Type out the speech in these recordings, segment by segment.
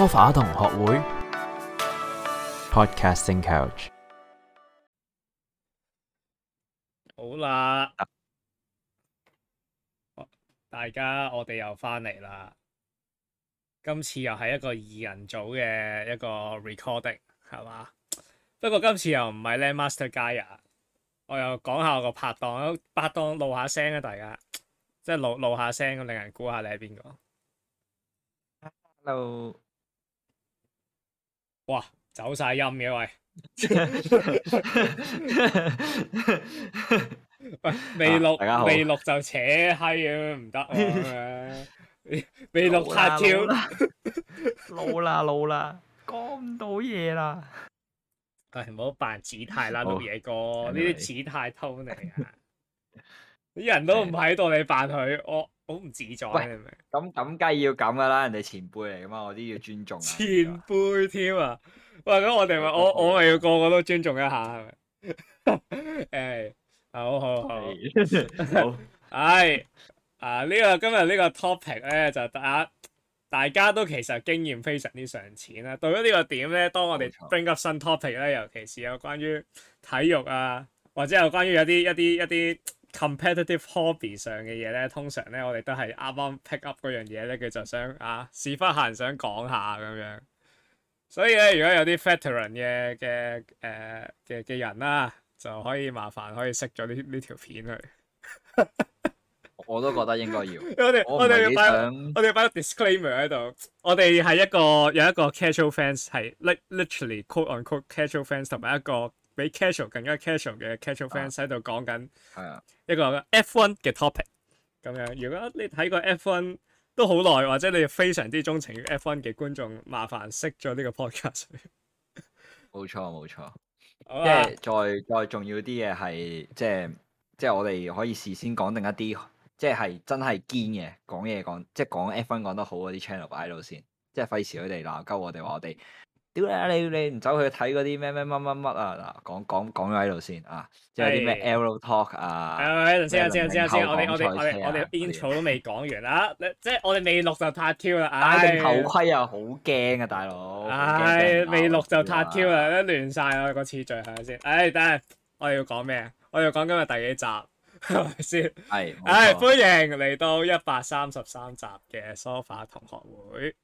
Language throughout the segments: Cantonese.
死火同學會 Podcasting Couch 好啦，大家我哋又翻嚟啦，今次又係一個二人組嘅一個 recording 係嘛？不過今次又唔係咧 Master 㗎，我又講下我個拍檔，拍檔露下聲啊！大家即係露露下聲，令人估下你係邊個。Hello。哇！走晒音嘅喂， 喂，未錄、啊、未錄就扯閪咁樣唔得，未錄插超老啦老啦，講唔到嘢啦！唉，唔好扮紙太啦，老嘢、哎、哥呢啲紙太偷你啊！ 啲人都唔喺度，你扮佢，我好唔自在。喂，咁咁梗係要咁噶啦，人哋前輩嚟噶嘛，我都要尊重。前輩添啊？喂，咁我哋咪好我我咪要個個都尊重一下，係咪？誒、 欸，好好好，唉 好、 哎，啊，呢、這個今日呢個 topic 咧就大家，大家都其實經驗非常之尚淺啦。到咗呢個點咧，當我哋 bring up 新 topic 咧，尤其是有關於體育啊，或者有關於一啲一啲一啲。一 competitive hobby 上嘅嘢咧，通常咧我哋都係啱啱 pick up 嗰樣嘢咧，佢就想啊，屎忽閒想講下咁樣。所以咧，如果有啲 veteran 嘅嘅誒嘅嘅人啦，就可以麻煩可以熄咗呢呢條片去。我都覺得應該要。我哋我哋要擺，我哋要擺個 disclaimer 喺度。我哋係一個有一個 casual fans 係 literally quote on quote casual fans，同埋一個。比 casual 更加 casual 嘅 casual fans 喺度講緊係啊，一個 F1 嘅 topic 咁樣。如果你睇過 F1 都好耐，或者你非常之鍾情於 F1 嘅觀眾，麻煩熄咗呢個 podcast。冇錯冇錯。好吧。即係再再重要啲嘅係，即係即係我哋可以事先講定一啲，即係真係堅嘅講嘢講，即係講 F1 講得好嗰啲 channel 擺喺度先，即係費事佢哋鬧鳩我哋話我哋。嗯。屌你啊！你你唔走去睇嗰啲咩咩乜乜乜啊嗱，講講講咗喺度先啊，即係啲咩 Arrow Talk 啊，係，先 啊，先 啊，先、 哎、啊，我哋我哋我哋 Intro 都未講完啦，即係我哋未錄就撻 Q 啦，戴定頭盔又好驚啊，大佬，唉，哎、未錄就撻 Q 啦，啊、都亂晒啦個次序係咪先？唉、哎，等下我要講咩？我要講今日第幾集先？係，唉，歡迎嚟到一百三十三集嘅 sofa 同學會。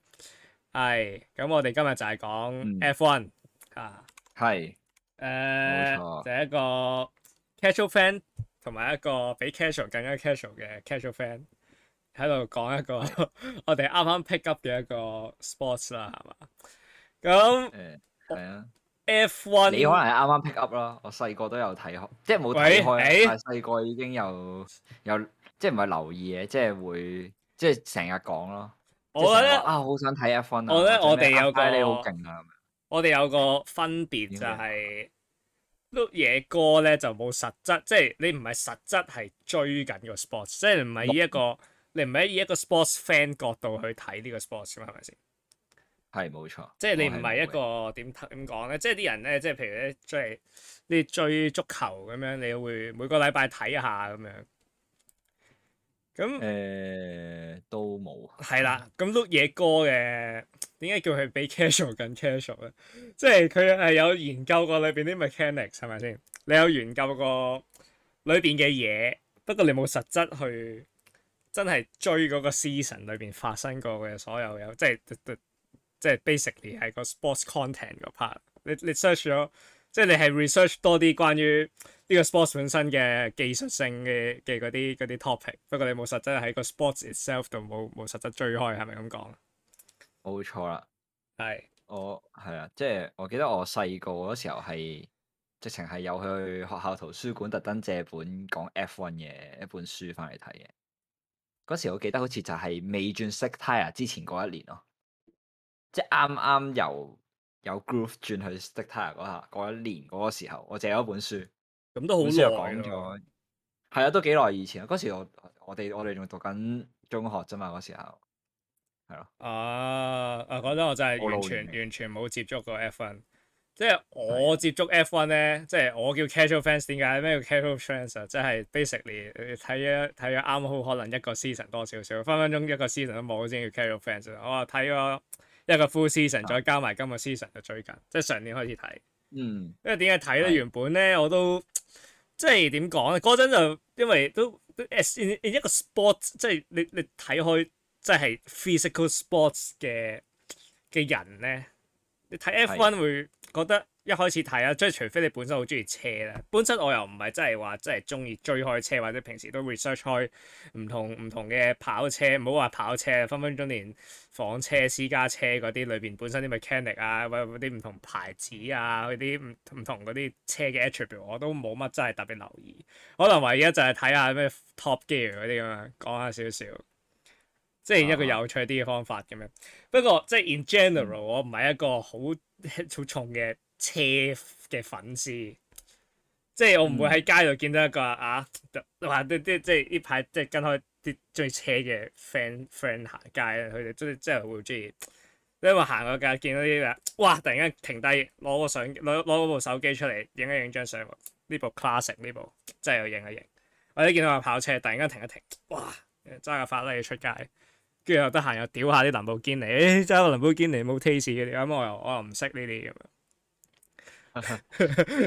係，咁我哋今日就係講 F1 啊，係，誒，就一個 casual fan，同埋一個比 casual 更加 casual 嘅 casual fan，喺度講一個 我哋啱啱 pick up 嘅一個 sports 啦，係嘛？咁，係、嗯、啊，F1，F 1, 你可能係啱啱 pick up 咯，我細個都有睇開，即係冇睇開，但係細個已經有有，即係唔係留意嘅，即係會，即係成日講咯。我覺得呢啊，好想睇一分啊！我覺呢得我哋有個，你好勁啊、我哋有個分別就係、是，嘢歌咧就冇實質，即係你唔係實質係追緊個 sports，即係唔係以一個，六你唔係以一個 sports fan 角度去睇呢個 sports 嘛、嗯？係咪先？係冇錯。即係你唔係一個點點講咧？即係啲人咧，即係譬如咧追，你追足球咁樣，你會每個禮拜睇下咁樣。咁誒、嗯、都冇，係啦了。咁 Lukas 哥嘅點解叫佢比 casual 更 casual 咧？ 即係佢係有研究過裏邊啲 mechanics 係咪先？你有研究過裏邊嘅嘢，不過你冇實質去真係追嗰個 season 裏邊發生過嘅所有有，即係即係 basically 係個 sports content 個 part。你你 search 咗。即係你係 research 多啲關於呢個 sports 本身嘅技術性嘅嘅嗰啲啲 topic，不過你冇實質喺個 sports itself 度冇冇實質追開，係咪咁講？冇錯啦，係是我係啊！即係我記得我細個嗰時候係直情係有去學校圖書館特登借本講 F 一嘅一本書翻嚟睇嘅。嗰時我記得好似就係未轉識胎、啊、之前嗰一年咯，即係啱啱由。有 groove 轉去 stick tyre 嗰下，過一年嗰個時候，我借咗本書。咁都好耐啦。係啊、嗯，都幾耐以前啦。嗰時我我哋我哋仲讀緊中學啫嘛，嗰時候係咯。啊，我覺得我真係完全完全冇接觸過 F1。即係我接觸 F1 咧，的即係我叫 casual fans。點解？咩叫 casual fans 啊？即係 basically 睇咗睇咗啱好，可能一個 season 多少少，分分鐘一個 season 都冇先叫 casual fans。我話睇咗。一個 full season，再加埋今個 season，就追緊，即係上年開始睇。嗯，因為點解睇咧？的原本咧我都即係點講咧？嗰陣就因為都 in，in 一個 sports 即係你你睇開即係 physical sports 嘅嘅人咧，你睇 F1 會。覺得一開始睇啊，即係除非你本身好中意車啦。本身我又唔係真係話真係中意追開車，或者平時都 research 開唔同唔同嘅跑車。唔好話跑車分分鐘連房車、私家車嗰啲裏邊本身啲 mechanic 啊，或者嗰啲唔同牌子啊，嗰啲唔唔同嗰啲車嘅 attribute 我都冇乜真係特別留意。可能唯一就係睇下咩 top gear 嗰啲咁樣講下少少。即係一個有趣啲嘅方法咁樣。Oh. 不過即係 in general，我唔係一個好好重嘅車嘅粉絲，即係我唔會喺街度見到一個、mm. 啊，話啲即係呢排即係跟開啲中意車嘅 friend friend 行街，佢哋真係即係會中意，因為行個街見到啲咩，哇，突然間停低攞個相攞攞部手機出嚟影一影張相。呢部 classic 呢部真係有影一影。或者見到個跑車突然間停一停，哇，揸架法拉利出街。跟住又得閒又屌下啲林寶堅尼，誒真係林寶堅尼冇 taste 嘅，咁我又我又唔識呢啲咁樣，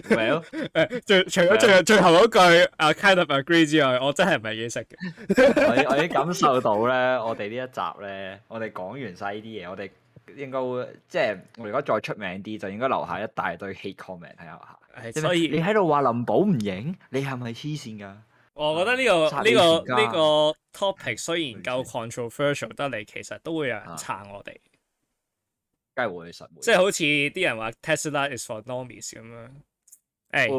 係咯。 誒除咗 最最，最後嗰句啊 c、uh, kind of agree 之外，我真係唔係幾識嘅。我 我已經感受到咧，我哋呢一集咧，我哋講完晒呢啲嘢，我哋應該會即係我如果再出名啲，就應該留下一大堆 hate comment 喺嘛？係，所以你喺度話林寶唔型，你係咪黐線㗎？我覺得呢個呢個呢個 topic 雖然夠 controversial 得嚟，其實都會有人撐我哋，梗係會實，即係好似啲人話 Tesla is for normies 咁樣。誒，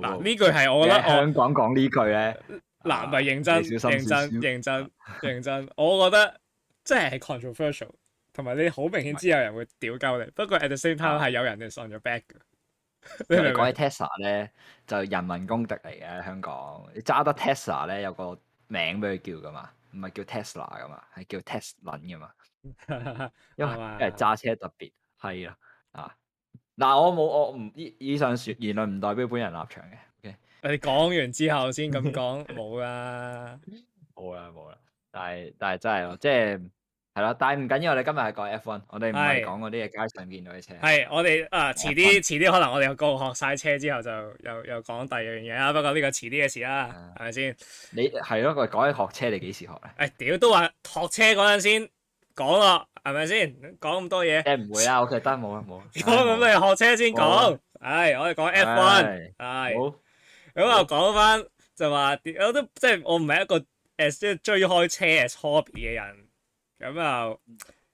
嗱呢句係我覺得香港講呢句咧，嗱，咪認真認真認真認真，我覺得真係 controversial，同埋你好明顯知有人會屌鳩你。不過 at the same time 係有人哋上咗 back。因為講起 Tesla 咧，就是、人民公敵嚟嘅香港。你揸得 Tesla 咧，有個名俾佢叫噶嘛，唔係叫 Tesla 噶嘛，係叫 Tesla 捻噶嘛，因為因揸車特別係啦啊！嗱、啊，我冇我唔以上說言論唔代表本人立場嘅。Okay? 你講完之後先咁講，冇 啦，冇 啦冇啦。但係但係真係咯，即係、就是。係咯，但係唔緊要。我哋今日係講 F1，我哋唔係講嗰啲喺街上見到嘅車。係我哋啊，遲啲遲啲，可能我哋又過學晒車之後，就又又講第二樣嘢啦。不過呢個遲啲嘅事啦，係咪先？你係咯，講起學車，你幾時學咧？誒屌都話學車嗰陣先講咯，係咪先講咁多嘢？誒唔會啊，我記得冇啊，冇啦，咁咪學車先講。誒我哋講 F1，係好咁又講翻就話，我都即係我唔係一個誒即係追開車 as hobby 嘅人。咁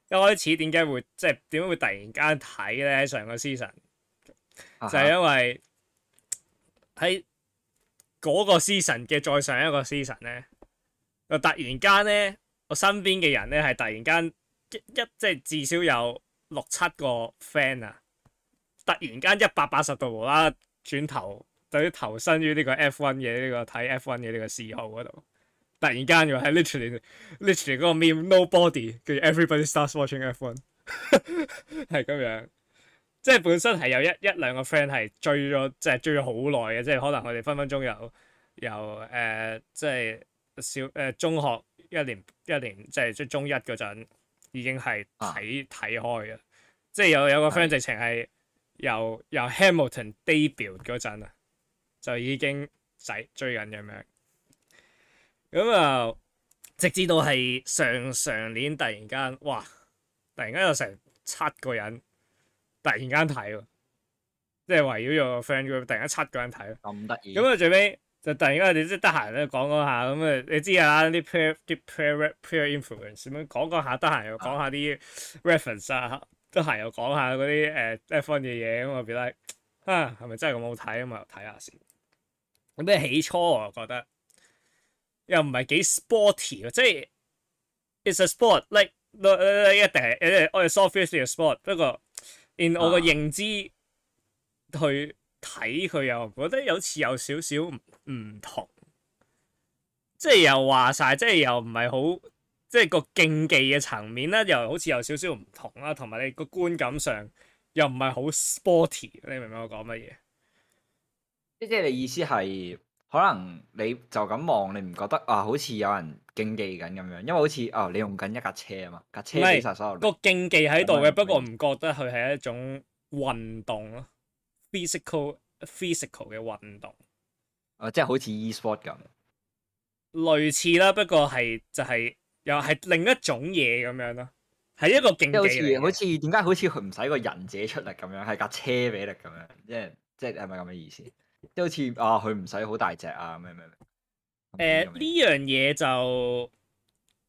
又一開始點解會即係點解會突然間睇呢？上個 season 就係因為喺嗰個 season 嘅再上一個 season 呢，又突然間呢，我身邊嘅人呢，係突然間一,一即係至少有六七個 friend 啊，突然間一百八十度無啦啦轉頭對於投身於呢個 F1 嘅呢個睇 F1 嘅呢個嗜好嗰度。突然間嘅話係 literally，literally 嗰個 meme nobody，跟住 everybody starts watching F1 係咁樣。即係本身係有一一兩個 friend 係追咗，即係追咗好耐嘅，即係可能佢哋分分鐘有由誒、呃，即係小誒、呃、中學一年一年，即係即中一嗰陣已經係睇睇開嘅。即係有有個 friend 直情係由是由，由 Hamilton debut 嗰陣啊，就已經仔追緊咁樣。咁啊，直至到係上上年，突然間，哇！突然間有成七個人突然間睇喎，即係圍繞住個 friend group 突然間七個人睇。咁得意。咁啊，最尾就突然間你即係得閒呢講講下，咁啊你知啊啲 peer 啲 peer peer influence 咁樣講講下，得閒又講下啲 reference 啊，得閒又講下嗰啲誒 F1 嘅嘢，咁啊變啦，啊係咪真係咁好睇啊嘛？睇下先。咁咩起初我覺得。又唔係幾 sporty，即係 it's a sport，like，咧、呃、一定、呃呃呃，我係 sophisticated sport。不過，in 我個認知、啊、去睇佢，又覺得有似有少少唔同，即係又話晒，即係又唔係好，即係個競技嘅層面咧，又好似有少少唔同啦。同埋你個觀感上又唔係好 sporty，你明唔明我講乜嘢？即即係你意思係？可能你就咁望，你唔覺得啊？好似有人競技緊咁樣，因為好似啊、哦，你用緊一架車啊嘛，架車其實、個競技喺度嘅，是不過唔覺得佢係一種運動咯，physical physical 嘅運動。哦、啊，即係好似 e-sport 咁，類似啦，不過係就係、是、又係另一種嘢咁樣咯，係一個競技嚟。即係好似點解好似佢唔使個忍者出力咁樣，係架車俾力咁樣？即係即係係咪咁嘅意思？都好似啊，佢唔使好大隻啊，咩咩咩？誒呢、呃、樣嘢就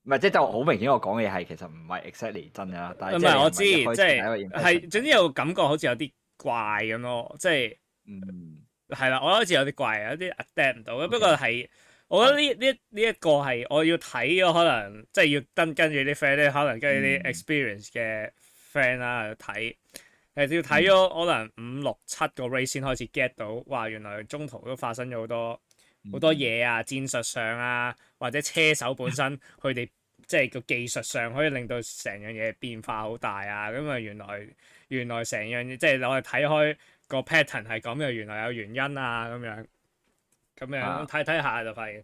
唔係即係就好明顯我是是是、嗯，我講嘅嘢係其實唔係 exactly 真㗎。但係，唔係我知，即係係總之有感覺好似有啲怪咁咯，即、就、係、是、嗯係啦 Okay.，我覺得好似有啲怪啊，有啲 adapt 唔到咁。不過係我覺得呢呢呢一個係我要睇咗，可能即係、就是、要跟跟住啲 friend 咧，可能跟住啲 experience 嘅 friend 啦去睇。要誒要睇咗可能五六七個 race 先開始 get 到，嘩原來中途都發生咗好多好多嘢啊，戰術上啊，或者車手本身佢哋 即係個技術上可以令到成樣嘢變化好大啊，咁、嗯、啊原來原來成樣嘢即係我哋睇開個 pattern 係咁，又原來有原因啊咁樣，咁樣睇睇下就發現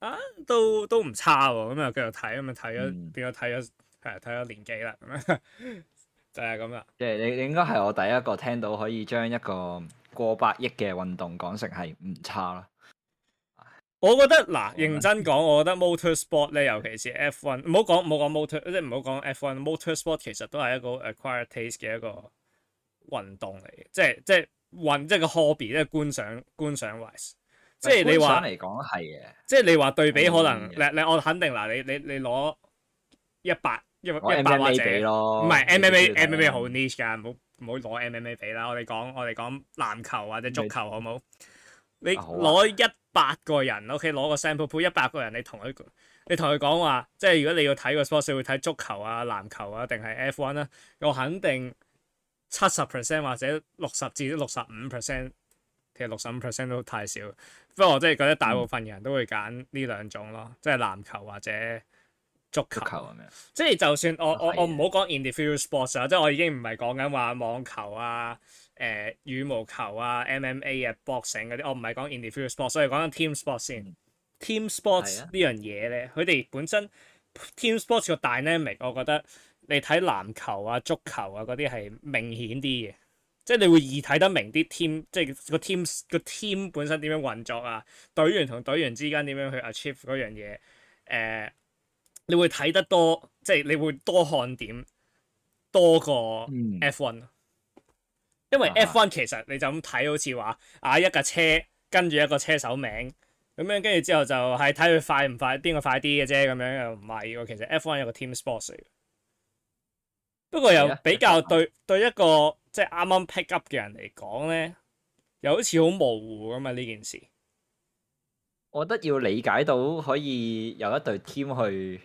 啊都都唔差喎、啊，咁又繼續睇咁啊睇咗變咗睇咗係睇咗年幾啦咁樣。就係咁啦，即係你你應該係我第一個聽到可以將一個過百億嘅運動講成係唔差啦。我覺得嗱，認真講，我覺得 motor sport 咧，尤其是 F one，唔好講唔好講 motor，即係唔好講 F one，motor sport 其實都係一個 acquired taste 嘅一個運動嚟嘅，即係即係運即係個 hobby，即係觀賞觀賞 wise，即係是你話嚟講係嘅，即係的你話對比可能，你你，我肯定嗱，你你你攞一百。因為一百或者咯，唔係 MMA，MMA 好 niche 嘅，唔好唔好攞 MMA 俾啦。我哋講我哋講籃球或者足球你好冇？你攞一百個人、啊啊、OK，攞個 sample pool，一百個人你同一你同佢講話，即係如果你要睇個 sports 會睇足球啊籃球啊定係 F1 咧、啊，我肯定七十 percent 或者六十至六十五 percent，其實六十五 percent 都太少。不過我真係覺得大部分人都會揀呢兩種咯，嗯、即係籃球或者。足球足球咁樣，即係就算我、哦、我我唔好講 individual sports 啦，即係我已經唔係講緊話網球啊、誒、呃、羽毛球啊、MMA 啊、boxing 嗰啲，我唔係講 individual sports，我係講緊 team sports 先。嗯、team sports 的呢樣嘢咧，佢哋本身 team sports 個 dynamic，我覺得你睇籃球啊、足球啊嗰啲係明顯啲嘅，即係你會易睇得明啲 team，即係個 team 個 team 本身點樣運作啊，隊員同隊員之間點樣去 achieve 嗰樣嘢，誒、呃。你會睇得多，即係你會多看點多過 F1，嗯、因為 F1 其實你就咁睇好似話啊一架車跟住一個車手名咁樣，跟住之後就係睇佢快唔快，邊個快啲嘅啫，咁樣又唔係喎。其實 F1 有個 team sports 嚟，不過又比較對對一個即係、就、啱、是、啱 pick up 嘅人嚟講咧，又好似好模糊噶嘛呢件事。我覺得要理解到可以有一隊 team 去。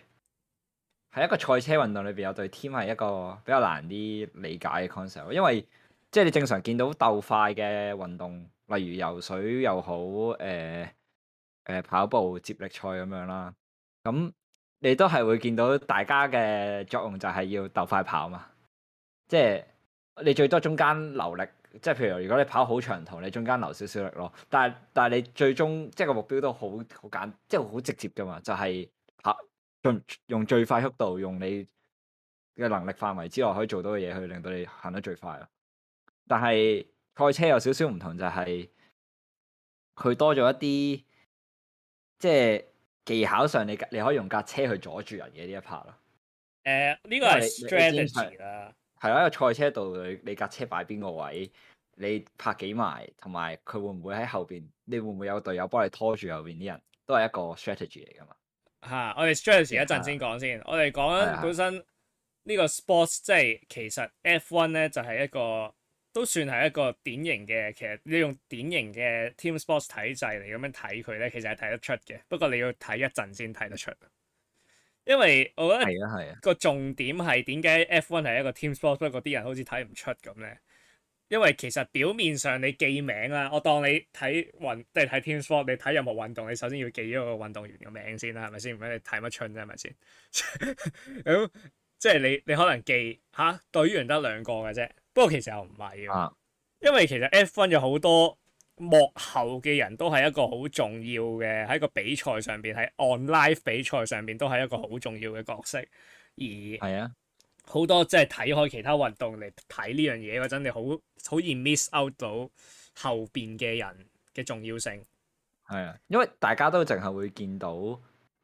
喺一個賽車運動裏邊有隊 team 係一個比較難啲理解嘅 concept，因為即係你正常見到鬥快嘅運動，例如游水又好，誒、呃、誒、呃、跑步接力賽咁樣啦，咁你都係會見到大家嘅作用就係要鬥快跑嘛，即係你最多中間留力，即係譬如如果你跑好長途，你中間留少少力咯，但係但係你最終即係個目標都好好簡，即係好直接噶嘛，就係、係。用最快速度，用你嘅能力範圍之內可以做到嘅嘢，去令到你行得最快咯。但係賽車有少少唔同，就係、是、佢多咗一啲，即係技巧上，你你可以用架車去阻住人嘅呢一 part 咯。誒、呃，呢、這個係 strategy 啦。係咯，因為賽了車度你你架車擺邊個位，你拍幾埋，同埋佢會唔會喺後邊？你會唔會有隊友幫你拖住後邊啲人？都係一個 strategy 嚟㗎嘛。吓、啊，我哋 stress 一陣先講先。的我哋講本身呢個 sports 即係其實 F 一咧就係、是、一個都算係一個典型嘅，其實你用典型嘅 team sports 體制嚟咁樣睇佢咧，其實係睇得出嘅。不過你要睇一陣先睇得出。因為我覺得個重點係點解 F 一係一個 team sports，不過啲人好似睇唔出咁咧。因為其實表面上你記名啦，我當你睇運即係睇 team sport，你睇任何運動，你首先要記咗個運動員嘅名先啦，係咪先？唔咁你睇乜春啫，係咪先？咁、 嗯、即係你你可能記吓隊員得兩個嘅啫，不過其實又唔係㗎，因為其實 F one 有好多幕後嘅人都係一個好重要嘅喺個比賽上邊，喺 online 比賽上邊都係一個好重要嘅角色，而係啊。好多即係睇開其他運動嚟睇呢樣嘢嗰陣，你好好易 miss out 到後邊嘅人嘅重要性。係啊，因為大家都淨係會見到，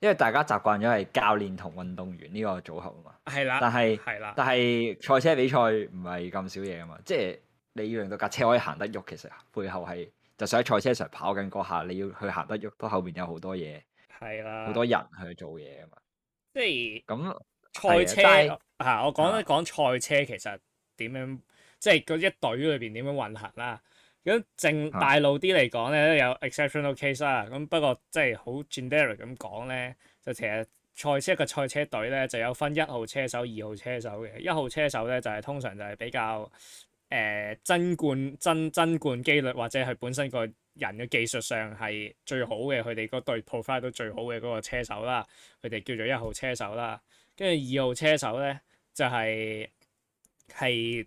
因為大家習慣咗係教練同運動員呢個組合啊嘛。係啦的。但係係啦。的但係賽車比賽唔係咁少嘢啊嘛，即係你要令到架車可以行得喐，其實背後係就想喺賽車場跑緊嗰下，你要去行得喐，都後邊有好多嘢。係啦的。好多人去做嘢啊嘛。即係咁。賽車啊！對我講一講賽車其實點樣，對即係嗰一隊裏邊點樣運行啦、啊。咁正大路啲嚟講咧，有 exceptional case 啦。咁不過即係好 general 咁講咧，就其實賽車一個賽車隊咧，就有分一號車手、二號車手嘅。一號車手咧就係、是、通常就係比較誒爭、呃、冠爭爭冠機率，或者係本身個人嘅技術上係最好嘅，佢哋個隊 profile 到最好嘅嗰個車手啦，佢哋叫做一號車手啦。跟住二號車手咧，就係、係、係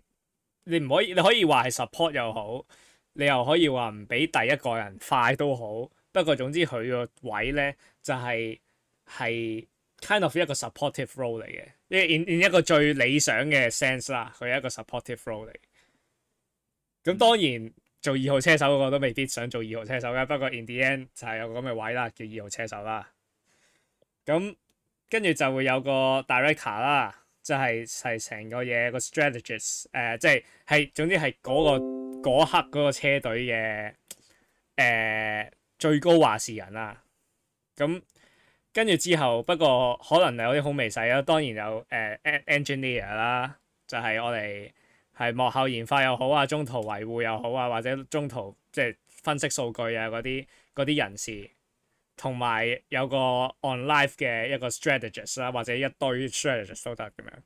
你唔可以，你可以話係 support 又好，你又可以話唔俾第一個人快都好。不過總之佢個位咧，就係、係、係 kind of 一個 supportive role 嚟嘅。即係 in in 一個最理想嘅 sense 啦，佢係一個 supportive role 嚟。咁當然做二號車手嗰個都未必想做二號車手嘅。不過 in the end 就係有個咁嘅位啦，叫二號車手啦。咁跟住就會有個 director 啦、呃，就係係成個嘢個 strategist，誒即係係總之係嗰、嗰個嗰刻嗰個車隊嘅誒、呃、最高話事人啦。咁跟住之後，不過可能有啲好微細啦，當然有誒、呃、engineer 啦，就係我哋係幕後研發又好啊，中途維護又好啊，或者中途即係、即係、分析數據啊嗰啲嗰啲人士。同埋有個 on live 嘅一個 strategies 啦，或者一堆 strategies 都得咁樣。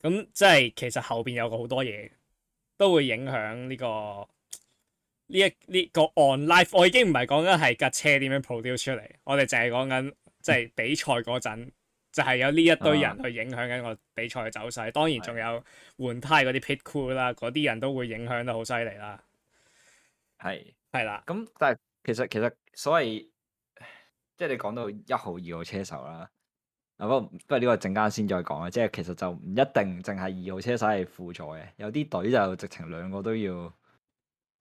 咁即係其實後邊有個好多嘢，都會影響呢、這個呢一呢、這個 on live。我已經唔係講緊係架車點樣 produce 出嚟，我哋淨係講緊即係比賽嗰陣就係、是、有呢一堆人去影響緊個比賽嘅走勢。啊、當然仲有的換胎嗰啲 pit crew 啦，嗰啲人都會影響得好犀利啦。係係啦，咁的了但係。其實其實所謂即係你講到一號二號車手啦，嗱不不過呢個陣間先再講啦，即係其實就唔一定淨係二號車手係輔助嘅，有啲隊就直情兩個都要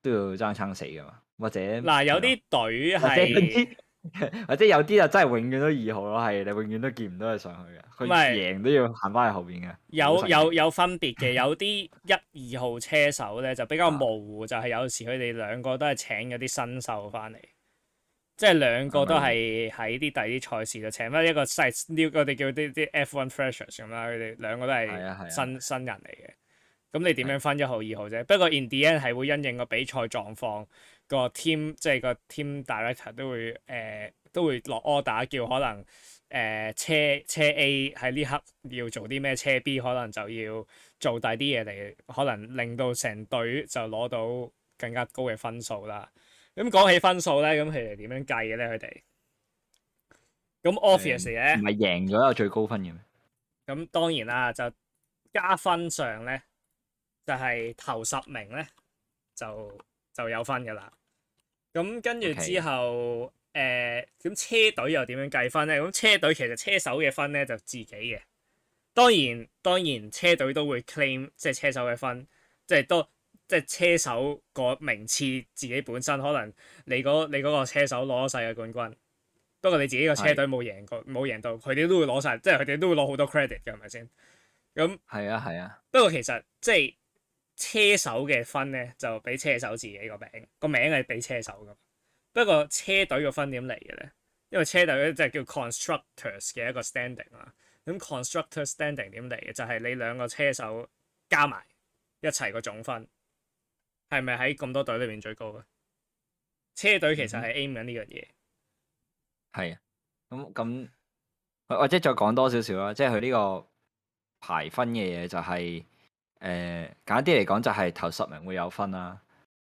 都要爭撐死噶嘛，或者嗱、啊、有啲隊係。者 或者 有啲啊，真係永遠都二號咯，係你永遠都見唔到佢上去嘅，佢唔係贏都要行翻去後邊嘅有。有有有分別嘅，有啲一二號車手咧就比較模糊， 就係有時佢哋兩個都係請咗啲新手翻嚟，即係兩個都係喺啲第二賽事就請翻一個,的 ers, 個新，我哋叫啲啲 F1 Freshers 咁啦，佢哋兩個都係新新人嚟嘅。咁你點樣分一號二號啫？的不過 in the end 係會因應個比賽狀況。個 team 即係個 team director 都會誒、呃、都會落 order 叫可能誒、呃、車車 A 喺呢刻要做啲咩，車 B 可能就要做大啲嘢嚟，可能令到成隊就攞到更加高嘅分數啦。咁講起分數咧，咁佢哋點樣計嘅咧？佢哋咁 office 嘅、嗯，唔係贏咗一個最高分嘅咩？咁當然啦，就加分上咧，就係、是、頭十名咧就。就有分㗎啦，咁跟住之後，誒咁 Okay.、呃、車隊又點樣計分呢？咁車隊其實車手嘅分呢，就自己嘅，當然當然車隊都會 claim 即係車手嘅分，即、就、係、是、多即係、就是、車手個名次自己本身可能你嗰、那個、你嗰個車手攞咗世界冠軍，不過你自己個車隊冇贏過冇是贏到，佢哋都會攞晒，即係佢哋都會攞好多 credit 嘅。係咪先？咁係啊係啊。啊不過其實即係。車手嘅分咧就俾車手自己個名，個名係俾車手噶。不過車隊個分點嚟嘅咧？因為車隊即係叫 constructors 嘅一個 standing 啊。咁 constructors standing 點嚟嘅？就係、是、你兩個車手加埋一齊個總分，係咪喺咁多隊裏面最高啊？車隊其實係 aim 緊呢樣嘢。係、嗯、啊。咁咁，或者再講多少少啦，即係佢呢個排分嘅嘢就係、是。誒、呃，簡啲嚟講就係頭十名會有分啦，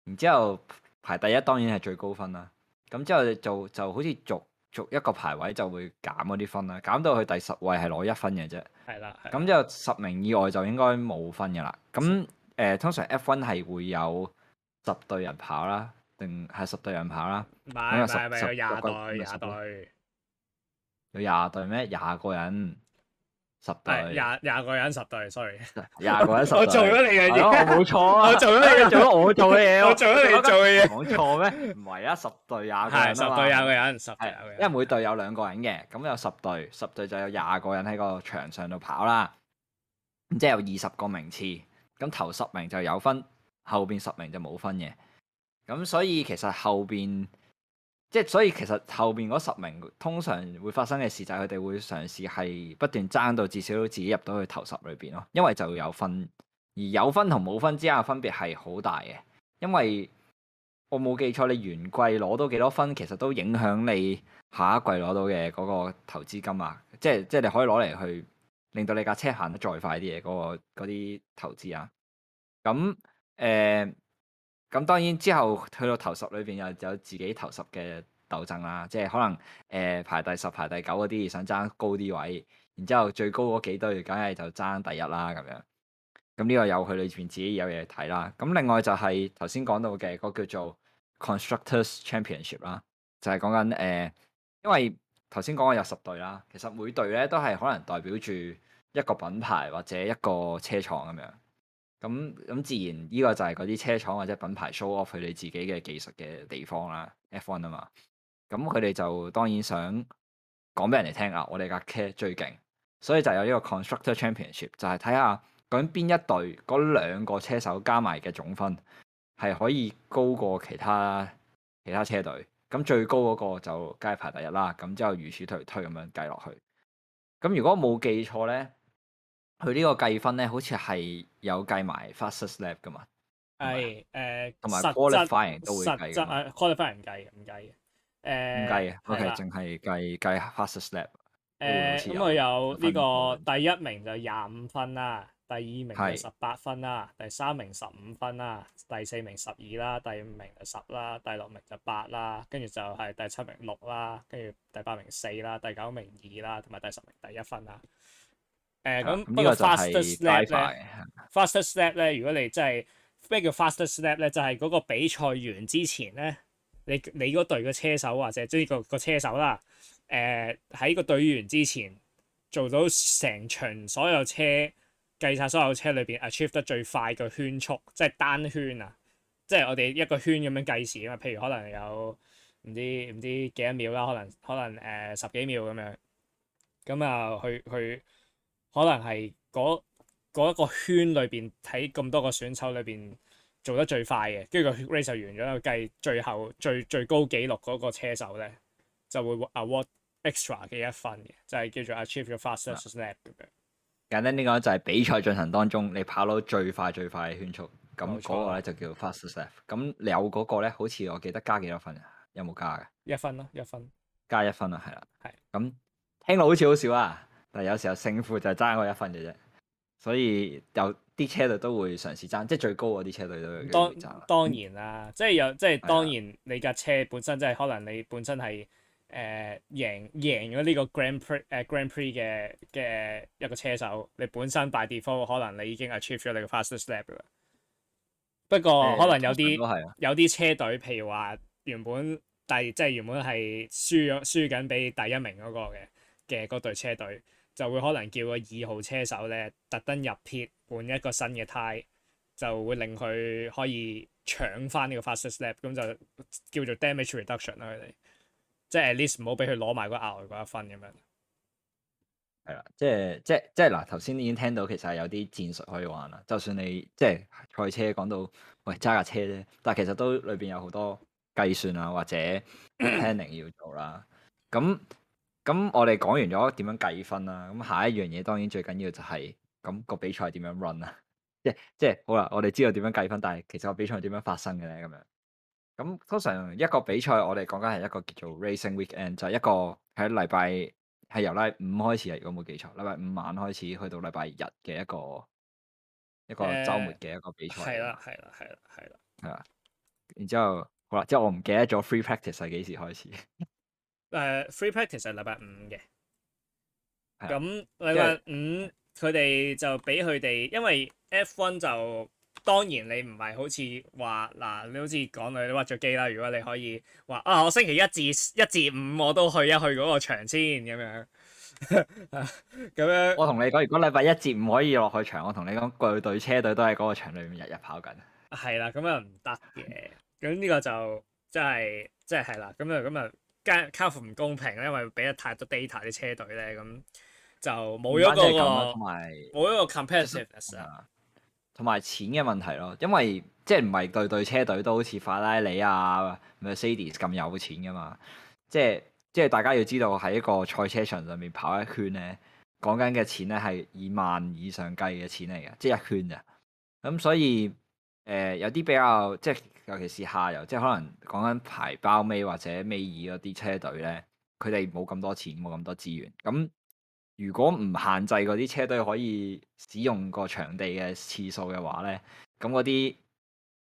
然之後排第一當然係最高分啦。咁之後就就好似逐逐一個排位就會減嗰啲分啦，減到去第十位係攞一分嘅啫。係啦。咁之後十名以外就應該冇分嘅啦。咁誒、呃，通常 F1 係會有十隊人跑啦，定係十隊人跑啦。唔係唔係唔係，有廿隊廿隊。有廿隊咩？廿個人。十對廿廿個人十對，sorry 廿個人十對，我做咗你嘅嘢，我冇錯啊，我做咗你做咗我做嘅嘢，我做咗你做嘅嘢，冇錯咩？唔係啊，十對廿個人十對廿個人，十係因為每隊有兩個人嘅，咁有十對，十對就有廿個人喺個場上度跑啦，即係有二十個名次，咁頭十名就有分，後邊十名就冇分嘅，咁所以其實後邊。即係所以，其實後邊嗰十名通常會發生嘅事就係佢哋會嘗試係不斷爭到至少自己入到去頭十裏邊咯，因為就有分，而有分同冇分之下分別係好大嘅。因為我冇記錯，你原季攞到幾多分，其實都影響你下一季攞到嘅嗰個投資金啊！即係，即係你可以攞嚟去令到你架車行得再快啲嘅嗰個嗰啲投資啊。咁誒。呃咁當然之後去到頭十裏邊又有自己頭十嘅鬥爭啦，即係可能誒、呃、排第十排第九嗰啲想爭高啲位，然之後最高嗰幾隊梗係就爭第一啦咁樣。咁呢個有佢裏邊自己有嘢睇啦。咁另外就係頭先講到嘅個叫做 Constructors Championship 啦，就係講緊誒，因為頭先講嘅有十隊啦，其實每隊咧都係可能代表住一個品牌或者一個車廠咁樣。咁咁自然呢個就係嗰啲車廠或者品牌 show off 佢哋自己嘅技術嘅地方啦，F1 啊嘛。咁佢哋就當然想講俾人哋聽啊，我哋架車最勁，所以就有呢個 constructor championship，就係睇下究竟邊一隊嗰兩個車手加埋嘅總分係可以高過其他其他車隊，咁最高嗰個就梗係排第一啦。咁之後如此推推咁樣計落去，咁如果冇記錯咧，佢呢個計分咧好似係。有計埋 fastest lap 噶嘛？係誒，同埋 qualifying 都會計嘅。qualifying 唔計嘅，唔計唔、呃、計嘅。的 OK，淨係計計 fastest lap、呃。誒，咁我有呢個第一名就廿五分啦，第二名就十八分，是的 分啦，第三名十五分啦，第四名十二啦，第五名就十啦，啦，第六名就八啦，跟住就係第七名六啦，跟住第八名四啦，第九名二啦，同埋第十名第一分啦。誒，咁嗰個 fastest lap 咧，fastest lap 咧，如果你真係咩叫 fastest lap 咧，就係、是、嗰個比賽完之前咧，你你嗰隊嘅車手或者即係個車手啦，誒、呃、喺個隊完之前做到成場所有車計晒所有車裏邊 achieve 得最快嘅圈速，即係單圈啊，即係我哋一個圈咁樣計時啊。譬如可能有唔知唔知幾多秒啦，可能可能誒、uh, 十幾秒咁樣，咁啊去去。去去可能係嗰一個圈裏邊睇咁多個選手裏邊做得最快嘅，跟住個 race 就完咗，計最後最最高紀錄嗰個車手咧就會 award extra 嘅一分嘅，就係、是、叫做 achieve your fastest lap 咁樣。簡單呢個就係比賽進行當中你跑到最快最快嘅圈速，咁嗰、啊、個咧就叫 fastest lap。咁有嗰個咧，好似我記得加幾多分啊？有冇加嘅？一分咯、啊，一分。加一分啊，係啦。係的。咁聽落好似好少啊。係有時候勝負就係爭嗰一分嘅啫，所以有啲車隊都會嘗試爭，即係最高嗰啲車隊都會爭。當然啦、嗯，即係有即係當然，你架車本身即係可能你本身係誒的、呃、贏贏咗呢個 Grand Prix、呃、Grand Prix 嘅嘅一個車手，你本身 by default 可能你已經 achieve 咗你嘅 fastest lap 啦。不過可能有啲、嗯、有啲車隊，譬如話原本第即係原本係輸咗輸緊俾第一名嗰個嘅嘅嗰隊車隊。就會可能叫個二號車手咧，特登入 pit 換一個新嘅胎，就會令佢可以搶翻呢個 fastest lap，咁就叫做 damage reduction 啦。佢哋即係 at least 唔好俾佢攞埋個額外嗰一分咁樣。係啦，即係即係即係嗱，頭先已經聽到其實係有啲戰術可以玩啦。就算你即係賽車講到喂，揸架車啫，但係其實都裏邊有好多計算啦，或者 planning 咳咳要做啦，咁。咁我哋講完咗點樣計分啦、啊，咁下一樣嘢當然最緊要就係、是、咁、咁個比賽點樣 run 啊， 即係即係好啦，我哋知道點樣計分，但係其實個比賽點樣發生嘅咧咁樣。咁通常一個比賽我哋講緊係一個叫做 Racing Weekend，就係一個喺禮拜係由禮拜五開始啊，如果冇記錯，禮拜五晚開始去到禮拜日嘅一個一個周末嘅一個比賽。係啦、欸，係啦吧，係啦，係啦。係啊，然之後好啦，即係我唔記得咗 Free Practice 係幾時開始。 誒、uh, Free Practice 係禮拜五嘅，咁的禮拜五佢哋為就俾佢哋，因為 F1 就當然你唔係好似話嗱、啊，你好似講你你屈咗機啦。如果你可以話啊，我星期一至一至五我都去一去嗰個場先咁樣，咁、 啊、樣。我同你講，如果禮拜一至五可以落去場，我同你講，巨隊車隊都喺嗰個場裏面日日跑緊。係啦，咁樣唔得嘅，咁呢個就真係真係啦，咁又咁又。卡 c 唔公平，因為俾得太多 data 啲車隊咧，咁就冇咗嗰個同埋冇一個 competitiveness 啊，同埋錢嘅問題咯，因為，因為即係唔係對對車隊都好似法拉利啊、Mercedes 咁有錢噶嘛，即係即係大家要知道喺一個賽車場上面跑一圈咧，講緊嘅錢咧係以萬以上計嘅錢嚟嘅，即係一圈咋，咁所以誒、呃、有啲比較即係。尤其是下游，即係可能講緊排包尾或者尾二嗰啲車隊咧，佢哋冇咁多錢，冇咁多資源。咁如果唔限制嗰啲車隊可以使用個場地嘅次數嘅話咧，咁嗰啲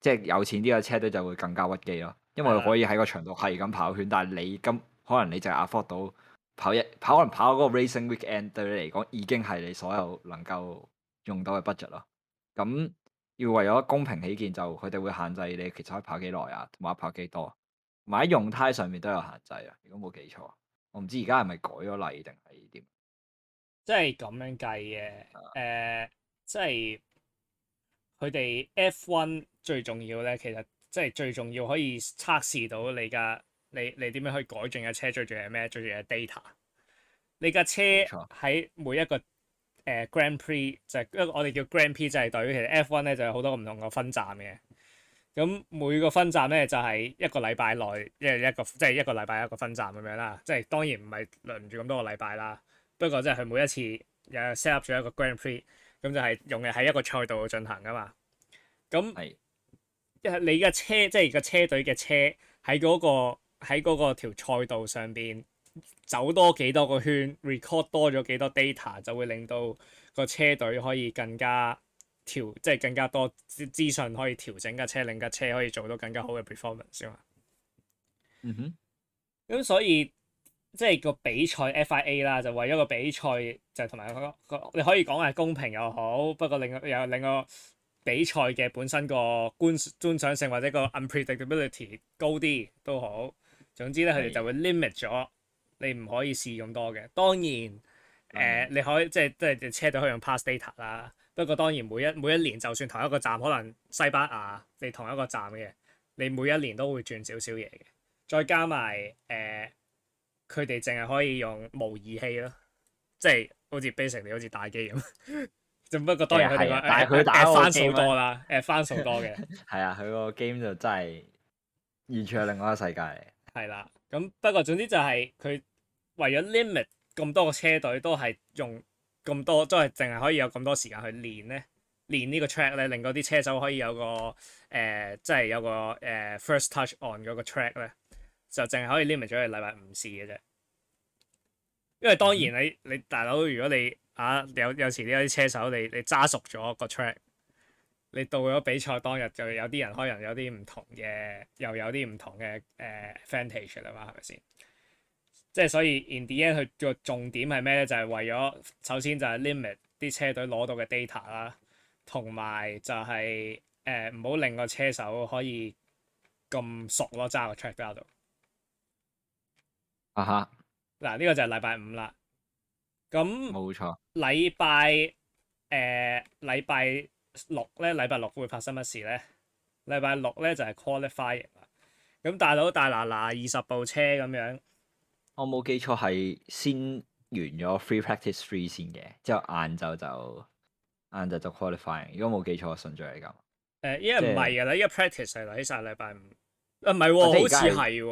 即係有錢啲嘅車隊就會更加屈機咯，因為可以喺個場度係咁跑圈。但係你咁可能你就 afford 到跑一跑，可能跑嗰個 Racing Weekend 對你嚟講已經係你所有能夠用到嘅 budget 咯。咁要為咗公平起見，就佢哋會限制你其實可以跑幾耐啊，同埋跑幾多啊，同埋喺用胎上面都有限制啊。如果冇記錯，我唔知而家係咪改咗例定係點，即係咁樣計嘅。誒，即係佢哋 F1 最重要咧，其實即係最重要可以測試到你架你你點樣去改進嘅車，最重要係咩？最重要係 data。你架車喺每一個。誒、uh, Grand Prix 就係、是、我哋叫 Grand P，就係對於其實 F1 咧就是、有好多唔同個分站嘅。咁每個分站咧就係、是、一個禮拜內，一個、就是、一個即係一個禮拜一個分站咁樣啦。即、就、係、是、當然唔係輪住咁多個禮拜啦。不過即係佢每一次又有 set up 咗一個 Grand Prix，咁就係用嘅喺一個賽道度進行噶嘛。咁係，即係是你嘅車，即係個車隊嘅車喺嗰、那個喺嗰個條賽道上邊。走多幾多個圈，record 多咗幾多 data 就會令到個車隊可以更加調，即係更加多資訊可以調整架車，令架車可以做到更加好嘅 performance 啊嘛。咁、嗯、哼所以即係、就是、個比賽 FIA 啦，就為咗個比賽就同埋你可以講係公平又好，不過令個又比賽嘅本身個觀觀賞性或者個 unpredictability 高啲都好，總之咧佢哋就會 limit 咗。你唔可以試咁多嘅，當然誒，你可以即係都係車隊可以用 pass data 啦。不過當然，每一每一年，就算同一個站，可能西班牙你同一個站嘅，你每一年都會轉少少嘢嘅。再加埋誒，佢哋淨係可以用模擬器咯，即係好似 basic 你好似打機咁。就不過當然佢哋誒翻數多啦，誒翻數多嘅。係啊，佢個 game 就真係完全係另外一個世界嚟。係啦，咁不過總之就係佢。為咗 limit 咁多個車隊都係用咁多，都係淨係可以有咁多時間去練咧，練呢個 track 咧，令嗰啲車手可以有個誒、呃，即係有個誒、呃、first touch on 嗰個 track 咧，就淨係可以 limit 咗你禮拜五試嘅啫。因為當然你、嗯、你，你大佬，如果你啊有有時呢啲車手你你揸熟咗個 track，你到咗比賽當日就有啲人可能有啲唔同嘅，又有啲唔同嘅誒 favourite 啦嘛，係咪先？即係所以 in the end 佢個重點係咩咧？就係、是、為咗首先就係 limit 啲車隊攞到嘅 data 啦，同埋就係誒唔好令個車手可以咁熟咯揸個 track 嗰度。Uh huh. 啊哈！嗱，呢個就係禮拜五啦。咁冇錯。禮拜誒禮拜六咧，禮拜六會發生乜事咧？禮拜六咧就係 qualifying 咁大佬大嗱嗱二十部車咁樣。我冇記錯係先完咗 free practice three 先嘅，之後晏晝就晏晝就 qualify。如果冇記錯嘅順序係咁。誒，因為唔係㗎啦，因為 practice 係喺晒禮拜五。啊，唔係，好似係。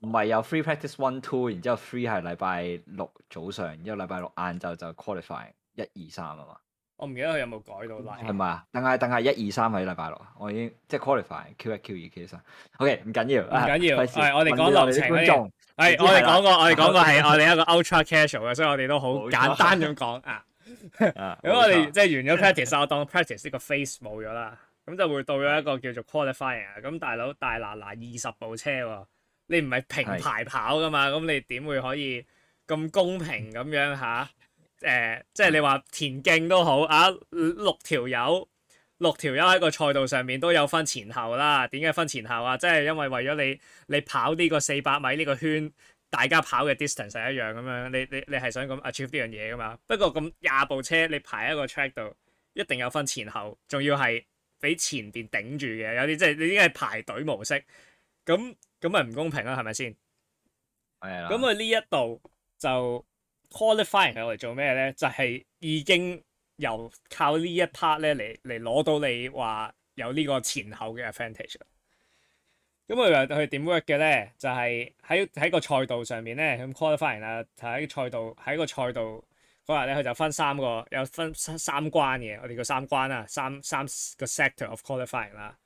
唔係有 free practice one two，然之後 three 係禮拜六早上，然之後禮拜六晏晝就 qualify 一二三啊嘛。我唔記得佢有冇改到啦。係咪啊？等下等下，一二三喺禮拜六啊！我已經即係 qualify，Q 一 Q 二 Q 三。OK，唔緊要，唔緊要，我哋問到你啲觀係、哎，我哋講過，我哋講過係我哋一個 ultra casual 嘅，所以我哋都好簡單咁講啊。咁、 啊、 我哋即係完咗 practice， 我當 practice 呢個 phase 冇咗啦，咁就會到咗一個叫做 qualifying 啊。咁大佬，大拿拿二十部車喎，你唔係平排跑㗎嘛，咁是你點會可以咁公平咁樣嚇？誒、啊，即係你話田徑都好啊，六條友。六條友喺個賽道上面都有分前後啦，點解分前後啊？即係因為為咗你你跑呢個四百米呢個圈，大家跑嘅 distance 係一樣咁樣，你你你係想咁 achieve 呢樣嘢㗎嘛？不過咁廿部車你排喺個 track 度，一定有分前後，仲要係俾前邊頂住嘅，有啲即係你依家係排隊模式，咁咁咪唔公平啦，係咪先？係咁佢呢一度就 qualifying 嚟做咩咧？就係、就是、已經。由靠一呢一 part 咧嚟嚟攞到你話有呢個前後嘅 advantage。咁佢佢點 work 嘅咧？就係喺喺個賽道上面咧咁 qualifying 啦，就喺賽道喺個賽道嗰日咧，佢就分三個有分三關三關嘅。我哋個三關啊，三三個 sector of qualifying 啦。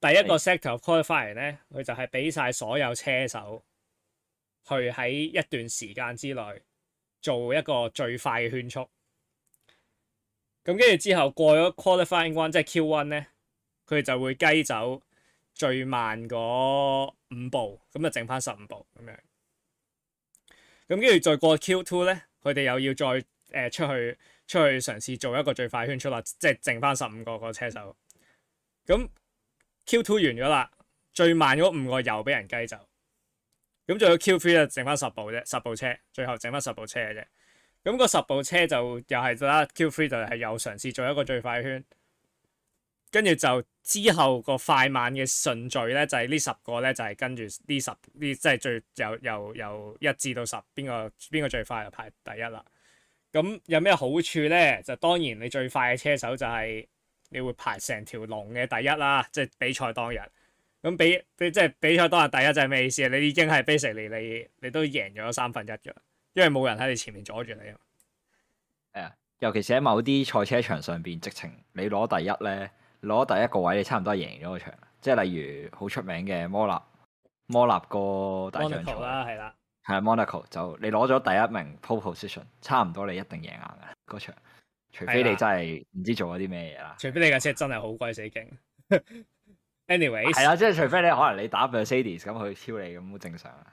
第一個 sector of qualifying 咧，佢就係俾晒所有車手去喺一段時間之內做一個最快嘅圈速。咁跟住之後過咗 qualifying one，即係 Q one 咧，佢哋就會雞走最慢嗰五部，咁就剩翻十五部咁樣。咁跟住再過 Q two 咧，佢哋又要再誒、呃、出去出去嘗試做一個最快圈出啦，即係剩翻十五個個車手。咁 Q two 完咗啦，最慢嗰五個又俾人雞走。咁仲有 Q three 就剩翻十部啫，十部車，最後剩翻十部車嘅啫。咁嗰十部車就又係得 Q3 就係又嘗試做一個最快圈，跟住就之後個快慢嘅順序咧就係呢十個咧就係跟住呢十呢即係最由由由一至到十邊個邊個最快就排第一啦。咁有咩好處咧？就當然你最快嘅車手就係你會排成條龍嘅第一啦，即係比賽當日。咁比即係比賽當日第一就係咩意思啊？你已經係 basically 你你，你都贏咗三分一咗。因為冇人喺你前面阻住你啊！誒，尤其是喺某啲賽車場上邊，直情你攞第一呢，攞第一個位，你差唔多係贏咗個場。即係例如好出名嘅摩納摩納哥大獎賽啦，係啦，係 Monaco 就你攞咗第一名 pole position，差唔多你一定贏硬㗎嗰場，除非你真係唔知做咗啲咩嘢啦。除非你架車真係好鬼死勁。 Anyways 係啦，即係除非你可能你打 Mercedes 咁去超你咁好正常。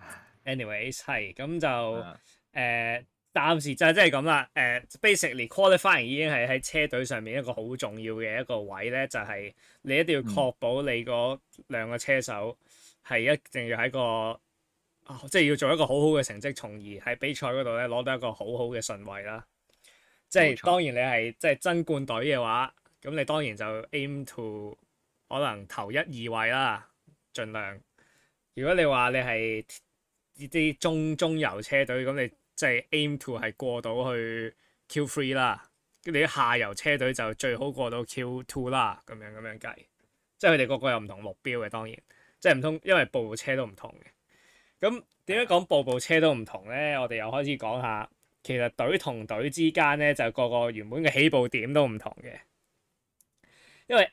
Anyways 係咁就。 誒暫、uh, 時就係即係咁啦。誒、uh, basically，qualify 已經係喺車隊上面一個好重要嘅一個位咧，就係、是、你一定要確保你嗰兩個車手係一定要喺個、嗯哦、即係要做一個好好嘅成績，從而喺比賽嗰度咧攞到一個好好嘅順位啦。即係錯當然你係即係爭冠隊嘅話，咁你當然就 aim to 可能頭一二位啦，盡量。如果你話你係啲中中游車隊咁你。即係 aim to 係過到去 Q3 啦，跟住啲下游車隊就最好過到 Q2 啦，咁樣咁樣計。即係佢哋個個有唔同目標嘅，當然，即係唔通因為部部車都唔同嘅。咁點解講部部車都唔同咧？我哋又開始講下，其實隊同隊之間咧，就個個原本嘅起步點都唔同嘅。因為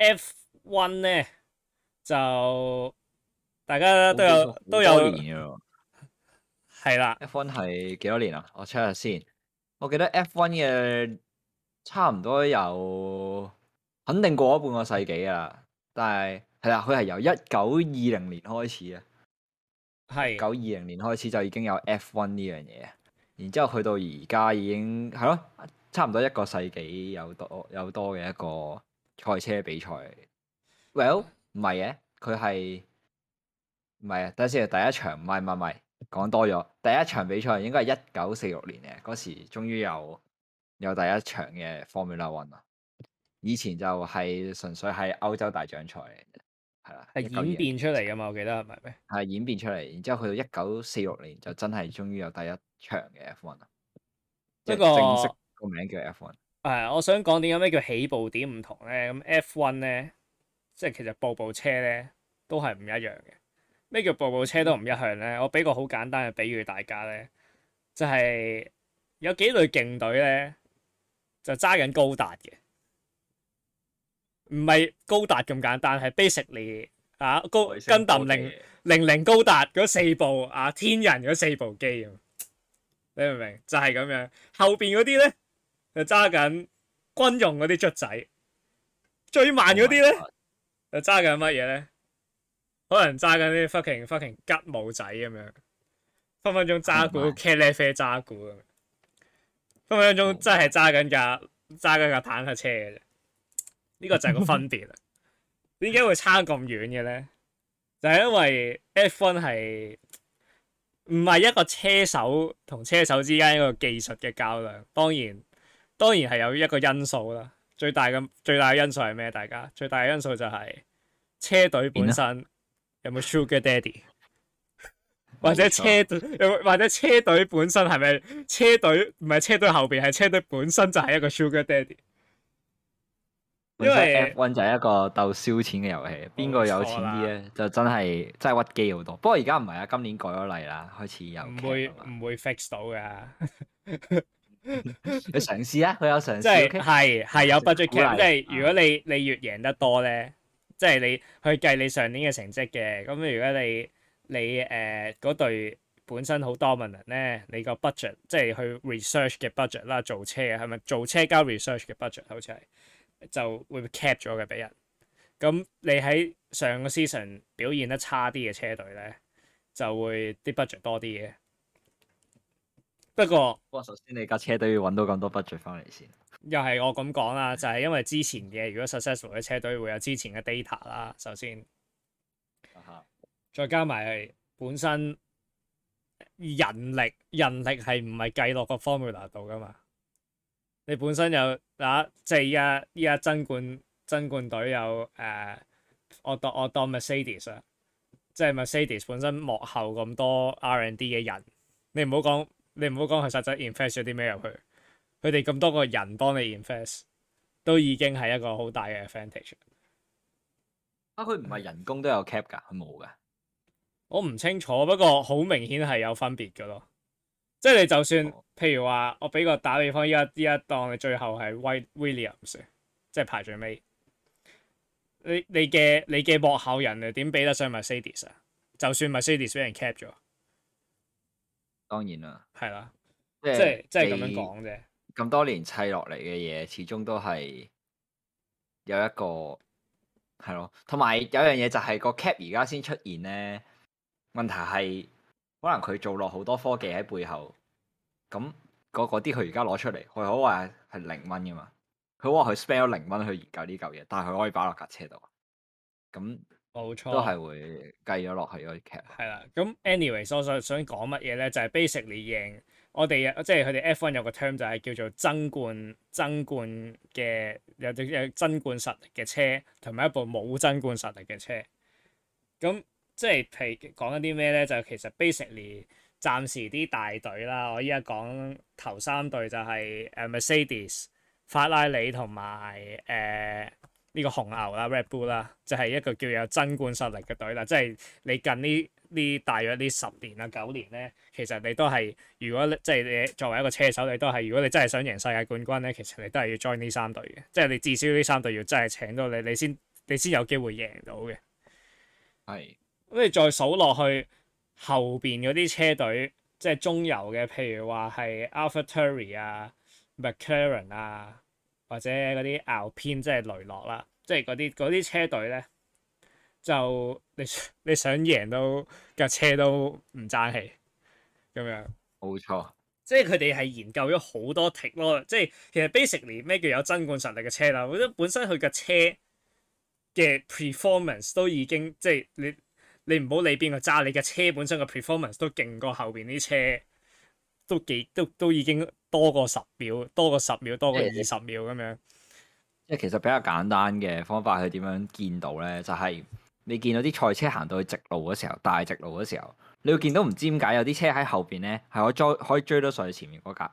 F1 咧，就大家都有好都有。都有係啦，F1 係幾多年啊？我 check 下先，我記得 F1 嘅差唔多有肯定過咗半個世紀㗎啦。但係，係啦，佢係由一九二零年開始啊，係九二零年開始就已經有 F1 呢樣嘢。然之後去到而家已經係咯，差唔多一個世紀有多，有多嘅一個賽車比賽。Well，唔係嘅，佢係唔係啊？等下先，第一場唔係唔係唔係。講多咗，第一場比賽應該係一九四六年嘅，嗰時終於有有第一場嘅 Formula One 啦。以前就係純粹係歐洲大獎賽嚟嘅，係啦。係演變出嚟噶嘛？我記得係咪咩？係演變出嚟，然之後去到一九四六年就真係終於有第一場嘅 F One 啦。一個正式個名叫 F One。誒，我想講點解咩叫起步點唔同咧？咁 F One 咧，即係其實部部車咧都係唔一樣嘅。咩叫部部車都唔一樣咧？我俾個好簡單嘅比喻大家咧，就係有幾隊勁隊咧，就揸緊高達嘅，唔係高達咁簡單，係 basically 啊高跟零零零高達嗰四部啊天人嗰四部機咁，你明唔明？就係咁樣，後邊嗰啲咧就揸緊軍用嗰啲卒仔，最慢嗰啲咧就揸緊乜嘢咧？可能揸緊啲 fucking fucking 吉姆仔咁樣，分分鐘揸鼓茄喱啡揸鼓咁，分分鐘真係揸緊架揸緊架坦克車嘅啫。呢個就係個分別啦。點解會差咁遠嘅咧？就係因為 F1 係唔係一個車手同車手之間一個技術嘅較量，當然當然係有一個因素啦。最大嘅最大嘅因素係咩？大家最大嘅因素就係車隊本身。有冇 Sugar Daddy？或者車隊，或者車隊本身係咪車隊？唔係車隊後邊，係車隊本身就係一個 Sugar Daddy。因為 F1 就係一個鬥燒錢嘅遊戲，邊個有錢啲咧，就真係真係屈機好多。不過而家唔係啊，今年改咗例啦，開始有。唔會唔會 fix 到噶？佢嘗試啊，佢有嘗試。即係係係有 budget，即係如果你你越贏得多咧。即係你去計你上年嘅成績嘅，咁如果你你誒嗰、呃、隊本身好 dominant 咧，你個 budget 即係去 research 嘅 budget 啦，做車係咪？是是做車交 research 嘅 budget 好似係就會被 cap 咗嘅俾人。咁你喺上個 season 表現得差啲嘅車隊咧，就會啲 budget 多啲嘅。不過不過，首先你架車隊要揾到咁多 budget 翻嚟先。又係我咁講啦，就係、是、因為之前嘅，如果 successful 嘅車隊會有之前嘅 data 啦。首先，uh huh. 再加埋本身人力，人力係唔係計落個 formula 度㗎嘛？你本身有嗱，即係依家依家爭冠爭冠隊有誒、啊，我當我當 Mercedes 啊，即、就、係、是、Mercedes 本身幕後咁多 R&D and 嘅人，你唔好講，你唔好講佢實際 invest 咗啲咩入去。佢哋咁多個人幫你 invest，都已經係一個好大嘅 advantage。啊，佢唔係人工都有 cap 㗎，佢冇㗎。我唔清楚，不過好明顯係有分別嘅咯。即係你就算，哦、譬如話，我俾個打比方，依家依家當你最後係威廉士 Williams，即係排最尾。你你嘅你嘅幕後人又點比得上 Mercedes 啊？就算 Mercedes 俾人 cap 咗，當然啦。係啦了，即係是即係咁樣講啫。你 咁多年砌落嚟嘅嘢，始終都係有一個係咯，同埋有樣嘢就係個 cap 而家先出現咧。問題係可能佢做落好多科技喺背後，咁嗰啲佢而家攞出嚟，佢好話係零蚊噶嘛？佢話佢 spend 咗零蚊去研究呢嚿嘢，但係佢可以擺落架車度，咁冇錯，都係會計咗落去啲 cap。係啦，咁 anyway，我想想講乜嘢咧？就係、是、basically 贏。我哋啊，即係佢哋 F1 有個 term 就係叫做爭冠，爭冠嘅有隻有爭冠實力嘅車，同埋一部冇爭冠實力嘅車。咁即係譬如講緊啲咩咧，就其實 basically 暫時啲大隊啦。我依家講頭三隊就係、是、誒、呃、Mercedes、法拉利同埋誒呢個紅牛啦 （Red Bull） 啦，就係、是、一個叫有爭冠實力嘅隊啦。即係你近呢～呢大約呢十年啊九年咧，其實你都係，如果你即係作為一個車手，你都係如果你真係想贏世界冠軍咧，其實你都係要 join 呢三隊嘅，即係你至少呢三隊要真係請到你，你先你先有機會贏到嘅。係是。咁你再數落去後邊嗰啲車隊，即係中游嘅，譬如話係 AlphaTauri 啊、McLaren 啊，或者嗰啲 Alpine 即係雷諾啦，即係嗰啲嗰啲車隊咧。就你你想贏到架車都唔爭氣咁樣，冇錯。即係佢哋係研究咗好多 technology 即係其實 basically 咩叫有爭冠實力嘅車啦。我覺得本身佢架車嘅 performance 都已經即係你你唔好理邊個揸，你架車本身嘅 performance 都勁過後邊啲車都，都幾都都已經多過十秒，多過十秒，多過二十秒咁樣。即係其實比較簡單嘅方法係點樣見到咧？就係、是。你見到啲賽車行到去直路嘅時候，大直路嘅時候，你會見到唔知點解有啲車喺後邊咧，係可追可以追到上去前面嗰架，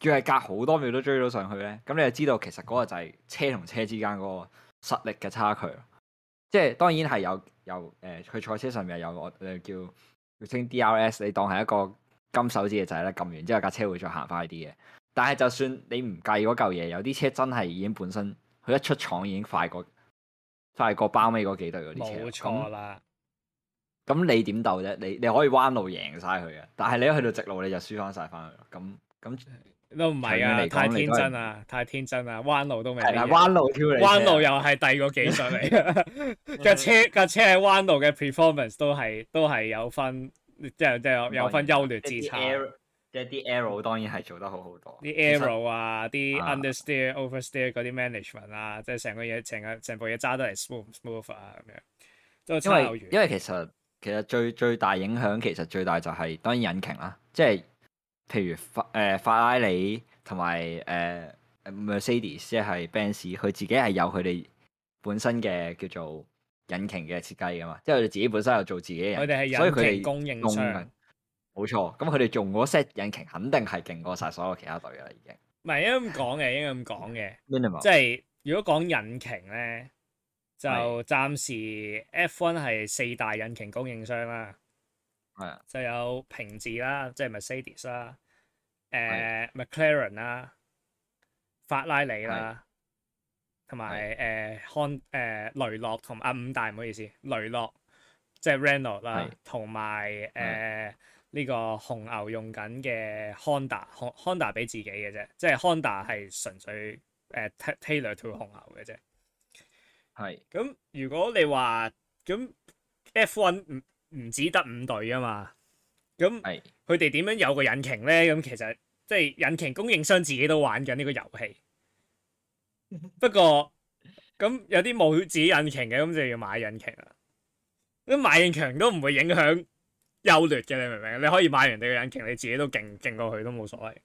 仲要係隔好多秒都追到上去咧。咁你就知道其實嗰個就係車同車之間嗰個實力嘅差距。即係當然係有有誒，佢、呃、賽車上面有我叫，我叫稱 DRS，你當係一個金手指嘅掣咧，撳完之後架車會再行快啲嘅。但係就算你唔計嗰嚿嘢，有啲車真係已經本身佢一出廠已經快過。快過包尾嗰幾隊嗰啲車，冇錯啦。咁你點鬥啫？你你可以彎路贏晒佢嘅，但係你一去到直路你就輸翻晒翻去。咁咁都唔係啊！你太天真啦，太天真啦，彎路都未。係啊，彎路跳嚟，彎路又係第二個技術嚟嘅。架 車架車喺彎路嘅 performance 都係都係有分，即係即係有分優劣之差。即係啲 aero 當然係做得好好多，啲實 aero 啊，啲 understeer、啊、oversteer 嗰啲 management 啊，啊即係成個嘢，成個成部嘢揸得嚟 smooth、smooth 啊。咁樣。因為因為其實其實最最大影響其實最大就係、是、當然引擎啦，即係譬如法誒、呃、法拉利同埋誒 Mercedes 即係 Benz，佢自己係有佢哋本身嘅叫做引擎嘅設計㗎嘛，即係佢哋自己本身有做自己嘅人，佢哋所以佢哋供應冇錯，咁佢哋做嗰 set 引擎肯定係勁過晒所有其他隊啦，已經唔係應該咁講嘅，應該咁講嘅。即係如果講引擎咧，就暫時 F one 係四大引擎供應商啦，係啊，就有平治啦，即係 Mercedes 啦，誒 McLaren 啦，法拉利啦，同埋誒漢誒雷諾同啊五大唔好意思，雷諾即係 Renault 啦，同埋誒。呢個紅牛用緊嘅 Honda，Honda 俾自己嘅啫，即係 Honda 係純粹、uh, t, tailor to 紅牛嘅啫。係是。咁如果你話咁 F1 唔唔只得五隊啊嘛，咁佢哋點樣有個引擎咧？咁其實即係引擎供應商自己都玩緊呢個遊戲。 不過咁有啲冇自己引擎嘅，咁就要買引擎啦。咁買引擎都唔會影響。優劣嘅，你明唔明啊？你可以買人哋嘅引擎，你自己都勁勁過佢都冇所謂。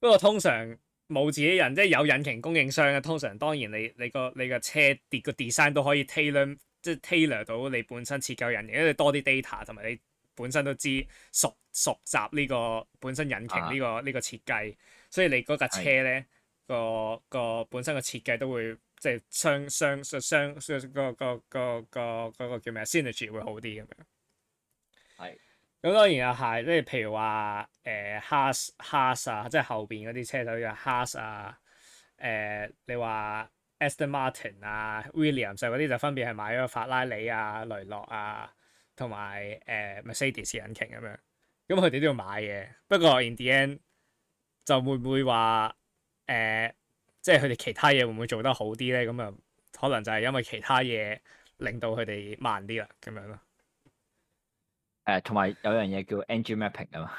不過通常冇自己人，即係有引擎供應商嘅，通常當然你你個你個車跌個 design 都可以 tailor，即係 tailor 到你本身設計嘅引擎，因為多啲 data 同埋你本身都知熟熟習呢個本身引擎呢個呢個設計，所以你嗰架車咧個個本身嘅設計都會即係相相相相個個個個嗰個叫咩 synergy 會好啲咁樣。咁當然有係，即係譬如話，誒哈斯哈斯啊，即係後邊嗰啲車隊嘅哈斯啊，誒你話 Aston Martin 啊、Williams 就嗰啲就分別係買咗法拉利啊、雷諾啊，同埋誒 Mercedes 引擎咁樣。咁佢哋都要買嘢，不過 in the end 就會唔會話誒、呃，即係佢哋其他嘢會唔會做得好啲咧？咁啊，可能就係因為其他嘢令到佢哋慢啲啦，咁樣咯。誒，同埋有樣嘢叫 engine mapping 啊嘛，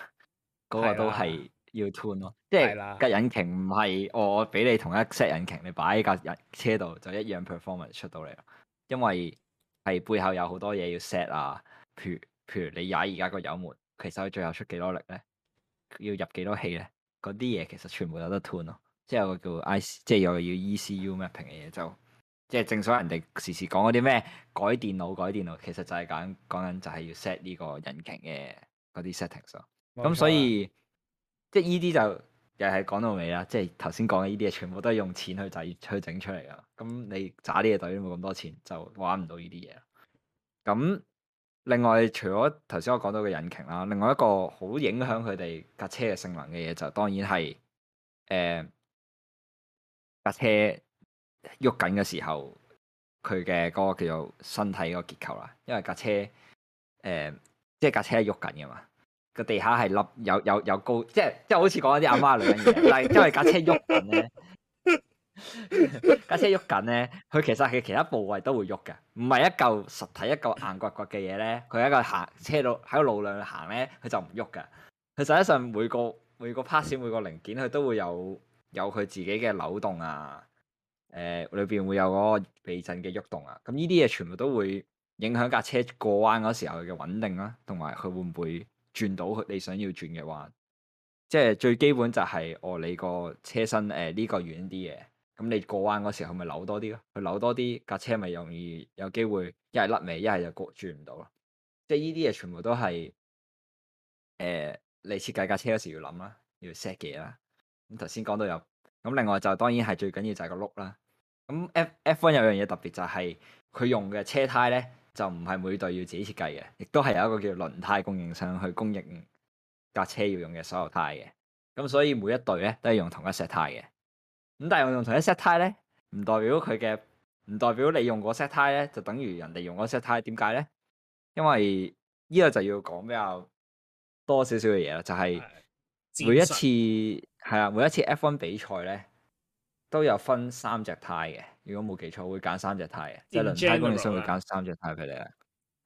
嗰個都係要 tune 咯，了即係隔引擎唔係我俾你同一 set 引擎，你擺喺架車度就一樣 performance 出到嚟啦，因為係背後有好多嘢要 set 啊，譬如譬如你踩而家個油門，其實佢最後出幾多力咧，要入幾多氣咧，嗰啲嘢其實全部有得 tune 咯，即係有個叫 IC，即係有個叫 ECU mapping 嘅嘢就。即係正所謂人哋時時講嗰啲咩改電腦改電腦，其實就係講講緊就係要 set 呢個引擎嘅嗰啲 settings 咯。咁、啊、所以即係依啲就又係講到尾啦。即係頭先講嘅呢啲嘢全部都係用錢去製去整出嚟㗎。咁你揸啲嘢隊都冇咁多錢，就玩唔到呢啲嘢。咁另外除咗頭先我講到嘅引擎啦，另外一個好影響佢哋架車嘅性能嘅嘢，就當然係誒架車。喐緊嘅時候，佢嘅嗰個叫做身體嗰個結構啦，因為架車，誒、呃，即係架車喐緊噶嘛，個地下係凹，有有有高，即係即係好似講一啲阿媽兩樣嘢， 但係因為架車喐緊咧，架 車喐緊咧，佢其實係其他部位都會喐嘅，唔係一嚿實體一嚿硬骨骨嘅嘢咧，佢喺個行車度喺個路量行咧，佢就唔喐嘅，佢實際上每個每個 parts 每個零件佢都會有有佢自己嘅扭動啊。誒、呃，裏邊會有嗰個避震嘅喐動啊，咁呢啲嘢全部都會影響架車過彎嗰時候嘅穩定啦、啊，同埋佢會唔會轉到你想要轉嘅彎？即係最基本就係、是，哦，你個車身誒呢、呃這個軟啲嘅，咁你過彎嗰時候咪扭多啲咯、啊，佢扭多啲架車咪容易有機會一係甩尾，一係就轉唔到咯。即係呢啲嘢全部都係誒、呃，你設計架車嗰時要諗啦、啊，要 set 嘢啦。咁頭先講到有。咁另外就當然係最緊要就係個轆啦。咁 F F1 有樣嘢特別就係佢用嘅車胎咧，就唔係每隊要自己設計嘅，亦都係有一個叫輪胎供應商去供應架車要用嘅所有胎嘅。咁所以每一隊咧都係用同一 set 胎嘅。咁但係用同一 set 胎咧，唔代表佢嘅，唔代表你用個 set 胎咧就等於人哋用個 set 胎。點解咧？因為呢個就要講比較多少少嘅嘢啦，就係、是。每一次係啦，每一次 F1 比賽咧，都有分三隻胎嘅。如果冇記錯，會揀三隻胎嘅，即係輪胎供應商會揀三隻胎俾你嘅。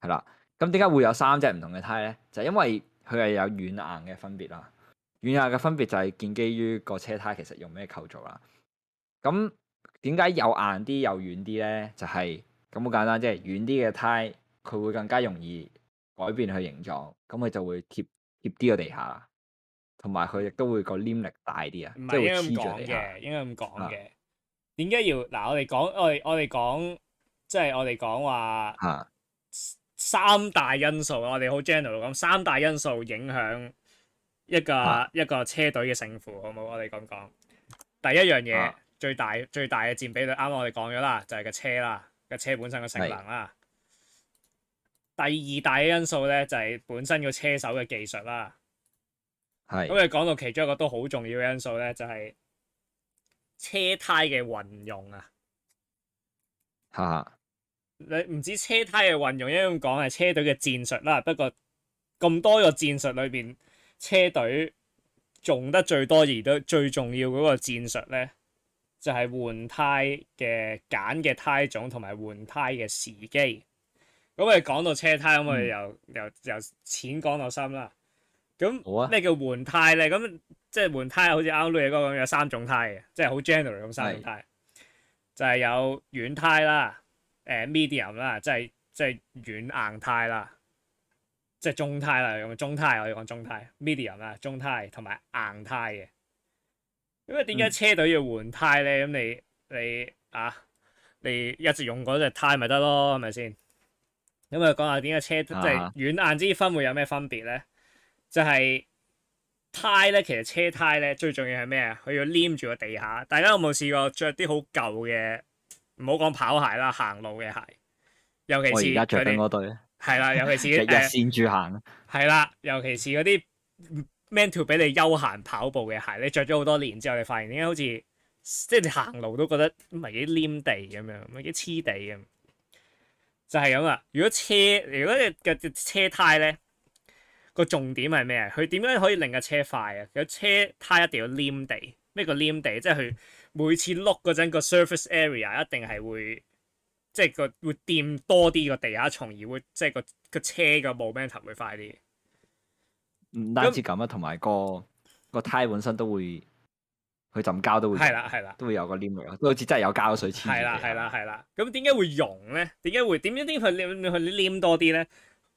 係啦，咁點解會有三隻唔同嘅胎咧？就係因為佢係有軟硬嘅分別啦。軟硬嘅分別就係建基於個車胎其實用咩構造啦。咁點解又硬啲又軟啲咧？就係咁好簡單，即係軟啲嘅胎，佢會更加容易改變佢形狀，咁佢就會貼貼啲個地下啦。同埋佢亦都會個黏力大啲是啊，唔係會黐住嚟啊。應該咁講嘅，點解要嗱？我哋講我哋、就是、我哋講，即係我哋講話三大因素。我哋好 general 咁。三大因素影響一個、啊、一個車隊嘅勝負，好唔好？我哋咁講，第一樣嘢、啊，最大最大嘅佔比率啱啱我哋講咗啦，就係、是、個車啦，個車本身嘅性能啦。是第二大嘅因素咧，就係、是、本身個車手嘅技術啦。咁，你講是到其中一個都好重要嘅因素咧，就係、是、車胎嘅運用啊。吓哈，你唔知車胎嘅運用一樣講係車隊嘅戰術啦。不過咁多個戰術裏邊，車隊用得最多而都最重要嗰個戰術咧，就係、是、換胎嘅揀嘅胎種同埋換胎嘅時機。咁你講到車胎，咁我哋由、嗯、由由淺講到深啦。咁咩那、啊、叫換胎咧？咁即係換胎，好似啱啱你講咁，有三種胎嘅，即係好 general 咁三種胎，是就係有軟胎啦、誒、呃、medium 啦，即係即係軟硬胎啦，即係中胎啦，用中胎我要講中胎 medium 啦，中胎同埋硬胎嘅。咁啊，點解車隊要換胎咧？咁、嗯、你你啊，你一直用嗰隻胎咪得咯？係咪先？咁啊，講下點解車即係軟硬之分會有咩分別咧？就係、是、胎咧，其實車胎咧最重要係咩啊？佢要黏住個地下。大家有冇試過着啲好舊嘅，唔好講跑鞋啦，行路嘅鞋，尤其是而家著緊嗰對，係啦，尤其是日日跣住行，係啦、 啊，尤其是嗰啲 m a n t a l 俾你休閒跑步嘅鞋，你着咗好多年之後，你發現點解好似即係你行路都覺得唔係幾黏地咁樣，唔係幾黐地咁，就係咁啦！如果車，如果你嘅嘅車胎咧。個重點係咩啊？佢點樣可以令架車快啊？架車胎一定要黏地。咩叫黏地？即係佢每次碌嗰陣個 surface area 一定係會即係個會掂多啲個地下，從而會即係個個車個 momentum 會快啲。唔單止咁啊，同埋個、個個、個個胎本身都會去浸膠都會係啦係啦，都會有個黏力，都好似真係有膠水黐住係啦係啦係啦。咁點解會溶咧？點解會點點點去去黏多啲咧？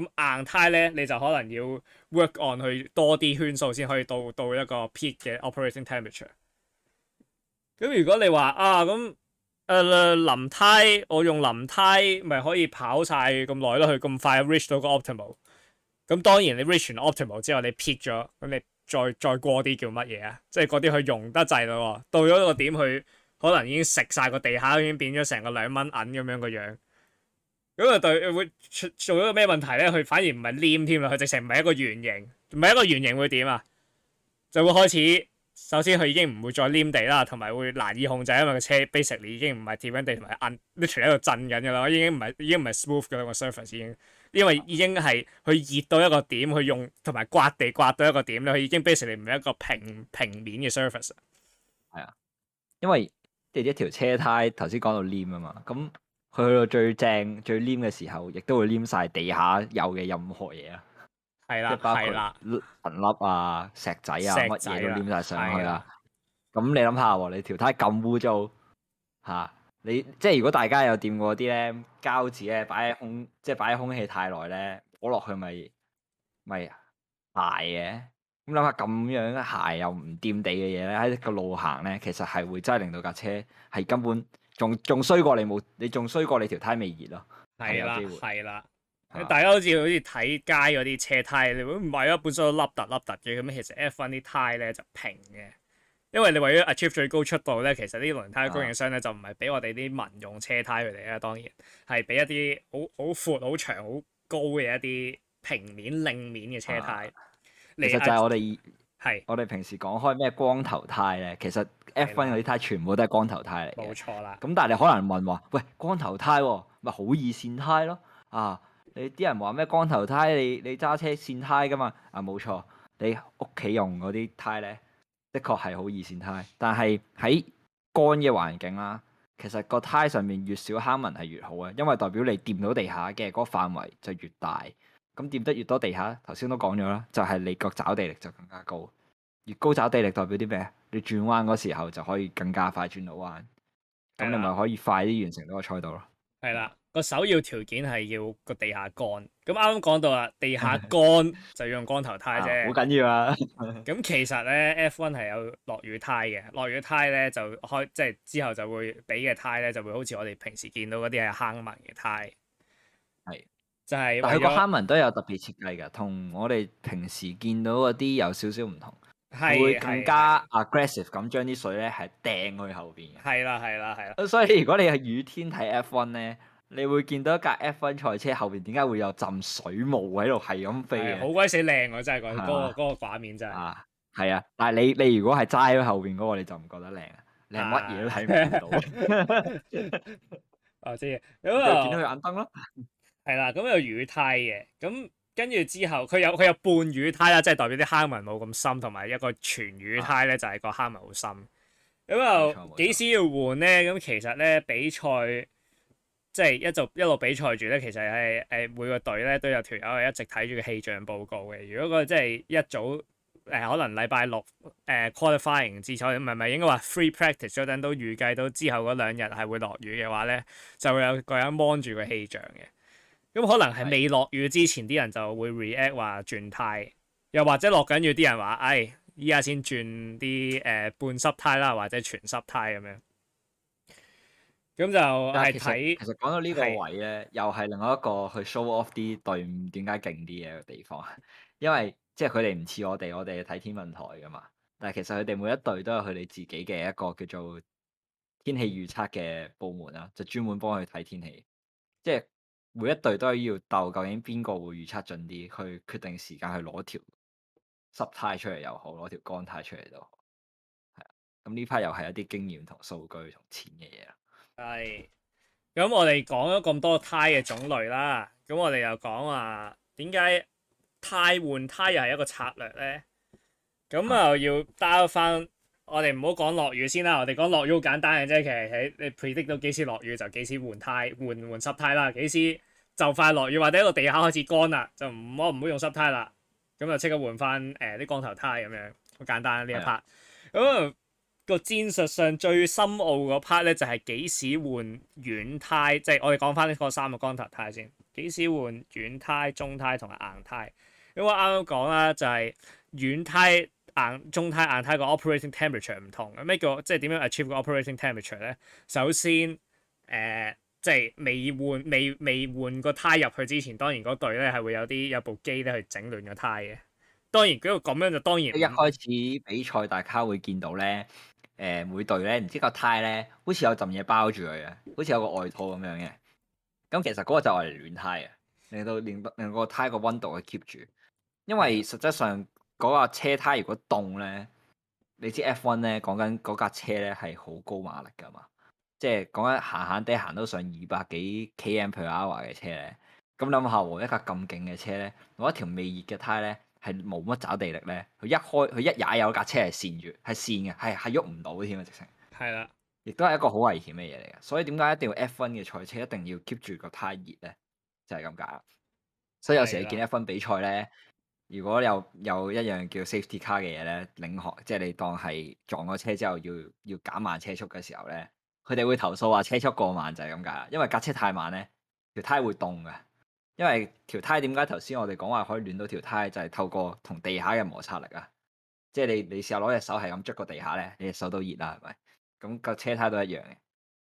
咁硬胎咧，你就可能要 work on 去多啲圈數先可以到到一個 peak 嘅 operating temperature。咁如果你話啊，咁誒、呃、林胎，我用林胎咪可以跑晒咁耐咯，佢咁快 reach 到個 optimal。咁當然你 reach 完 optimal 之後，你 peak 咗，咁你再再過啲叫乜嘢啊？即係嗰啲佢溶得滯啦，到咗個點佢可能已經食晒個地下，已經變咗成個兩蚊銀咁樣個樣。咁啊，對會做咗個咩問題咧？佢反而唔係黏添啦，佢直情唔係一個圓形，唔係一個圓形會點啊？就會開始首先佢已經唔會再黏地啦，同埋會難以控制，因為個車 basically 已經唔係貼緊地，同埋 under 喺度震緊嘅啦，已經唔係已經唔係 smooth 嗰個 surface，已經因為已經係佢熱到一個點，去用同埋刮地刮到一個點咧，佢已經 basically 唔係一個平平面嘅 surface。係啊，因為即係一條車胎頭先講到黏啊嘛，咁。去到最正、最黏嘅時候，亦都會黏晒地下有嘅任何嘢啊！係啦的，係啦，包括塵粒啊、石仔啊、乜嘢都黏晒上去啦。咁你諗下喎，你條胎咁污糟嚇，你即係如果大家有掂過啲咧膠紙咧，擺喺空，即係擺喺空氣太耐咧，攞落去咪咪壞嘅。咁諗下咁樣鞋又唔掂地嘅嘢咧，喺個路行咧，其實係會真係令到架車係根本。仲仲衰過你冇，你仲衰過你條胎未熱咯。係啦，係啦，啊啊、大家都好似好似睇街嗰啲車胎，你如果唔係本身都凹凸凹凸嘅，咁其實 F1 啲胎咧就平嘅，因為你為咗 achieve 最高速度咧，其實啲輪胎供應商咧、啊、就唔係俾我哋啲民用車胎佢哋啊，當然係俾一啲好好闊、好長、好高嘅一啲平面、令面嘅車胎。啊、其實就係我哋。係，是我哋平時講開咩光頭胎咧，其實 F1 嗰啲胎全部都係光頭胎嚟嘅。冇錯啦。咁但係你可能問話，喂，光頭胎咪好易跣胎咯？啊，你啲人話咩光頭胎，你你揸車跣胎噶嘛？啊，冇錯，你屋企用嗰啲胎咧，的確係好易跣胎。但係喺乾嘅環境啦，其實個胎上面越少坑紋係越好嘅，因為代表你掂到地下嘅嗰個範圍就越大。咁掂得越多地下，頭先都講咗啦，就係、是、你個抓地力就更加高，越高抓地力代表啲咩？你轉彎嗰時候就可以更加快轉到彎，咁的你咪可以快啲完成到個賽道咯。係啦，個首要條件係要個地下乾。咁啱啱講到啦，地下乾就用光頭胎啫，好緊、 啊、要啊。咁 其實咧 F1 係有落雨胎嘅，落雨胎咧就開，即係之後就會俾嘅胎咧就會好似我哋平時見到嗰啲係坑紋嘅胎。就係，但佢個閂門都有特別設計嘅，同我哋平時見到嗰啲有少少唔同，會更加 aggressive 咁將啲水咧係掟去後邊嘅。係啦，係啦，係啦。所以如果你係雨天睇 F1 咧，你會見到一架 F1 賽車後邊點解會有浸水霧喺度係咁飛嘅？好鬼死靚喎！真係嗰個嗰個畫面真係。啊，係啊！但係你你如果係揸喺後邊嗰個，你就唔覺得靚啊？你係乜嘢都睇唔到。啊，知你見到佢眼燈咯？係啦，咁、嗯、有雨胎嘅，咁跟住之後佢有佢有半雨胎啦，即係代表啲坑紋冇咁深，同埋一個全雨胎咧、啊、就係個坑紋好深。咁又幾時要換咧？咁其實咧比賽即係一做一路比賽住咧，其實係誒、就是、每個隊咧都有隊友係一直睇住個氣象報告嘅。如果、那個即係、就是、一早誒、呃、可能禮拜六誒、呃、qualifying 資賽唔係唔係應該話 free practice，都等都預計到之後嗰兩日係會落雨嘅話咧，就會有個人 mon 住個氣象嘅。咁可能係未落雨之前，啲人就會 react 話轉胎，的又或者落緊雨啲人話：唉、哎，依家先轉啲誒、呃、半濕胎啦，或者全濕胎咁樣。咁就係睇其實講看到呢個位咧，的又係另外一個去 show off 啲隊伍點解勁啲嘅地方， 因為即係佢哋唔似我哋，我哋睇天文台噶嘛。但係其實佢哋每一隊都有佢哋自己嘅一個叫做天氣預測嘅部門啦，就專門幫佢睇天氣，即係。每一隊都係要鬥，究竟邊個會預測準啲，去決定時間去攞條濕胎出嚟又好，攞條乾胎出嚟都好。啊。咁呢排又係一啲經驗同數據同錢嘅嘢啦。係，咁我哋講咗咁多胎嘅種類啦，咁我哋又講話點解胎換胎又係一個策略咧？咁啊，要 back 翻，我哋唔好講落雨先啦，我哋講落雨好簡單嘅啫，其實喺你 predict 到幾時落雨就幾時換胎換換濕胎啦，幾時。就快落雨或者個地下開始乾啦，就唔好唔會用濕胎啦，咁就即刻換翻誒啲光頭胎咁樣，好簡單呢一 part。咁個的戰術上最深奧嗰 part 咧，就係、是、幾時換軟胎，即、就、係、是、我哋講翻呢個三個光頭胎先。幾時換軟胎、中胎同埋硬胎？咁我啱啱講啦，就係、是、軟胎、硬、中胎、硬胎個 operating temperature 唔同。咩叫即係點樣 achieve 個 operating temperature 咧？首先誒。呃即係未換未未換個胎入去之前，當然嗰隊咧係會有啲有部機咧去整亂個胎嘅。當然，因為咁樣就當然一開始比賽，大家會見到咧，誒每隊咧唔知個胎咧好似有陣嘢包住佢嘅，好似有，好有個外套咁樣嘅。咁其實嗰個就係暖胎啊，令到令令個胎個溫度去 keep 住，因為實際上嗰架車胎如果凍咧，你知 F1 咧講緊嗰架車咧係好高馬力㗎嘛。即係講緊閒閒哋行到上二百幾 km per hour 嘅車咧，咁諗下喎，和一架咁勁嘅車咧，攞一條未熱嘅胎咧，係冇乜找地力咧，佢一開佢一踩有架車係跣住，係跣嘅，係係喐唔到添啊！直情係啦，亦都係一個好危險嘅嘢嚟嘅，所以點解一定要 F1 嘅賽車一定要 keep 住個胎熱咧？就係咁解。所以有時你見 F1 比賽咧，如果有有一樣叫 safety car 嘅嘢咧，領航，即係你當係撞咗車之後要要減慢車速嘅時候咧。佢哋會投訴話車速過慢就係咁解啦，因為架車太慢咧，條胎會凍嘅。因為條胎點解頭先我哋講話可以暖到條胎，就係透過同地下嘅摩擦力啊。即係你你試下攞隻手係咁捽個地下咧，你隻手都熱啦，係咪？咁個車胎都一樣嘅。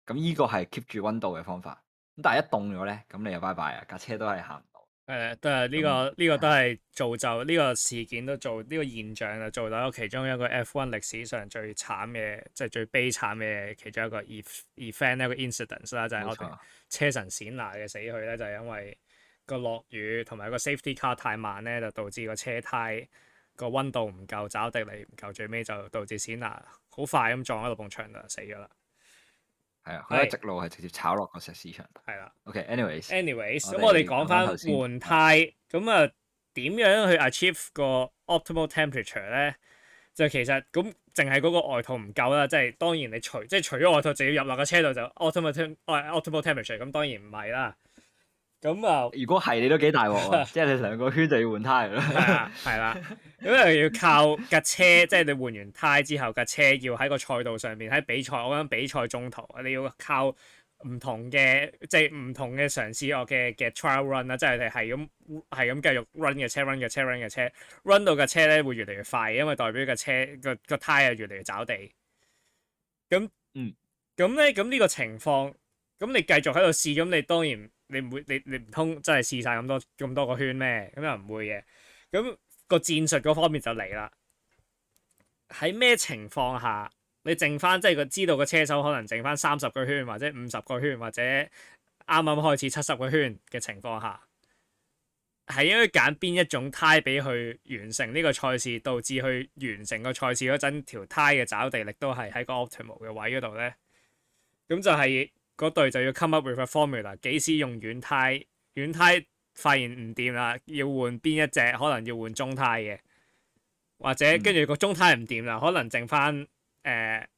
咁依個係 keep 住溫度嘅方法。咁但係一凍咗咧，咁你又拜拜啊，架車都係行。誒，都係呢個呢、這個都係造就呢、這個事件都造，都做呢個現象啦，做到其中一個 F1 歷史上最慘嘅，即係最悲慘嘅其中一個 e event 一個 incident 啦錯，就係我同車神冼娜嘅死去咧，就因為個落雨同埋個 safety car 太慢咧，就導致個車胎個溫度唔夠地，抓地力唔夠，最尾就導致冼娜好快咁撞喺度，撞牆就死咗啦。係啊，佢一直路係直接炒落個石市場。係啦。OK，anyways，anyways，咁我哋講翻換胎，咁啊點樣去 achieve 個 optimal temperature 咧？就其實咁淨係嗰個外套唔夠啦，即係當然你除，即係除咗外套，就要入落個車度就 optimal tem，optimal temperature，咁當然唔係啦。咁啊，嗯、如果係你都幾大鑊，即係你成個圈就要換胎啦。 係啦，咁又要靠架車，即、就、係、是、你換完胎之後，架車要喺個賽道上面，喺比賽。我諗比賽中途你要靠唔同嘅，即係唔同嘅嘗試我嘅嘅 trial run 啦，即係你係咁係咁繼續 run 嘅車，run 嘅車，run 嘅車，run，車，run 到架車咧會越嚟越快，因為代表架車個個胎啊越嚟越抓地。咁嗯，咁咧咁呢個情況，咁你繼續喺度試，咁你當然。你唔會，你你唔通真係試晒咁多咁多個圈咩？咁又唔會嘅。咁個戰術嗰方面就嚟啦。喺咩情況下，你剩翻即係個知道個車手可能剩翻三十個圈，或者五十個圈，或者啱啱開始七十個圈嘅情況下，係應該揀邊一種胎俾佢去完成呢個賽事，導致佢完成個賽事嗰陣條胎嘅抓地力都係喺個 optimal 嘅位嗰度咧。咁就係、是。嗰隊就要 come up with a formula 啦。幾時用軟胎？軟胎發現唔掂啦，要換邊一隻？可能要換中胎嘅，或者跟住個中胎唔掂啦，可能剩翻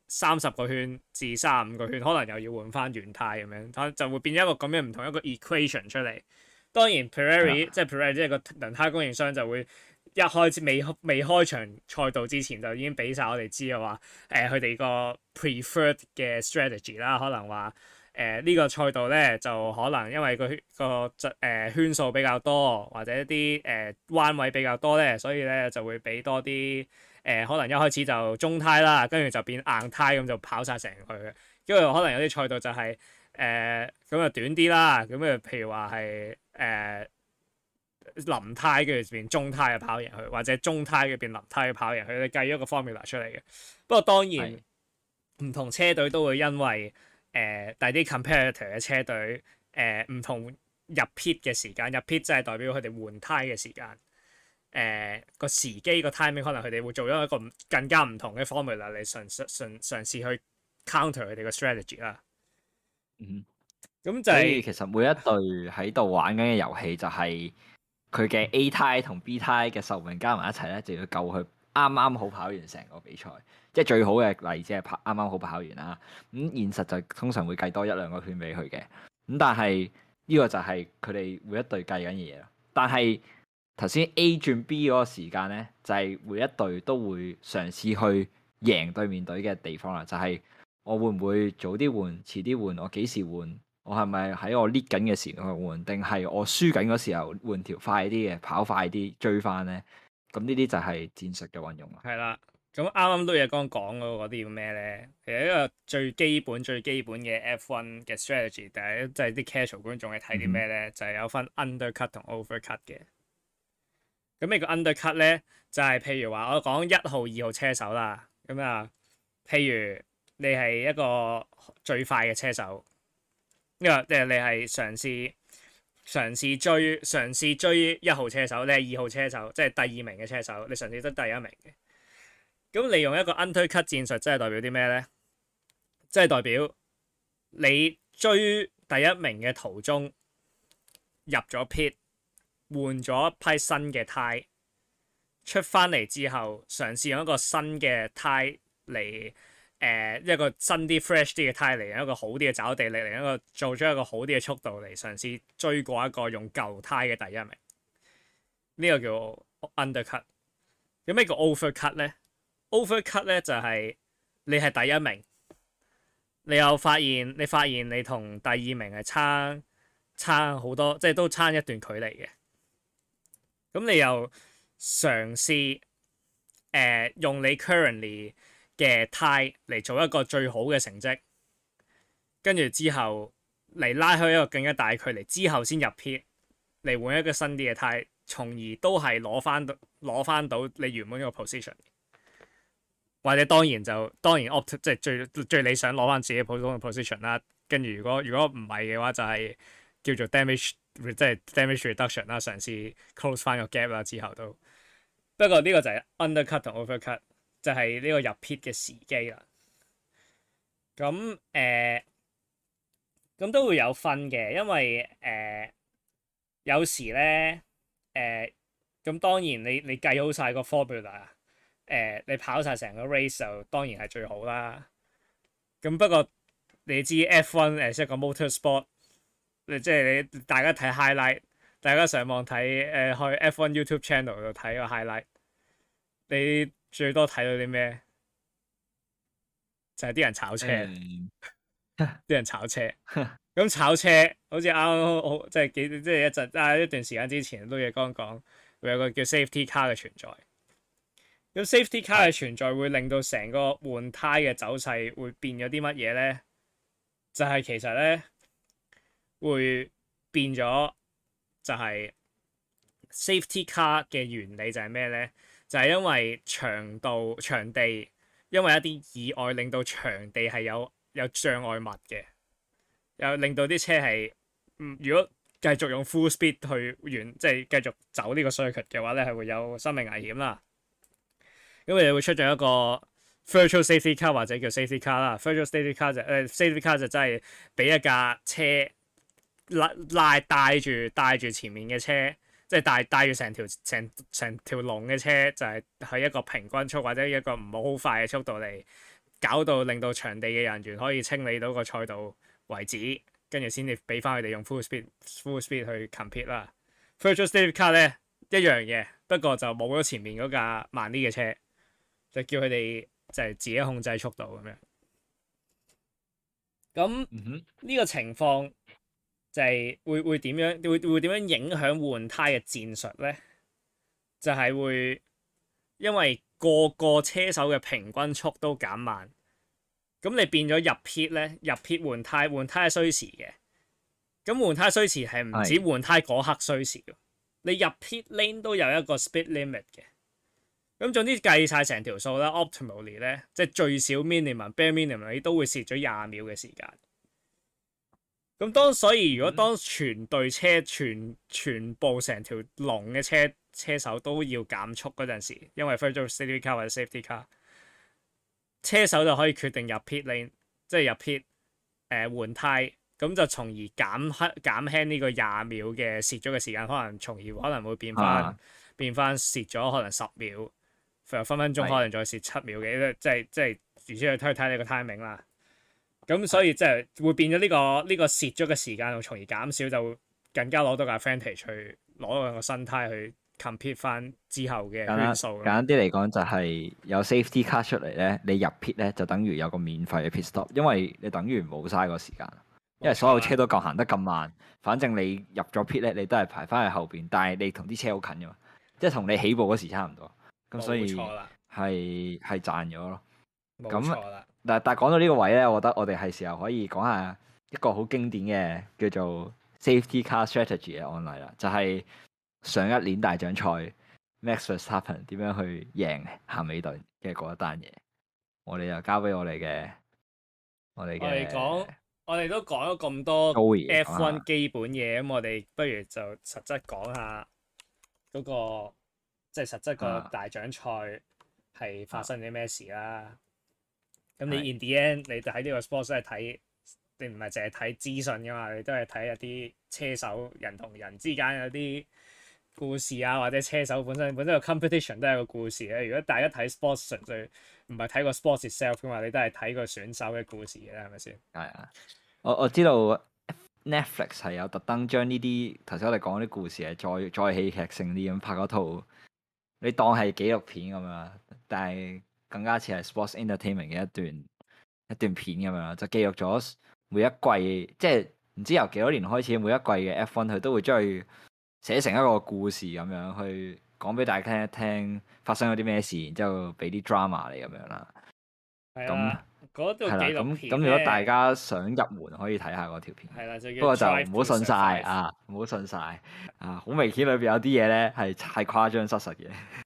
三十個圈至三十五個圈，可能又要換翻軟胎咁樣，就就會變咗一個咁樣唔同一個 equation 出嚟。當然，Pirelli 即係 Pirelli 即係個輪胎供應商就會一開始未未開場賽道之前就已經俾晒我哋知嘅話，呃、佢哋個 preferred 嘅 strategy 啦，可能話。誒、呃這個、呢個賽道咧就可能因為佢個誒、呃、圈數比較多，或者啲誒、呃、彎位比較多咧，所以咧就會俾多啲誒、呃、可能一開始就中胎啦，跟住就變硬胎咁就跑晒成佢。因為可能有啲賽道就係誒咁啊短啲啦，咁啊譬如話係誒林胎跟住變中胎啊跑贏佢，或者中胎變林胎啊跑贏佢，你計咗個 formula 出嚟嘅。不過當然唔是同車隊都會因為。誒，第啲 competitor 嘅車隊誒唔同入 pit 嘅時間入 pit 即係代表佢哋換胎嘅時間誒個時機個 timing 可能佢哋會做咗一個更加唔同嘅 formula 你嘗嘗,嘗,嘗,嘗,嘗嘗嘗試去 counter 佢哋個 strategy 啦。嗯，咁就係、是、其實每一隊喺度玩緊嘅遊戲就係佢嘅 A 胎同 B 胎嘅壽命加埋一齊咧，就要夠佢。啱啱好跑完成個比賽，即係最好嘅例子係跑啱啱好跑完啦。咁現實就通常會計多一兩個圈俾佢嘅。咁但係呢個就係佢哋每一隊計緊嘅嘢。但係頭先 A 轉 B 嗰個時間呢，就係、是、每一隊都會嘗試去贏對面隊嘅地方啦。就係、是、我會唔會早啲換，遲啲換，我幾時換，我係咪喺我 lift 緊嘅時去換，定係我輸緊嗰時，時候換條快啲嘅，跑快啲追翻呢？咁呢啲就係戰術嘅運用啦。係啦、嗯，咁啱啱都有剛講嗰嗰啲叫咩咧？其實一個最基本最基本嘅 F1 嘅 strategy，定係即係啲 casual 觀眾係睇啲咩咧？就係有分 undercut 同 overcut 嘅。咁你個 undercut 咧，就係譬如話我講一號、二號車手啦。咁啊，譬如你係一個最快嘅車手，因為即係你係嘗試。嘗試追嘗試追一號車手，你係二號車手，即係第二名嘅車手。你嘗試得第一名嘅，咁利用一個 undercut 戰術，即係代表啲咩咧？即係代表你追第一名嘅途中入咗 pit 換咗一批新嘅胎，出翻嚟之後嘗試用一個新嘅胎嚟。誒、呃、一個新啲、fresh 啲嘅胎嚟，一個好啲嘅抓地力嚟，嚟一個做咗一個好啲嘅速度嚟嘗試追過一個用舊胎嘅第一名。呢、這個叫 undercut。有咩叫 overcut 咧？overcut 咧就係、是、你係第一名，你又發現你發現你同第二名係差差好多，即係都差一段距離嘅。咁你又嘗試誒用你 currently。嘅胎嚟做一個最好嘅成績，跟住之後嚟拉開一個更加大距離，之後先入 pit 嚟換一個新啲嘅胎，從而都係攞翻到，攞翻到你原本個 position，或者當然就當然 opt 即係最最理想攞翻自己普通嘅 position 啦。跟住如果如果唔係嘅話，就係叫做 damage 即係 damage reduction 啦，嘗試 close 翻個 gap 啦。之後都不過呢個就係 undercut 同 overcut。就係呢個入 pit 嘅時機啦。咁誒，咁、呃、都會有分嘅，因為誒、呃、有時咧誒，咁、呃、當然你你計好晒個 formula 誒、呃，你跑晒成個 race 就當然係最好啦。咁不過你知 F 一誒，即係個 motor sport，你即係你大家睇 highlight，大家上網睇誒去 F 一 YouTube channel 度睇個 highlight，你。最多睇到啲咩？就係、是、啲人炒車，啲 人炒車。咁 炒車好似啱啱好，我即係幾即係、就是、一陣啊一段時間之前都有講過，會有個叫 Safety Car 嘅存在。咁 Safety Car 嘅存在會令到成個換胎嘅走勢會變咗啲乜嘢咧？就係、是、其實咧會變咗，就係 Safety Car 嘅原理就係咩咧？就係因為長度場地，因為一啲意外令到場地係有有障礙物嘅，又令到啲車係嗯，如果繼續用 full speed 去完，即係繼續走個呢個 circuit 嘅話咧，係會有生命危險啦。咁我哋會出咗一個 virtual safety car 或者叫 safety car 啦 Yeah.，virtual safety car 就誒、係呃、safety car 就真係俾一架車拉拉帶住帶住前面嘅車。即係帶帶住成條成成條龍嘅車，就係喺一個平均速或者一個唔好好快嘅速度嚟，搞到令到場地嘅人員可以清理到個賽道為止，跟住先至俾翻佢哋用 full speed full speed 去 compete 啦。Virtual Safety Car 咧一樣嘢，不過就冇咗前面嗰架慢啲嘅車，就叫佢哋就係自己控制速度咁樣。咁呢個情況，就係會會點樣？會會點樣影響換胎嘅戰術咧？就係、係、會因為個個車手嘅平均速都減慢，咁你變咗入 pit 咧，入 pit 換胎換胎係需時嘅。咁換胎需時係唔止換胎嗰刻需時的，你入 pit lane 都有一個 speed limit 嘅。咁總之計晒成條數啦，optimally 咧，即係最少 minimum bare minimum，你都會蝕咗廿秒嘅時間。咁當所以如果當全隊車全全部成條龍嘅車車手都要減速嗰陣時，因為 Ferrari Safety Car 或者 Safety Car，車手就可以決定入 pit lane，即係入 pit，誒換胎，咁就從而減輕減輕呢個廿秒嘅蝕咗嘅時間，可能從而可能會變翻、啊、變翻蝕咗可能十秒，分分鐘可能再蝕七秒嘅的，即係即係，而且要睇睇你個 timing 啦。咁所以即係會變咗呢、呢個呢、呢個蝕咗嘅時間，從而減少就更加攞多架 advantage 去攞個新胎去 compete 翻之後嘅分數。簡單啲嚟講，就係有 safety car 出嚟咧，你入 pit 咧就等於有個免費嘅 pit stop，因為你等於冇嘥個時間，因為所有車都夠行得咁慢，啊、反正你入咗 pit 咧，你都係排翻去後邊，但係你同啲車好近嘅嘛，即係同你起步嗰時差唔多。咁所以係係、啊、賺咗咯。咁，啦，嗱，但係講到呢個位咧，我覺得我哋係時候可以講下一個好經典嘅叫做 Safety Car Strategy 嘅案例啦，就係、是、上一年大獎賽 Max Verstappen 點樣去贏咸美頓嘅嗰一單嘢，我哋就交俾我哋嘅我哋嘅我哋講，我哋都講咗咁多 F1 基本嘢，咁我哋不如就實質講下嗰、那個即係、就是、實質個大獎賽係發生啲咩事啦。咁、嗯、你 in the end，你喺呢個 sports 都係睇，你唔係淨係睇資訊噶嘛？你都係睇一啲車手人同人之間有啲故事啊，或者車手本身本身個 competition 都係個故事咧。如果大家睇 sports 純粹唔係睇個 sports itself 噶嘛，你都係睇個選手嘅故事嘅啦，係咪先？係啊，我我知道 Netflix 係有特登將呢啲頭先我哋講啲故事係再再戲劇性啲咁拍嗰套，你當係紀錄片咁樣，但係，更加似係 Sports Entertainment 嘅一段一段片咁樣，就記錄咗每一季，即係唔知由幾多年開始，每一季嘅 F1 佢都會將佢寫成一個故事咁樣去講俾大家聽一聽，發生咗啲咩事，然之後俾啲 drama 你咁樣啦。係啦，嗰都係記錄片。係啦，咁咁如果大家想入門，可以睇下嗰條片。係啦，不過就唔好信晒，Drive to Survive 啊，唔好信晒。的啊，好的、啊、明顯裏邊有啲嘢咧係係誇張失實嘅。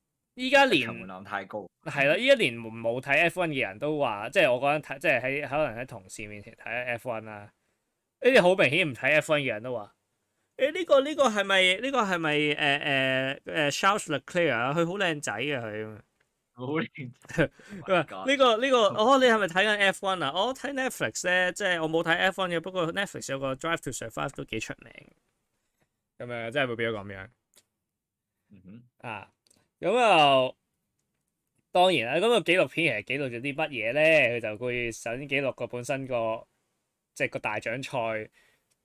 依家連門檻太高，係啦！依家連冇睇 F1 嘅人都話，即係我覺得，睇，即係喺可能喺同事面前睇 F1 啦，啊。呢啲好明顯唔睇 F1 嘅人都話，誒呢個呢個係咪？呢個係咪？誒誒誒 Charles Leclerc 啊，佢好靚仔嘅佢。好靚仔。佢話：呢個呢個，Le c c? 哦，你係咪睇緊 F1 啊？我睇 Netflix 咧，即、就、係、是、我冇睇 F1 嘅，不過 Netflix 有個 Drive to Survive 都幾出名。咁樣即係會變咗咁樣。啊，嗯！嗯嗯咁又當然啦，咁個紀錄片其實記錄咗啲乜嘢咧？佢就會首先記錄個本身個即係個大獎賽誒、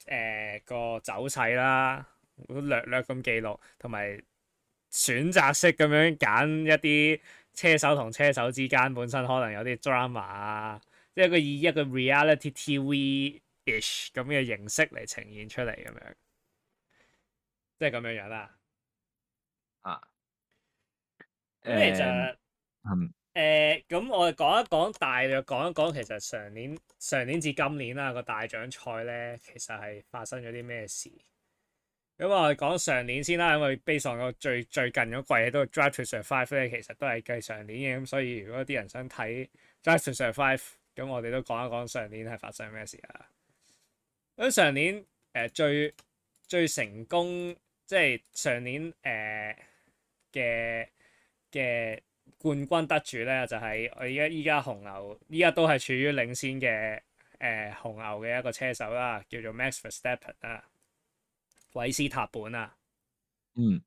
呃、個走勢啦，略略咁記錄，同埋選擇式咁樣揀一啲車手同車手之間本身可能有啲 drama 啊，即係佢以一個 reality TV ish 咁嘅形式嚟呈現出嚟咁樣，即係咁樣樣啦，啊。咁其實誒咁，嗯嗯嗯、我哋講一講大約講一講，其實上年上年至今年啦、個大獎賽咧，其實係發生咗啲咩事。咁我哋講上年先啦，因為 base on 個最最近嗰季都 Drive to Survive 咧，其實都係計上年嘅，咁所以如果啲人想睇 Drive to Survive，咁我哋都講一講上年係發生咩事啦。咁上年誒、呃、最最成功，即係上年誒嘅，呃嘅冠軍得主咧就係、是、我依家依家紅牛依家都係處於領先嘅誒、呃、紅牛嘅一個車手啦，叫做 Max Verstappen 啊，韋斯塔本啊。嗯。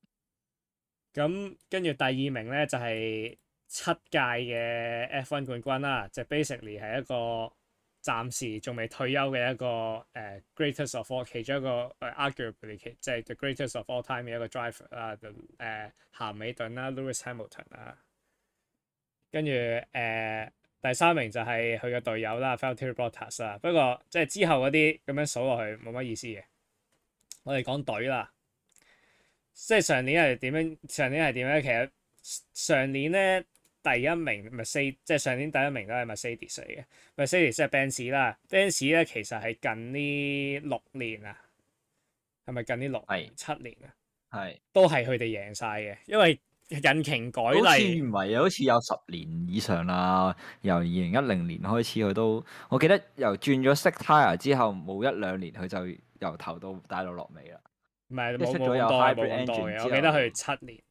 咁跟住第二名咧就係、是、七屆嘅 F1 冠軍啦，即、就是、basically 係一個。暫時仲未退休嘅一個誒 greatest of all 其中一個 arguably 即係 the greatest of all time 嘅一個 driver 啦，誒咸美頓啦，Lewis Hamilton 啦，跟住誒第三名就係佢嘅隊友啦，Valtteri Bottas 啦，不過即係之後嗰啲咁樣數落去冇乜意思嘅，我哋講隊啦，即係上年係點樣？上年係點樣？其實上年咧。第一名咪即係上年第一名都係 Mer Mercedes 嚟嘅，Mercedes 即係 Benz 啦，Benz 咧其實係近呢六年啊，係咪近呢六年？是七年啊？係是都係佢哋贏晒嘅，因為引擎改例好似唔係啊，好似有十年以上啦，由二零一零年開始佢都，我記得由轉咗 Sedan 之後冇一兩年佢就由頭到帶到落尾啦，唔係，冇咁耐，冇咁耐嘅，我記得佢七年。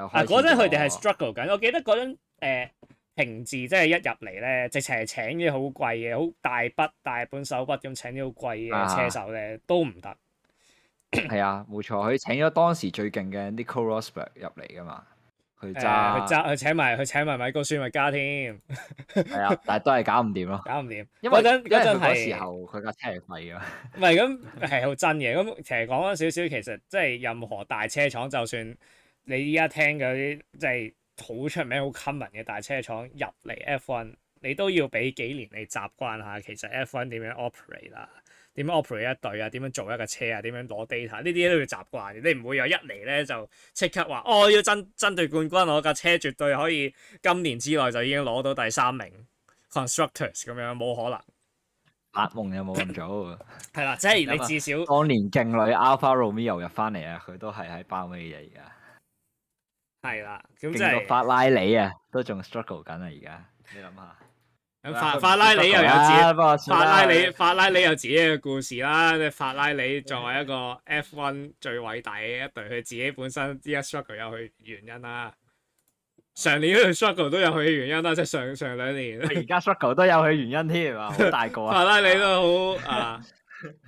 啊！嗰陣佢哋係 struggle 緊。我記得嗰陣平治即係一入嚟咧，直情係請啲好貴嘅，好大筆大本手筆咁請啲好貴嘅車手咧，都唔得。係啊，冇錯，佢請咗當時最勁嘅 Nico Rosberg 入嚟噶嘛，佢揸佢揸佢請埋佢請埋米高舒密加添。係啊，但係都係搞唔掂咯。搞唔掂，因為嗰陣係時候佢架車係廢㗎。唔係咁係好真嘅，咁其實講翻少少，其實即係任何大車廠，就算。你依家聽嗰啲即係好出名、好 common 嘅大車廠入嚟 F1，你都要俾幾年你習慣下。其實 F1 點樣 operate 啦？點樣 operate 一隊啊？點樣做一架車啊？點樣攞 data？呢啲都要習慣。你唔會有一嚟咧就即刻話、哦：我要針針對冠軍攞架車，絕對可以今年之內就已經攞到第三名 const ors,。Constructors 咁樣冇可能。白夢有冇咁早。係啦， 即、就、係、是、你至少。當年勁女 Alfa Romeo 入翻嚟啊，佢都係喺包尾嘅而家。係啦，咁即係法拉利啊，都仲 struggle 緊啊，而家。你諗下，咁 法法拉利又有自己 法拉利 法拉利又有自己嘅故事啦。即係法拉利作為一個 F1 最偉大嘅一隊，佢自己本身依家 struggle 有佢原因啦。上年嗰 struggle 都有佢原因啦，即係上上兩年。而家 struggle 都有佢原因添啊，好大個。法拉利都好 啊。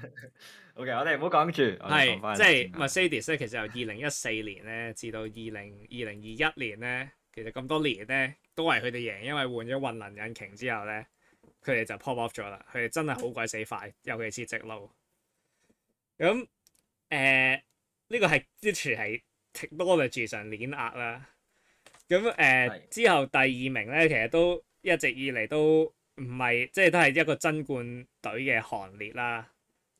OK，我哋唔好講住。係，即係 Mercedes 咧，其實由二零一四年咧，至到二零二零二一年咧，其實咁多年咧，都係佢哋贏，因為換咗混能引擎之後咧，佢哋就 pop off 咗啦。佢哋真係好鬼死快，尤其是直路。咁誒，呢、呃這個係之前係 technology 上嘅碾壓啦。咁誒、呃、是之後第二名咧，其實都一直以嚟都唔係，即係都係一個爭冠隊嘅行列啦。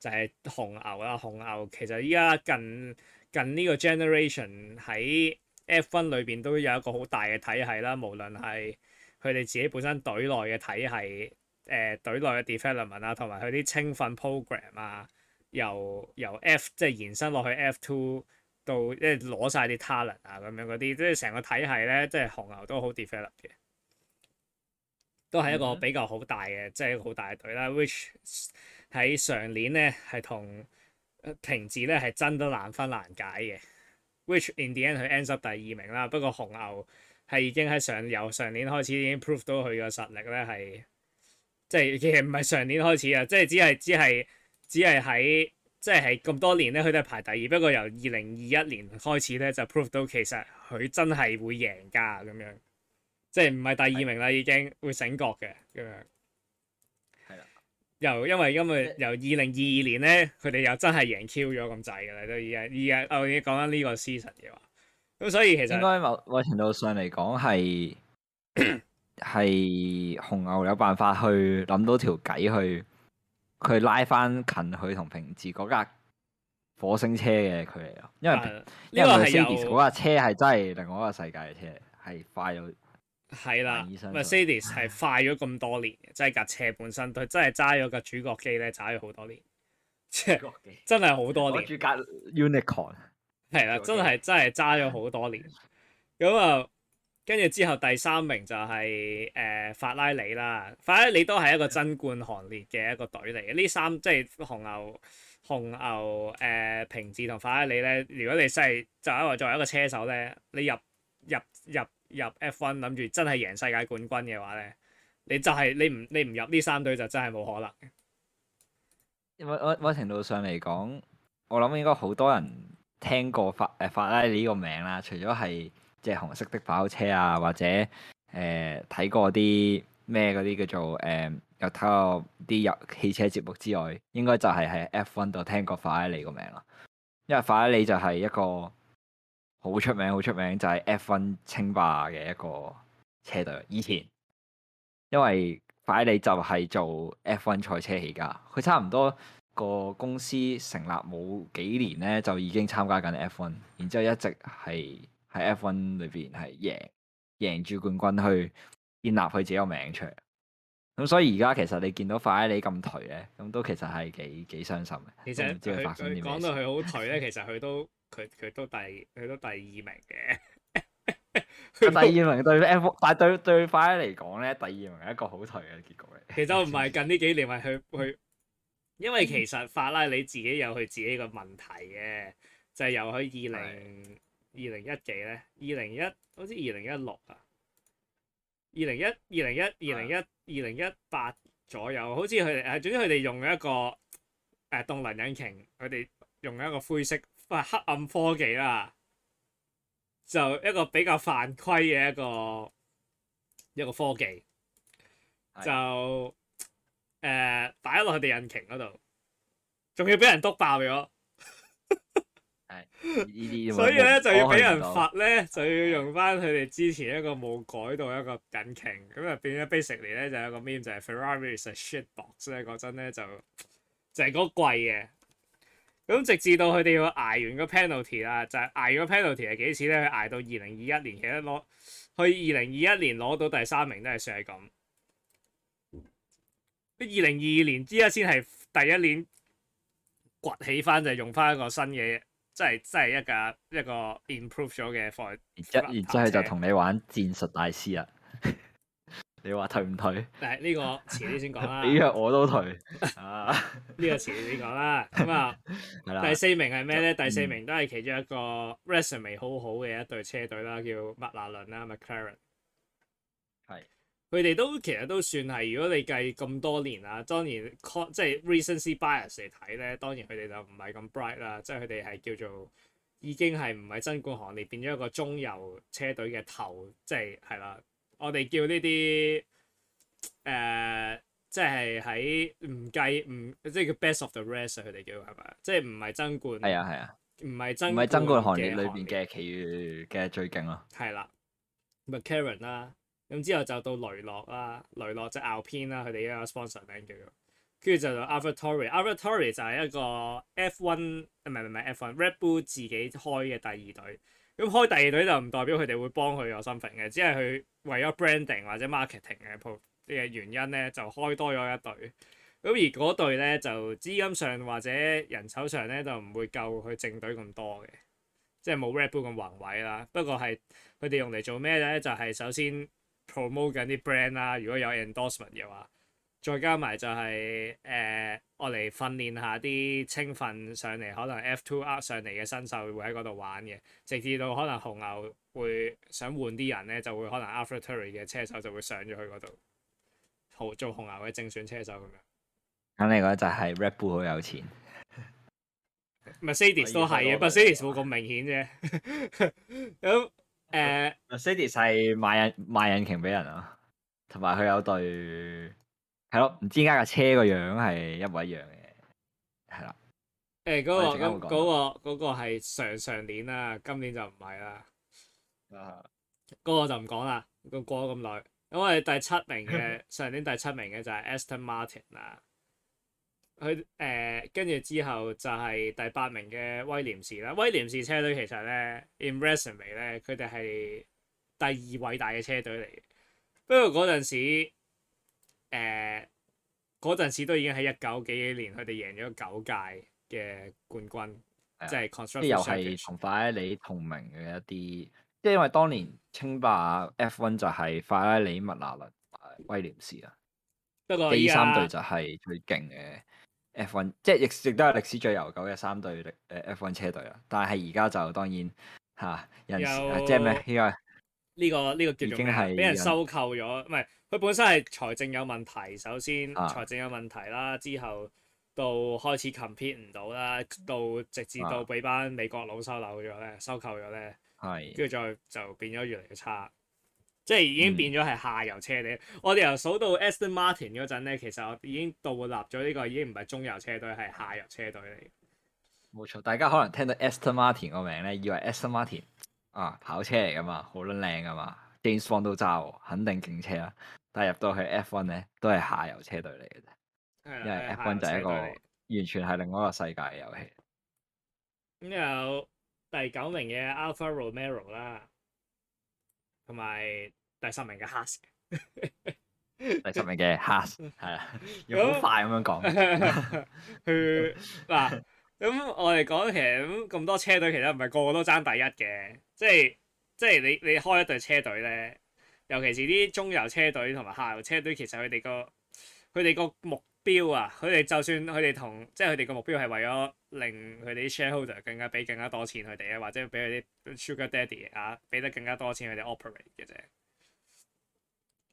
就係紅牛啦，紅牛其實依家近近呢個 generation 喺 F 分裏邊都有一個好大嘅體系啦。無論係佢哋自己本身隊內嘅體系，誒、呃、隊內嘅 development 啊，同埋佢啲青訓 program 啊，由由 F 即係延伸落去 F two 到即係、就、攞、是、晒啲 talent 啊咁樣嗰啲，即係成個體系咧，即係紅牛都好 develop 嘅，都係一個比較好大嘅，即係好大嘅、就是、隊啦，which。喺上年呢，係同平治呢，係爭得難分難解嘅，which in the end 佢 ends up 第二名啦。不過紅牛係已經喺上由上年開始已經 prove 到佢個實力呢，係即係其實唔係上年開始啊，即係只係只係只係喺即係係咁多年呢，佢都係排第二。不過由二零二一年開始呢，就 prove 到其實佢真係會贏噶咁樣，即係唔係第二名啦，的已經會醒覺嘅咁樣。又因為因為由二零二二年咧，佢哋又真係贏 Q 咗咁滯噶啦，都而家而家我已經講緊呢個 season 嘅話，咁所以其實應該某某程度上嚟講係係紅牛有辦法去諗到條計去去、去拉翻近佢同平治嗰架火星車嘅距離咯，因為 因為 C 迪嗰架車係真係另外一個世界嘅車，係快咗。係啦，咪 Mercedes 係快咗咁多年嘅， 即係架車本身佢真係揸咗架主角機咧，揸咗好多年，即 係真係好多年。主，了主角 Unicorn 係啦，真係真係揸咗好多年。咁啊，跟住之後第三名就係、是、誒、呃、法拉利啦，法拉利都係一個爭冠行列嘅一個隊嚟嘅。呢 三即係、就是、紅牛、紅牛誒、呃、平治同法拉利咧。如果你真係作為作為一個車手咧，你入入入。入入 F1 諗住真係贏世界冠軍嘅話咧，你就係、是、你唔你唔入呢三隊就真係冇可能嘅。我我某程度上嚟講，我諗應該好多人聽過法誒、呃、法拉利個名啦，除咗係即係紅色的跑車啊，或者誒睇、呃、過啲咩嗰啲叫做誒又睇過啲入汽車節目之外，應該就係喺 F1 度聽過法拉利個名啦。因為法拉利就係一個。好出名，好出名就係、是、F1 稱霸嘅一個車隊。以前，因為法拉利就係做 F1 賽車起家，佢差唔多、這個公司成立冇幾年咧，就已經參加緊 F1，然之後一直係喺 F1 裏邊係贏贏住冠軍去建立佢自己個名場。咁所以而家其實你見到法拉利咁頹咧，咁都其實係幾幾傷心嘅。你真係唔知其實佢講到佢好頹咧，其實佢都佢佢都，都，都第佢都第二名嘅。佢 都第二名對 F，但係對對法拉利嚟講咧，第二名係一個好頹嘅結果嚟。其實我唔係近呢幾年，係去，佢， 因為其實法拉利自己有佢自己嘅個問題嘅，就由佢二零二零一幾咧，二零一好似二零一六啊。二零一、二零一、二零一、二零一八左右，好似佢哋，總之佢哋用一個誒、呃、動能引擎，佢哋用一個灰色唔、呃、黑暗科技啦，就一個比較犯規嘅一個一個科技，的就誒擺咗落佢哋引擎嗰度，仲要俾人篤爆咗。所以咧就要俾人罰咧，就要用翻佢哋之前一個冇改到一個引擎，咁啊變咗 basically 咧就有一個 meme 就係 Ferrari 是、er、is a shit box 咧，嗰陣咧就就係嗰季嘅。咁直至到佢哋要挨完個 penalty 啦，就係挨完個 penalty 係幾錢咧？佢挨到二零二一年，其實攞去二零二一年攞到第三名都係算係咁。二零二二年依家先係第一年掘起翻，就係、是、用翻一個新嘢。即係即係一架一個 improve 咗嘅 Ford，然之後就同你玩戰術大師啦。 你話退唔退？但誒呢個遲啲先講啦。你約我都退啊！呢個遲啲先講啦。咁 啊麼，了第四名係咩咧？嗯、第四名都係其中一個 resume 好好嘅一隊車隊啦，叫麥拿倫啦，McLaren。係。佢哋都其實都算係，如果你計咁多年啦，當然即係 recency bias 嚟睇咧，當然佢哋就唔係咁 bright 啦，即係佢哋係叫做已經係唔係爭冠行列，變咗一個中游車隊嘅頭，即係係啦。我哋叫呢啲誒，即係喺唔計唔即係叫 best of the rest 啊，佢哋叫係咪？即係唔係爭冠？係啊係啊，唔係爭唔係爭冠行列裏邊嘅其餘嘅最勁咯。係啦 McLaren 啦。咁之後就到雷諾啦，雷諾即係 Alpine 啦，佢哋依個 sponsor 名叫做。跟住就到 AlphaTauri，AlphaTauri 就係一個 F1 唔係唔係唔係 F1，Red Bull 自己開嘅第二隊。咁開第二隊就唔代表佢哋會幫佢有身份嘅，只係佢為咗 branding 或者 marketing 嘅 p 嘅原因呢，就開多咗一隊。咁而嗰隊呢，就資金上或者人手上呢，就唔會夠佢正隊咁多嘅，即係冇 Red Bull 咁宏偉啦。不過係佢哋用嚟做咩呢？就係首先。promote 緊啲 brand 啦、啊，如果有 endorsement 嘅話，再加埋就係、是、誒，我、呃、嚟訓練一下啲青訓上嚟，可能 F2 up 上嚟嘅新秀會喺嗰度玩嘅，直至到可能紅牛會想換啲人咧，就會可能 AlphaTauri 嘅車手就會上咗去嗰度，做紅牛嘅正選車手咁樣。咁你覺得就係 Red Bull 好有錢 ，Mercedes 都係啊，Mercedes 冇咁明顯啫， 嗯誒、uh，Mercedes 係賣引、賣引擎俾人咯，同埋佢有對係咯，唔知點解個車個樣係一模一樣嘅，係啦。誒，嗰個咁個個係上上年啦，今年就唔係啦。啊，嗰個就唔講啦，過咗咁耐，因為第七名嘅 上年第七名嘅就係 Aston Martin 啦。佢誒，跟住之後就係第八名嘅威廉士啦。威廉士車隊其實咧，in r e c e n t l y 咧，佢哋係第二偉大嘅車隊嚟嘅。不過嗰陣時誒，嗰、呃、陣時都已經喺一九幾年，佢哋贏咗九屆嘅冠軍，的即係 c o n s t r u c t i o n 係又同法拉利同名嘅一啲，即係因為當年稱霸 F 一就係法拉利、麥拿倫、威廉士啊。呢三隊就係最勁嘅。F1 即係亦亦都係歷史最悠久嘅三隊力誒 F1 車隊啦，但係而家就當然吓，人、啊、有即係咩呢個呢個呢個叫做咩？俾人收購咗，唔係佢本身係財政有問題，首先財政有問題啦，啊、之後到開始 compete 唔到啦，到直至到俾班美國佬收留咗咧，啊、收購咗咧，係跟住再就變咗越嚟越差。即係已經變咗係下游車隊。嗯、我哋由數到 Aston Martin 陣陣咧，其實已經倒立咗，呢個已經唔係中游車隊，係下游車隊嚟。冇錯，大家可能聽到 Aston Martin 個名咧，以為 Aston Martin 啊跑車嚟噶嘛，好撚靚噶嘛，James Bond 都揸肯定勁車啦。但係入到去 F1 咧，都係下游車隊嚟嘅啫，的因為 F1 就係一個完全係另外一個世界嘅遊戲。咁有第九名嘅 Alfa Romeo 啦。同埋第十名嘅 Haas，第十名嘅 Haas，係啊、 嗯，要好快咁樣講。佢嗱，咁我哋講其實咁咁多車隊，其實唔係個,個個都爭第一嘅，即係即係你你開一隊車隊咧，尤其是啲中游車隊同埋下游車隊，其實佢哋個佢哋個目。標啊！佢哋就算佢哋同即係佢哋個目標係為咗令佢哋啲 shareholder 更加俾更加多錢佢哋啊，或者俾佢啲 sugar daddy 啊俾得更加多錢佢哋 operate 嘅啫。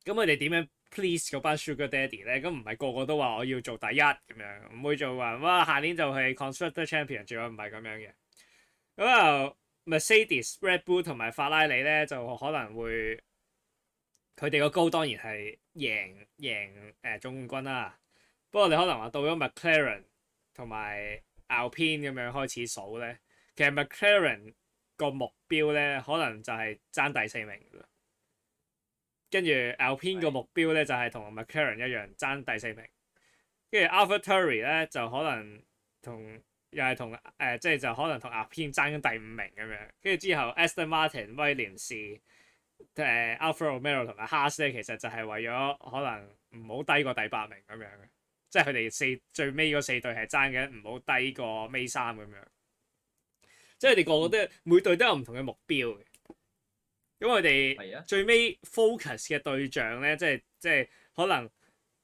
咁佢哋點樣 please 嗰班 sugar daddy 咧？咁唔係個個都話我要做第一咁樣，唔會做話哇下年就係 constructor champion，最緊唔係咁樣嘅。咁啊 Mercedes、Red Bull 同埋法拉利咧，就可能會佢哋個 goal，當然係贏贏誒總、呃、冠軍啦。不過你可能話到咗 McLaren 同埋 Alpine 咁樣開始數咧，其實 McLaren 個目標咧可能就係爭第四名，跟住 Alpine 個目標咧的就係同 McLaren 一樣爭第四名，跟住 AlphaTauri 咧就可能同又係同誒，即、呃、係、就係、就可能同 Alpine 爭第五名咁樣，跟住之後 Aston Martin 威廉士誒 Alfa Romeo 同埋哈斯咧，其實就係為咗可能唔好低過第八名咁樣。即係佢哋四最尾嗰四隊係爭嘅，唔好低過尾三咁樣。即係佢哋個個都每隊都有唔同嘅目標嘅，咁佢哋最尾 focus 嘅對象呢，即係即係可能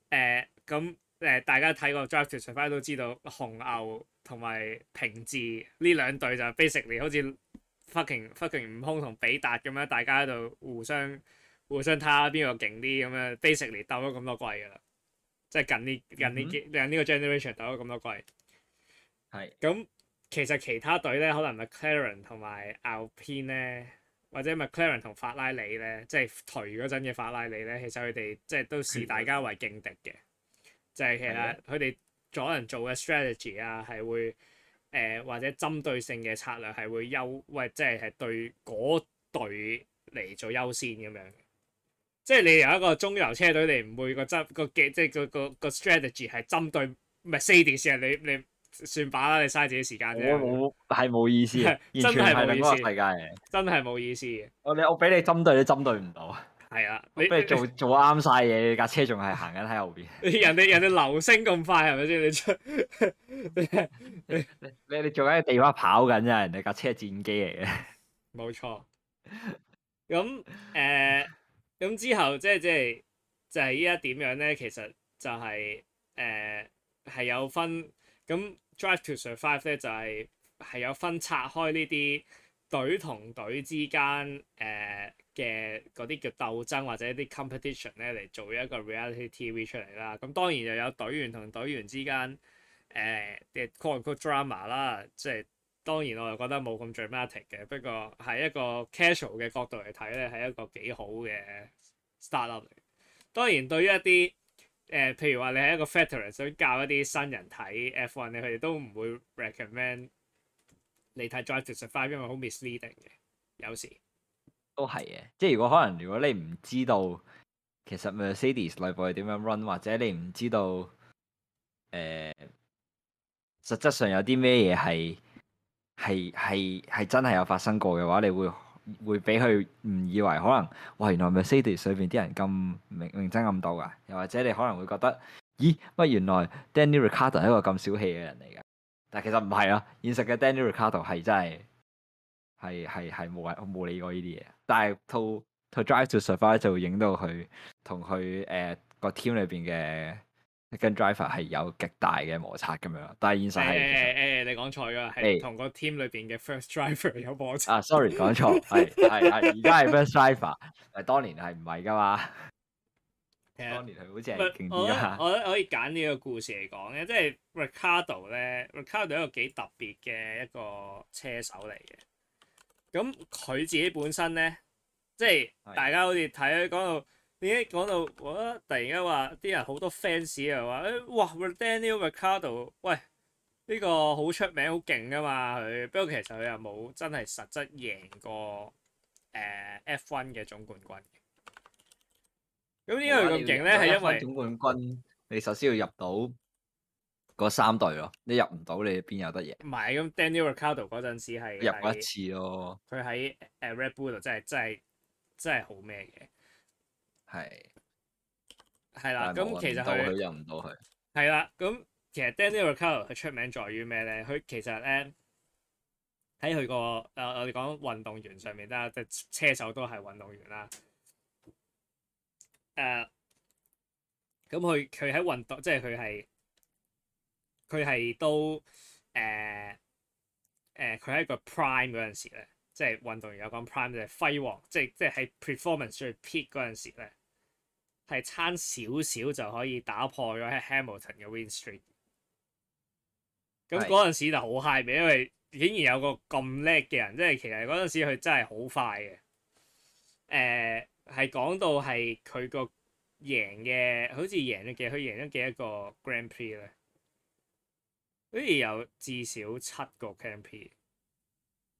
誒咁誒，大家睇過 Drive to Survive 都知道，紅牛同埋平治呢兩隊就 basically 好似 fucking fucking 悟空同比達咁樣，大家喺度互相互相睇下邊個勁啲咁樣，basically 鬥咗咁多季噶啦。即係近呢近呢幾、mm hmm. 近呢個 generation 打咗咁多季，係咁是其實其他隊咧，可能 McLaren 同埋 Alpine 咧，或者 McLaren 同法拉利咧，即係頹嗰陣嘅法拉利咧，其實佢哋即係都視大家為勁敵嘅，的就係其實佢哋可能做嘅 strategy 啊，係的、啊、會誒、呃、或者針對性嘅策略係會優，喂即係係對嗰隊嚟做優先咁樣。即係你由一個中游車隊，你唔會、嗰個針、嗰個嘅即係個個、嗰個 strategy 係針對唔係 Mercedes 嘅，你你算把啦，你嘥自己時間啫。 我冇係冇意思，完全係另一個世界，真係冇意思，我你俾你針對，你針對唔到。係啊，你做你做啱晒嘢，你架車仲係行緊喺後邊。人哋人哋流星咁快係咪先？你出 你你你做緊地方跑緊啫，人哋架車戰機嚟嘅。冇錯。咁誒？呃 咁之後即係即係就係依家點樣呢？其實就係誒係有分咁《Drive to Survive》咧，就係係有分拆開呢啲隊同隊之間誒嘅嗰啲叫鬥爭或者啲 competition 呢嚟做一個 reality TV 出嚟啦。咁當然又有隊員同隊員之間誒嘅 couple drama 啦，即係。當然我又覺得冇咁 dramatic 嘅，不過喺一個 casual 嘅角度嚟睇咧，係一個幾好嘅 startup 嚟。當然對於一啲誒、呃，譬如話你係一個 fitter 想教一啲新人睇 F1，你佢哋都唔會 recommend 你睇 Drive to Survive，因為好 misleading 嘅有時。都係嘅，即係如果可能，如果你唔知道其實 Mercedes 內部係點樣 run，或者你唔知道誒、呃、實質上有啲咩嘢係。係係係真係有發生過嘅話，你會會俾佢誤以為可能，哇原來 Mercedes 裏邊啲人咁明明爭暗鬥㗎，又或者你可能會覺得，咦乜原來 Danny Ricciardo 係一個咁小氣嘅人嚟㗎？但其實唔係啊，現實嘅 Danny Ricciardo 係真係係係係冇係冇理過呢啲嘢，但係套套《Drive to Survive》就影到佢同佢誒個 team 裏邊嘅。呃跟 driver 係有極大嘅摩擦咁樣，但係現實係誒誒，hey, hey, hey, 你講錯咗啦，係 Hey. 同個 team 裏邊嘅 first driver 有摩擦啊。Ah, sorry，講錯，係係而家係 first driver，但當年係唔係噶嘛？Yeah. 當年係好似係勁啲。我我覺得可以揀呢個故事嚟講咧，即係 Ricardo 咧，Ricardo 一個幾特別嘅一個車手嚟嘅。咁佢自己本身咧，即係的大家好似睇講到。點解講到我覺得突然間話啲人好多 fans，又話誒，哇 Daniel Ricciardo 喂呢、呢個好出名好勁噶嘛佢，不過其實佢又冇真係實質贏過誒、呃、F1 嘅總冠軍。咁點解咁勁咧？係因為總冠軍你首先要入到嗰三隊咯，你入唔到你邊有得贏？唔係，咁 Daniel Ricciardo 嗰陣時係入過一次咯。佢喺誒 Red Bull 真係真係真係好咩嘅？係係啦，咁的其實佢入唔到去係啦。咁的的其實 Daniel Ricciardo 佢出名在於咩咧？佢其實咧喺佢個誒，我哋講運動員上面啦，啊，即係車手都係運動員啦。誒、呃，咁佢佢喺運動即係佢係佢係都誒誒，佢喺個 prime 嗰陣時咧，即係運、呃呃、動員有講 prime 即係輝煌，即係即係喺 performance 最 peak 嗰陣時咧。係撐少少就可以打破咗 Hamilton 嘅 Win Street，咁嗰陣時就好嗨 i，因為竟然有個咁叻嘅人，即係其實嗰陣時佢真係好快嘅。誒係講到係佢個贏嘅，好似贏咗幾，佢贏咗幾多個 Grand p r i 咧？好似有至少七個 Grand p r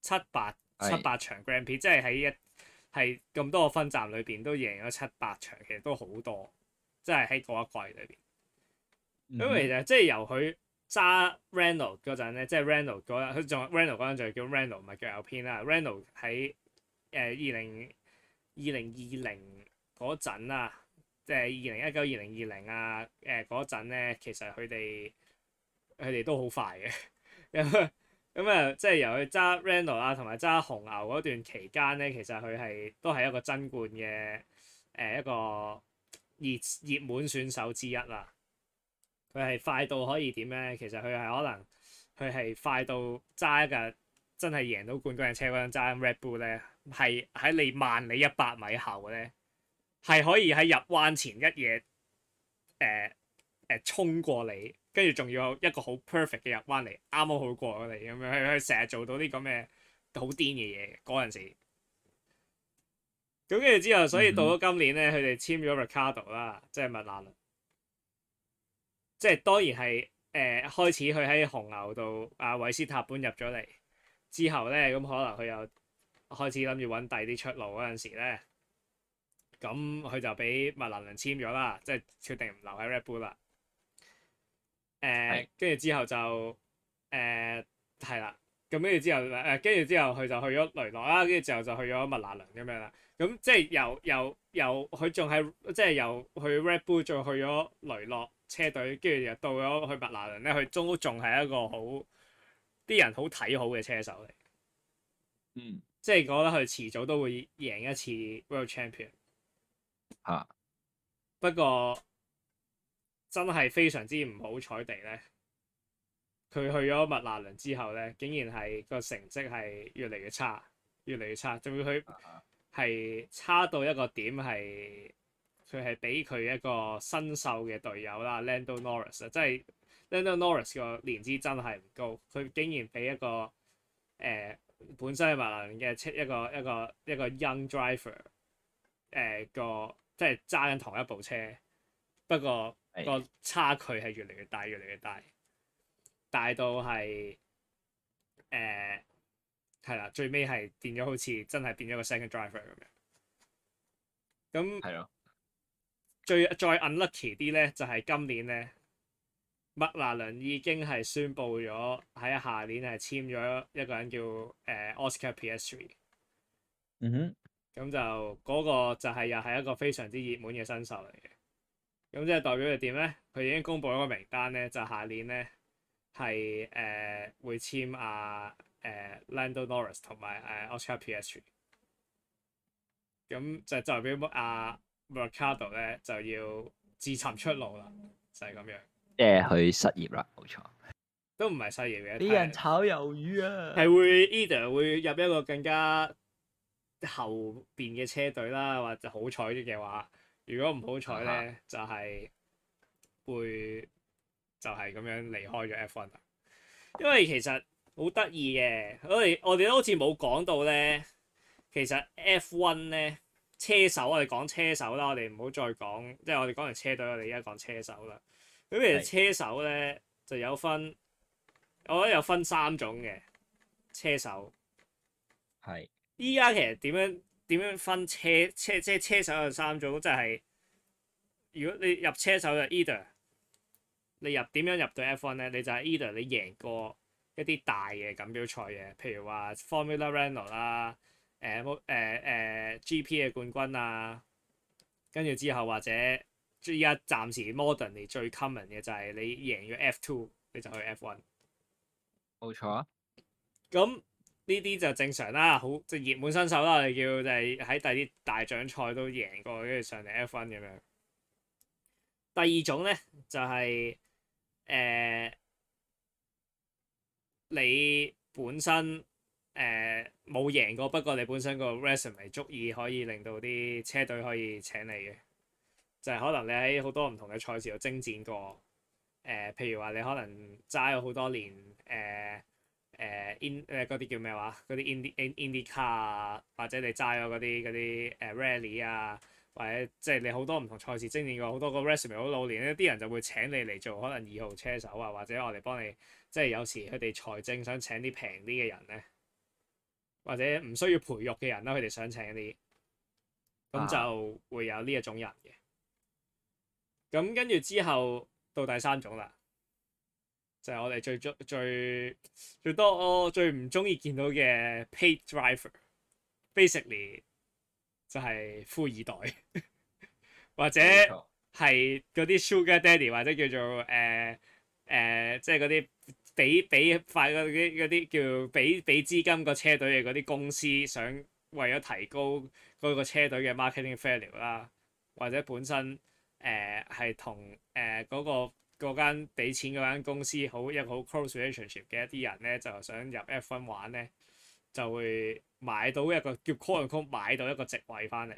七八的七八場 Grand p r 即係喺一。係咁多個分站裏邊都贏咗七八場，其實都好多，即係喺嗰一季裏邊。咁其實即係由佢揸 Reno 嗰陣咧，即係 Reno 嗰陣，佢仲 Reno 嗰陣就叫 Reno，唔係腳有偏啦。Reno 喺誒二零二零二零嗰陣，即係誒二零一九二零二零啊，誒嗰陣咧，其實佢哋佢哋都好快嘅。 咁啊、嗯，即係由佢揸 Renault 啊，同埋揸紅牛嗰段期間咧，其實佢係都係一個爭冠嘅誒、呃、一個熱熱門選手之一啦。佢係快到可以點咧？其實佢係可能佢係快到揸一架真係贏到冠軍嘅車嗰陣揸 Red Bull 咧，係喺你萬里一百米後咧，係可以喺入彎前一夜誒誒、呃呃、衝過你。跟住仲要一個好 perfect 嘅入彎嚟，啱啱好過我哋咁樣，佢佢成日做到啲咁嘅好癲嘅嘢。嗰陣時，咁跟住之後，所以到咗今年呢，佢哋簽咗 Ricardo 啦，即係麥蘭。即係當然係誒、呃，開始佢喺紅牛度，阿、啊、韋斯塔潘入咗嚟之後呢，咁可能佢又開始諗住揾第啲出路嗰陣時呢，咁佢就俾麥蘭倫簽咗啦，即係決定唔留喺 Red Bull 啦。誒，跟住、uh, 的之後就誒，係、uh, 啦。咁跟住之後，誒，跟住之後佢就去咗雷諾啦。跟住之後就去咗麥拿倫咁樣啦。咁即係又又又，佢仲係即係由去 Red Bull，再去咗雷諾車隊，跟住又到咗去麥拿倫咧。佢終都仲係一個好啲人好睇好嘅車手嚟。嗯。即係覺得佢遲早都會贏一次 World Champion、啊。嚇！不過～真係非常之唔好彩地呢，佢去咗麥拿倫之後呢，竟然係個成績係越嚟越差，越嚟越差，仲要佢係差到一個點係，佢係畀佢一個新秀嘅隊友啦，Lando Norris 啊，即係 Lando Norris 個年資真係唔高，佢竟然畀一個誒、呃、本身係麥拿倫嘅一個一個一個,一個 Young Driver 誒、呃、個即係揸緊同一部車，不過。 個差距係越嚟越大，越嚟越大，大到係誒係啦，最尾係變咗好似真係變咗個 second driver 咁樣。咁係咯，最再 unlucky 啲咧，就係、是、今年咧，麥拿倫已經係宣布咗喺下年係簽咗一個人叫誒、呃、Oscar Piastri。嗯哼，咁 就嗰、那個就係又係一個非常之熱門嘅新秀嚟嘅。咁即係代表係點咧？佢已經公布咗個名單咧，就下年咧係誒會簽阿、啊、誒、呃、Lando Norris 同埋誒 Oscar Piastri。咁就代表阿、啊、Ricciardo 咧就要自尋出路啦，就係、是、咁樣。即係、呃、失業啦，冇錯。都唔係失業嘅。啲人炒魷魚啊！係會 either 會入一個更加後邊嘅車隊啦，或者好彩啲嘅話。如果唔好彩呢，就係會就係咁樣離開咗 F1。因為其實好得意嘅，我哋我哋都好似冇講到呢。其實 F1 呢，車手，我哋講車手啦，我哋唔好再講，即係我哋講完車隊，我哋而家講車手啦。咁其實車手呢，是就有分，我覺得有分三種嘅車手。係是。依家其實點樣？點樣分車車車車手有三種，就係、是、如果你入車手就 either 你入點樣入到 F1 咧？你就 either 你贏過一啲大嘅錦標賽嘅，譬如話 Formula Renault 啦，誒誒誒 GP 嘅冠軍啊，跟住之後或者依家暫時 modern 你最 common 嘅就係你贏咗 F2 你就去 F1，冇錯。咁。呢啲就正常啦，好即係熱門新手啦，我哋叫就係喺第啲大獎賽都贏過，跟住上嚟 F1 咁樣。第二種呢，就係、是、誒、呃、你本身誒冇、呃、贏過，不過你本身個 resume 足以可以令到啲車隊可以請你嘅，就係、是、可能你喺好多唔同嘅賽事度征戰過、呃，譬如話你可能揸咗好多年誒。呃誒 in 誒嗰啲叫咩話？嗰啲 ind ind IndyCar 啊，或者你揸咗嗰啲嗰啲誒 rally 啊，ally，或者即係你好多唔同賽事經驗過好多個 resume 好老年，呢啲人就會請你嚟做可能二號車手啊，或者我哋幫你，即係有時佢哋財政想請啲平啲嘅人呢，或者唔需要培育嘅人啦，佢哋想請啲，咁就會有呢一種人嘅。咁跟住之後到第三種啦。就係我哋最中最最多我最唔中意見到嘅 paid driver，basically 就係富二代，或者係嗰啲 sugar daddy，或者叫做誒誒，即係嗰啲俾俾發嗰啲啲叫俾俾資金車個車隊嘅嗰啲公司，想為咗提高嗰個車隊嘅 marketing value 啦，或者本身誒係同誒嗰個。嗰間俾錢嗰間公司好一個好 close relationship 嘅一啲人呢，就想入 F1 玩呢，就會買到一個叫 coin cup，買到一個席位翻嚟。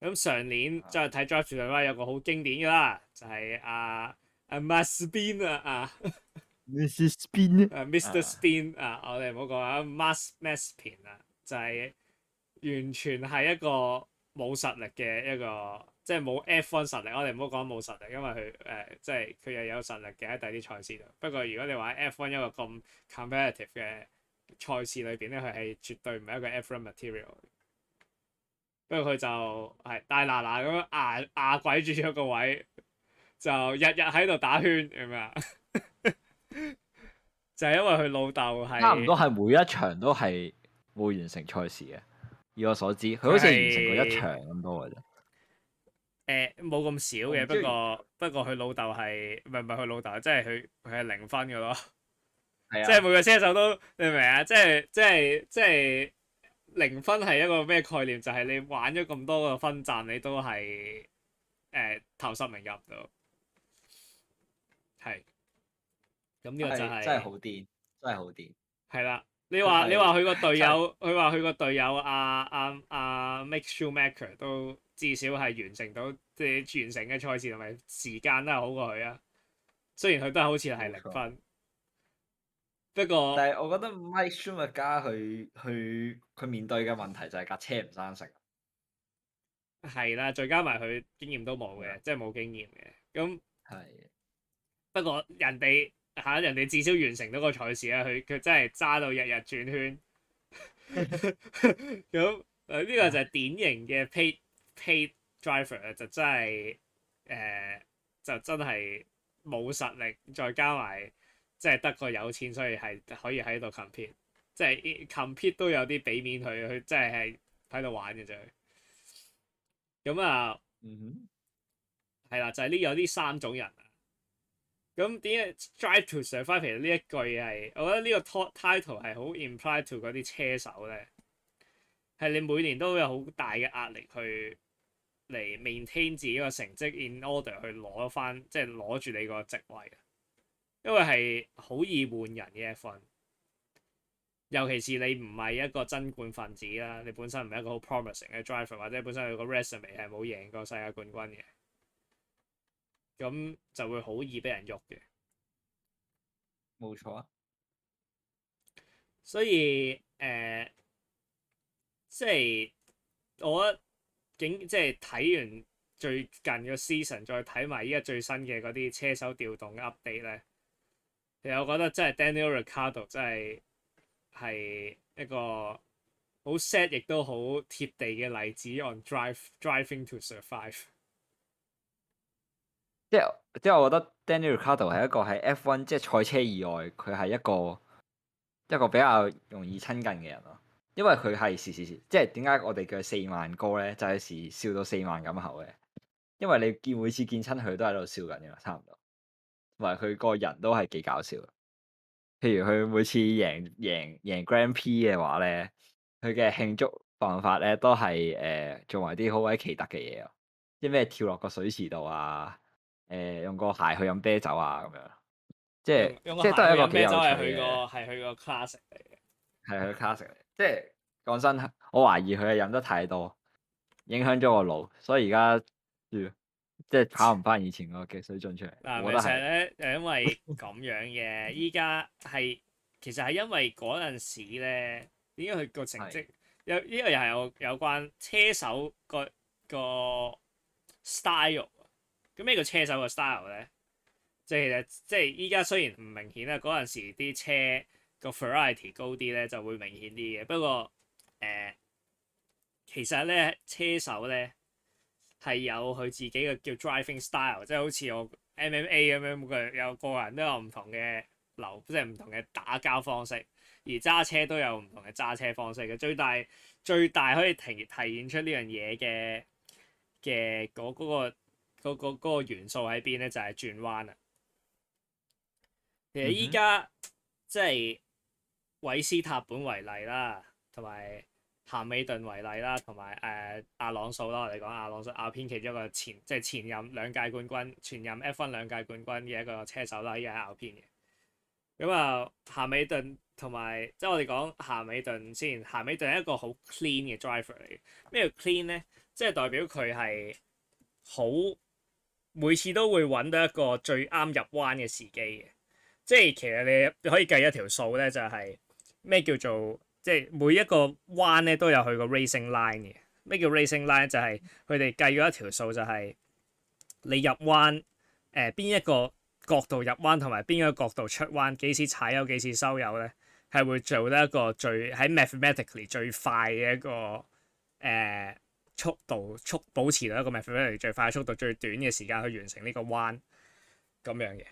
咁上年即係睇 Drive to Survive 有個好經典㗎啦，就係阿阿 Mazepin 啊，Mr Spin 啊，Mr Spin 啊，我哋唔好講啊 Mas Mazepin 啊、uh,，就係完全係一個冇實力嘅一個。即係冇 F1 實力，我哋唔好講冇實力，因為佢誒、呃、即係佢又有實力嘅喺第二啲賽事度。不過如果你話 F1 一個咁 competitive 嘅賽事裏邊咧，佢係絕對唔係一個 F1 material。不過佢就係大嗱嗱咁樣壓壓鬼住咗個位，就日日喺度打圈咁樣。 就係因為佢老豆係差唔多係每一場都係冇完成賽事嘅。以我所知，佢好似完成過一場咁多嘅啫。誒，冇咁少嘅，不過不過佢老豆係唔係唔係佢老豆，即係佢佢係零分嘅咯，係啊，即係每個車手都，你明唔明啊？即係即係即係零分係一個咩概念？就係你玩咗咁多個分站，你都係誒頭十名入唔到，係，咁呢個就係真係好癲，真係好癲，係啦。你話你話佢個隊友，佢話佢個隊友阿阿阿 Mick Schumacher 都。至少係完成到即係完成嘅賽事同埋時間都係好過佢啊。雖然佢都係好似係零分，錯不過但係我覺得 Mick Schumacher 佢佢佢面對嘅問題就係架車唔生性，係啦，再加埋佢經驗都冇嘅，的即係冇經驗嘅。咁係的不過人哋嚇、啊、人哋至少完成到個賽事啊。佢佢真係揸到日日轉圈咁呢、 這個就係典型嘅 p paid driver 咧就真係誒、呃，就真係冇實力，再加埋即係得個有錢，所以係可以喺度 compete，即係 compete 都有啲俾面佢，佢真係喺度玩嘅啫。咁啊，嗯哼、mm，係、hmm. 啦，就係、是、呢有呢三種人。咁點解 drive to survive？其實呢一句係我覺得呢個 title 係好 imply to 嗰啲車手咧，係你每年都有好大嘅壓力去，嚟 maintain 自己個成績 in order 去攞翻，即係攞住你個職位，因為係好易換人嘅一份，尤其是你唔係一個爭冠分子啦，你本身唔係一個好 promising 嘅 driver，或者本身佢個 resume 係冇贏過世界冠軍嘅，咁就會好易俾人喐嘅。冇錯啊！所以誒、呃，即係我覺得。竟即係睇完最近嘅 season，再睇埋依家最新嘅嗰啲車手調動 update 咧，其實我覺得真係 Daniel Ricciardo 真係係一個好 sad 亦都好貼地嘅例子 on drive driving to survive。即係即係我覺得 Daniel Ricciardo 係一個喺 F one 即係賽車以外，佢係一個一個比較容易親近嘅人咯。因為佢係時時時，即係點解我哋叫四萬哥咧？就係、是、時笑到四萬咁口嘅。因為你見每次見親佢都喺度笑緊嘅，嘛，差唔多。同埋佢個人都係幾搞笑。譬如佢每次贏贏贏 Grand Prix 嘅話咧，佢嘅慶祝辦法咧都係誒、呃、做埋啲好鬼奇特嘅嘢咯，即咩跳落個水池度啊，誒、呃、用個鞋去飲啤酒啊咁樣，即係即係都係一個幾有趣嘅。係佢個係佢個 classic 嚟嘅。係佢個 classic 嚟。即係講真，我懷疑佢係飲得太多，影響咗個腦，所以而家、呃、即係跑唔返以前個嘅水準出嚟。嗱實，咪就係咧，誒， 因為咁樣嘅，依家係其實係因為嗰陣時咧，點解佢個成績有呢個又係有有關車手個 style。咁咩叫車手個 style 咧？即係即係依家雖然唔明顯啦，嗰陣時啲車。個 variety 高啲呢，就會明顯啲嘅，不過誒、呃，其實呢車手呢係有佢自己嘅叫 driving style，即係好似我 MMA 咁樣，佢有個人都有唔同嘅流，即係唔同嘅打交方式，而揸車都有唔同嘅揸車方式嘅。最大最大可以提體現出呢樣嘢嘅嘅嗰嗰個元素喺邊呢？就係、是、轉彎啦。其實依家、mm hmm. 即係。韋斯塔本為例啦，同埋夏美頓為例啦，同埋誒阿朗素啦。Uh, so, 我哋講阿朗素拗偏其中一個前即係、就是、前任兩屆冠軍、前任 F 分兩屆冠軍嘅一個車手啦，依家拗偏嘅。咁啊，夏美頓同埋即係我哋講夏美頓先，夏美頓係一個好 clean 嘅 driver 嚟嘅。咩叫 clean 咧？即係代表佢係好每次都會揾到一個最啱入彎嘅時機嘅。即係其實你可以計一條數咧，就係、是。咩叫做即係每一個彎咧都有佢個 racing line 嘅。咩叫 racing line 就係佢哋計咗一條數，就係你入彎，誒、呃、邊一個角度入彎同埋邊一個角度出彎，幾時踩油幾時收油咧，係會做得一個最喺 mathematically 最快嘅一個誒、呃、速度速保持到一個 mathematically 最快嘅速度、最短嘅時間去完成呢個彎，咁樣嘅。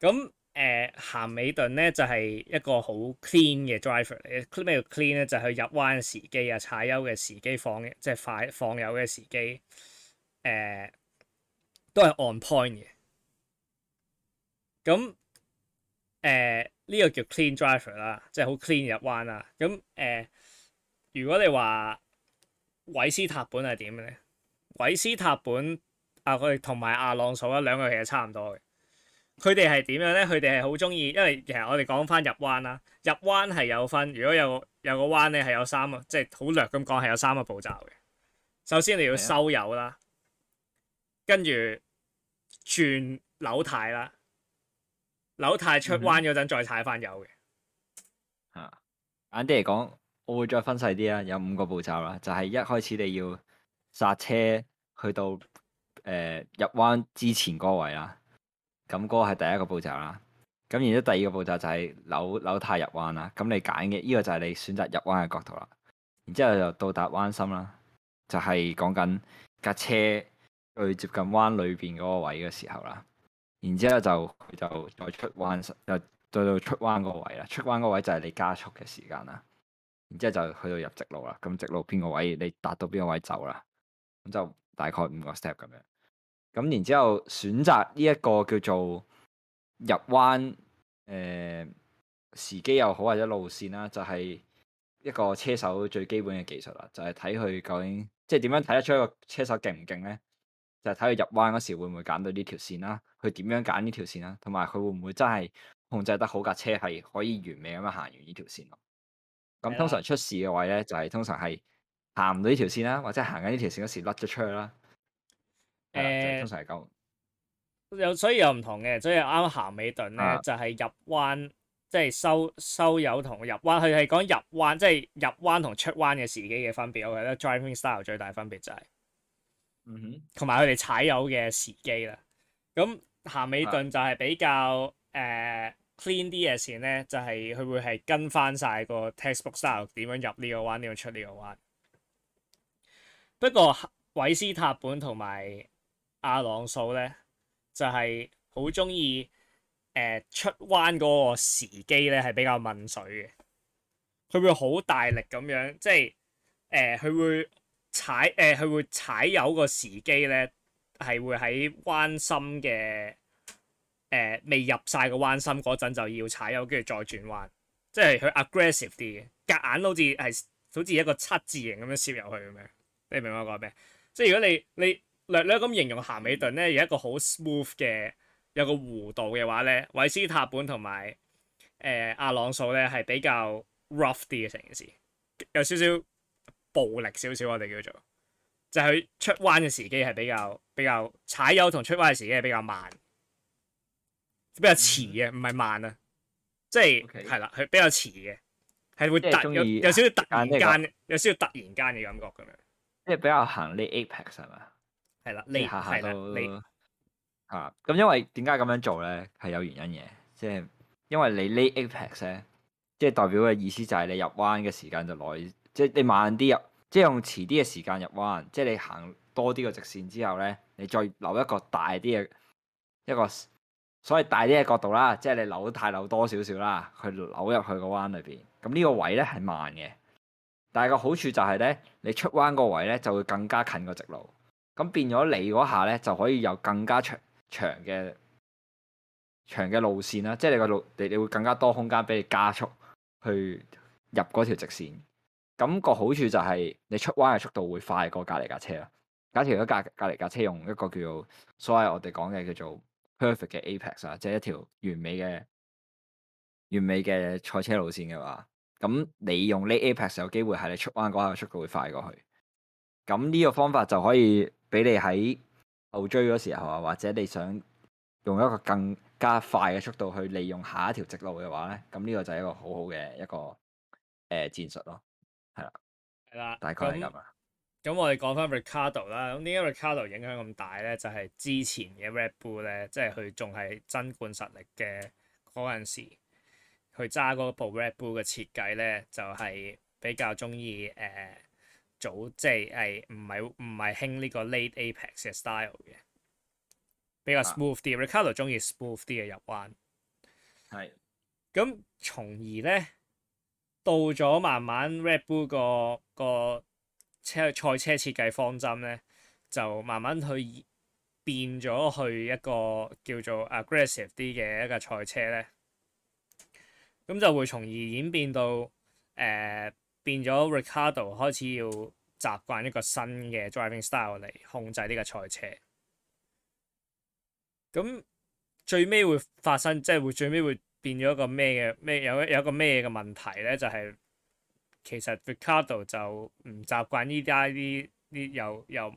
咁誒鹹、呃、美頓咧就係、是、一個好 clean 嘅 driver 嚟嘅，clean 咩叫 clean 咧？就係、是、入彎嘅時機啊，踩油嘅時機放即係快放油嘅時機，誒、就是呃、都係 on point 嘅。咁誒呢個叫 clean driver 啦，即係好 clean 入彎啊。咁、嗯、誒、呃、如果你話韋斯塔本係點咧？韋斯塔本啊佢同埋阿朗所一兩個其實差唔多嘅。佢哋係點樣咧？佢哋係好中意，因為其實我哋講翻入彎啦，入彎係有分。如果有有個彎咧，係有三個，即係好略咁講，係有三個步驟嘅。首先你要收油啦，的跟住轉扭軚啦，扭軚出彎嗰陣再踩翻油嘅、嗯。啊，簡單嚟講，我會再分細啲啦，有五個步驟啦，就係、是、一開始你要剎車去到誒、呃、入彎之前嗰位啦。咁嗰個係第一個步驟啦，咁然之後第二個步驟就係扭扭太入彎啦，咁你揀嘅呢個就係你選擇入彎嘅角度啦。然之後就到達彎心啦，就係講緊架車去接近彎裏邊嗰個位嘅時候啦。然之後就佢就再出彎，就再到出彎嗰個位啦。出彎嗰位就係你加速嘅時間啦。然之後就去到入直路啦，咁直路邊個位你達到邊個位走啦，咁就大概五個 step 咁樣。咁然之後選擇呢一個叫做入彎，誒、呃、時機又好或者路線啦，就係、是、一個車手最基本嘅技術啦。就係睇佢究竟即係點樣睇得出一個車手勁唔勁咧？就係睇佢入彎嗰時會唔會揀到呢條線啦，佢點樣揀呢條線啦，同埋佢會唔會真係控制得好架車係可以完美咁樣行完呢條線咯。咁的通常出事嘅位咧，就係、是、通常係行唔到呢條線啦，或者行緊呢條線嗰時甩咗出去啦。誒通常係咁，嗯、有所以有唔同嘅，所以啱啱咸美頓咧、啊、就係入彎，即、就、係、是、收收油同入彎，佢係講入彎，即、就、係、是、入彎同出彎嘅時機嘅分別。我覺得 driving style 最大分別就係、是，嗯哼，同埋佢哋踩油嘅時機啦。咁咸美頓就係比較誒、啊呃、clean 啲嘅線咧，就係、是、佢會係跟翻晒個 textbook style 點樣入呢個彎，點樣出呢個彎。不過韋斯塔本同埋。阿朗素咧就係好中意誒出彎嗰個時機咧，係比較問水嘅。佢會好大力咁樣，即係誒佢會踩誒佢、呃、會踩油個時機咧，係會喺彎心嘅誒未入晒個彎心嗰陣就要踩油，跟住再轉彎。即係佢 aggressive 啲嘅，夾硬好似係好似一個七字形咁樣攝入去咁樣。你明白我講咩？即係如果你你。略略咁形容咸美頓咧，有一個好 smooth 嘅，有個弧度嘅話咧，韋斯塔本同埋誒阿朗素咧係比較 rough 啲嘅，成件事有少少暴力少少，我哋叫做就係、是、佢出彎嘅時機係比較比較踩油同出彎嘅時機係比較慢，比較遲嘅，唔係慢啊，即係係啦，佢 Okay. 比較遲嘅，係會突有有少少突然間，這個、有少少突然間嘅感覺咁樣，即係比較行呢 apex 係嘛？係啦，呢下係啦啊，咁因為點解咁樣做咧，係有原因嘅，即係因為你呢 apex 咧，即係代表嘅意思就係你入彎嘅時間就耐，即係你慢啲入，即係用遲啲嘅時間入彎，即係你行多啲嘅直線之後咧，你再扭一個大啲嘅一個所謂大啲嘅角度啦，即係你扭太扭多少少啦，扭去扭入去個彎裏邊，咁呢個位咧係慢嘅，但係個好處就係咧，你出彎個位咧就會更加近個直路。咁變咗你嗰下咧，就可以有更加長長嘅長嘅路線啦。即係你個路，你你會更加多空間俾你加速去入嗰條直線。咁個好處就係你出彎嘅速度會快過隔離架車啦。假設如果隔隔離架車用一個叫做所謂我哋講嘅叫做 perfect 嘅 apex 啊，即係一條完美嘅完美嘅賽車路線嘅話，咁你用呢 apex 有機會係你出彎嗰下嘅速度會快過去。咁呢個方法就可以，俾你喺後追嗰時候啊，或者你想用一個更加快嘅速度去利用下一條直路嘅話咧，咁呢個就係一個好好嘅一個誒、呃、戰術咯，係啦，係啦的，大概係咁啊。咁我哋講翻 Ricciardo 啦，咁點解 Ricciardo 影響咁大咧？就係、是、之前嘅 Red Bull 咧，即係佢仲係爭冠實力嘅嗰陣時，佢揸嗰部 Red Bull 嘅設計咧，就係、是、比較中意誒。呃組即係唔係唔係興呢個 late apex 嘅 style 嘅，比較 smooth 啲。啊、Ricciardo 鍾意 smooth 啲嘅入彎。係。咁從而呢，到咗慢慢 Red Bull 個、嗰個車賽車設計方針呢，就慢慢去變咗去一個叫做 aggressive 啲嘅一個賽車呢，咁就會從而演變到誒。呃變咗 Ricardo 開始要習慣一個新嘅 driving style 嚟控制呢個賽車，咁最尾會發生，即係會最尾會變咗一個咩嘅咩有一個咩嘅問題呢？就係、是、其實 Ricardo 就唔習慣呢啲呢啲又又。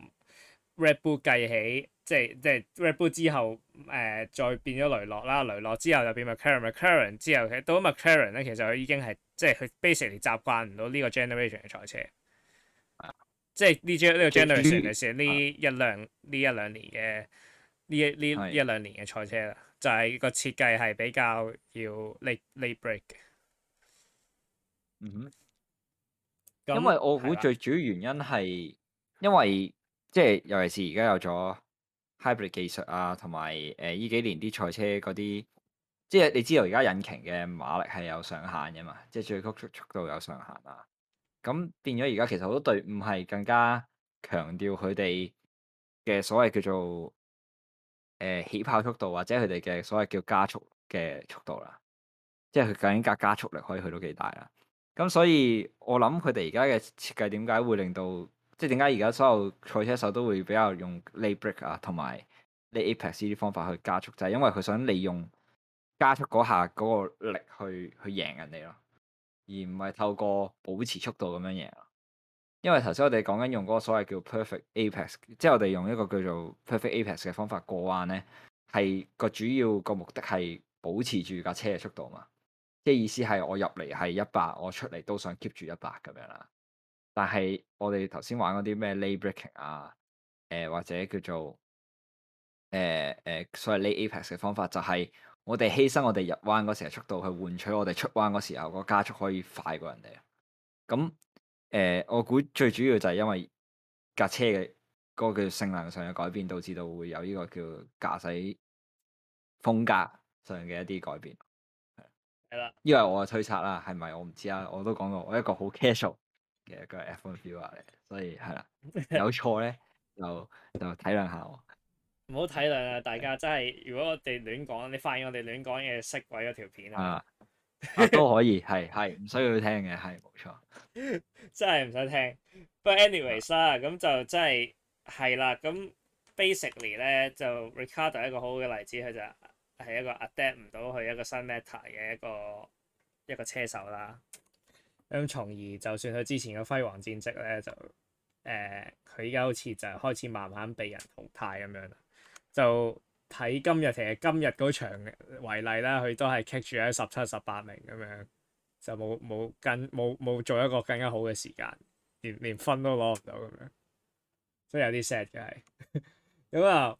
Red Bull 計起，即係即係 Red Bull 之後，誒、呃、再變咗雷諾啦，雷諾之後就變埋 McLaren，McLaren 之後到咗 McLaren 咧，其實佢已經係即係佢 basically 習慣唔到呢個 generation 嘅賽車，啊、即係呢呢個 generation 嘅事，呢一兩呢、啊、一兩年嘅呢一呢一，是一兩年嘅賽車啦，就係、是、個設計係比較要 late late break 嘅，嗯哼，那因為我估最主要原因係因為。即係尤其是而家有咗 hybrid 技術啊，同埋誒呢幾年啲賽車嗰啲，即係你知道而家引擎嘅馬力係有上限嘅嘛，即係最高速度有上限啊。咁變咗而家其實好多隊伍係更加強調佢哋嘅所謂叫做誒、呃、起跑速度或者佢哋嘅所謂叫加速嘅速度啦，即係佢究竟加加速力可以去到幾大啦。咁所以我諗佢哋而家嘅設計點解會令到？即係點解而家所有賽車手都會比較用 lay brake 啊，同埋 lay apex 呢啲方法去加速，就係因為佢想利用加速嗰下嗰個力去去贏人哋咯，而唔係透過保持速度咁樣贏。因為頭先我哋講緊用嗰個所謂叫 perfect apex，即係我哋用一個叫做 perfect apex 嘅方法過彎咧，係個主要個目的係保持住架車嘅速度嘛。即係意思係我入嚟係一百，我出嚟都想 keep 住一百咁樣啦。但係我哋頭先玩嗰啲咩 lay braking 啊，誒、呃、或者叫做誒誒、呃呃、所謂 lay apex 嘅方法，就係我哋犧牲我哋入彎嗰時嘅速度去換取我哋出彎嗰時候個加速可以快過人哋。咁、嗯、誒、呃，我估最主要就係因為架車嘅嗰個叫性能上嘅改變，導致到會有呢個叫駕駛風格上嘅一啲改變。係啦了，呢個係我嘅推測啦，係咪我唔知啊？我都講過我一個好 casual。嘅個 F1 viewer，所以係啦，有錯咧 就就體諒下我，唔好體諒啊！大家真係，如果我哋亂講，你發現我哋亂講嘢，熄毀咗條片 啊，啊！都可以，係係唔需要聽嘅，係冇錯， 真係唔使聽。不過 anyways 啦、 啊，咁就真係係啦，咁 basically 咧就 Ricardo 一個好好嘅例子，佢就係一個 adapt 唔到佢一個新 matter 嘅一個一個車手啦。咁從而，就算佢之前嘅輝煌戰績咧，就誒佢而家好似就開始慢慢被人淘汰咁樣啦。就睇今日，其實今日嗰場為例啦，佢都係 c 住喺十七、十八名咁樣，就冇冇跟冇冇做一個更加好嘅時間，連連分都攞唔到咁樣，所以有啲 sad 嘅係。咁 啊、嗯，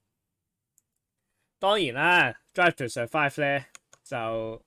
當然啦，Drive to Survive 咧就～